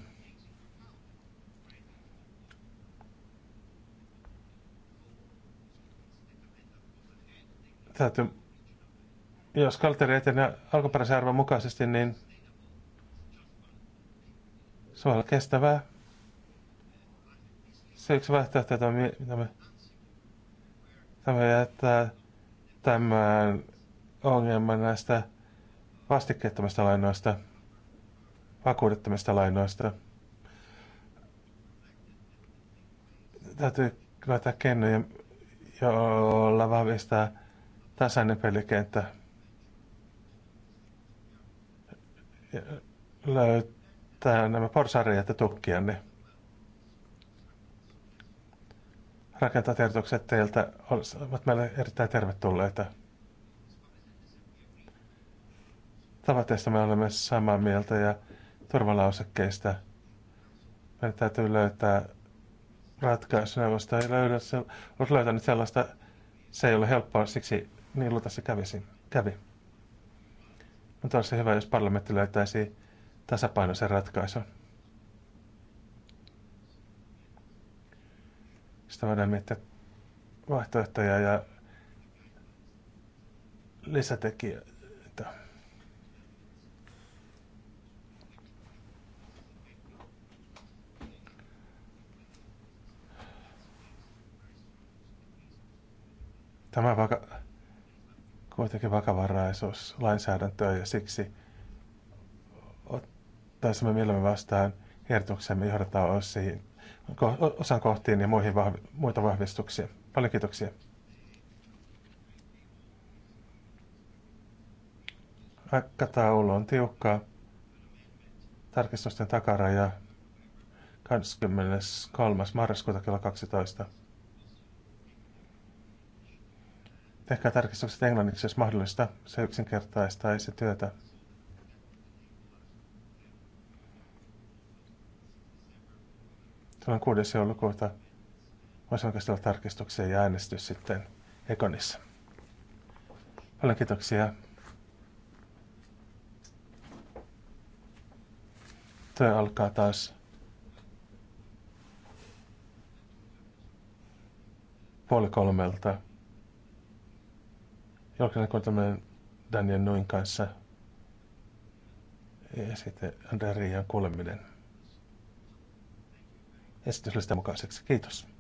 täytyy, jos kalteri etenee alkuperäisen arvon mukaisesti, niin se voi olla kestävää. Se yksi vaihtoehto, että me, me, me jättää tämän ongelman näistä vastikkeettomista lainoista, vakuudettomista lainoista. Täytyy laittaa kennoja, joilla vahvistaa tasainen pelikenttä. löytää nämä porsareijat ja tukkia, niin rakentaa tiedotukset teiltä ovat meille erittäin tervetulleita. Tavoitteista me olemme samaa mieltä ja turvalausekkeista. Meidän täytyy löytää ratkaisuja, ei löydä, olet löytänyt sellaista, se ei ole helppoa, siksi Niillä tässä kävisi, kävi. Mutta olisi hyvä, jos parlamentti löytäisi tasapainoisen ratkaisun. Sitä voidaan miettiä vaihtoehtoja ja lisätekijöitä. Tämä vaikka kuitenkin vakavaraisuuslainsäädäntöä ja siksi ottaisimme mielemme vastaan kertoksemme johdattaa osiin, osan kohtiin ja muihin vahvi, muita vahvistuksia. Paljon kiitoksia. Aikataulu on tiukka, Tarkistusten takaraja 23. marraskuuta kello 12. Tehkää tarkistukset englanniksi, jos mahdollista. Se se työtä. Tämä on kuudes joulukuuta. Voisi oikeastaan tarkistuksia ja äänestys sitten Ekonissa. Paljon kiitoksia. Työ alkaa taas puoli kolmelta kun tämmöinen Daniel noin kanssa ja sitten Andrea Riian kuuleminen sitä mukaiseksi. Kiitos.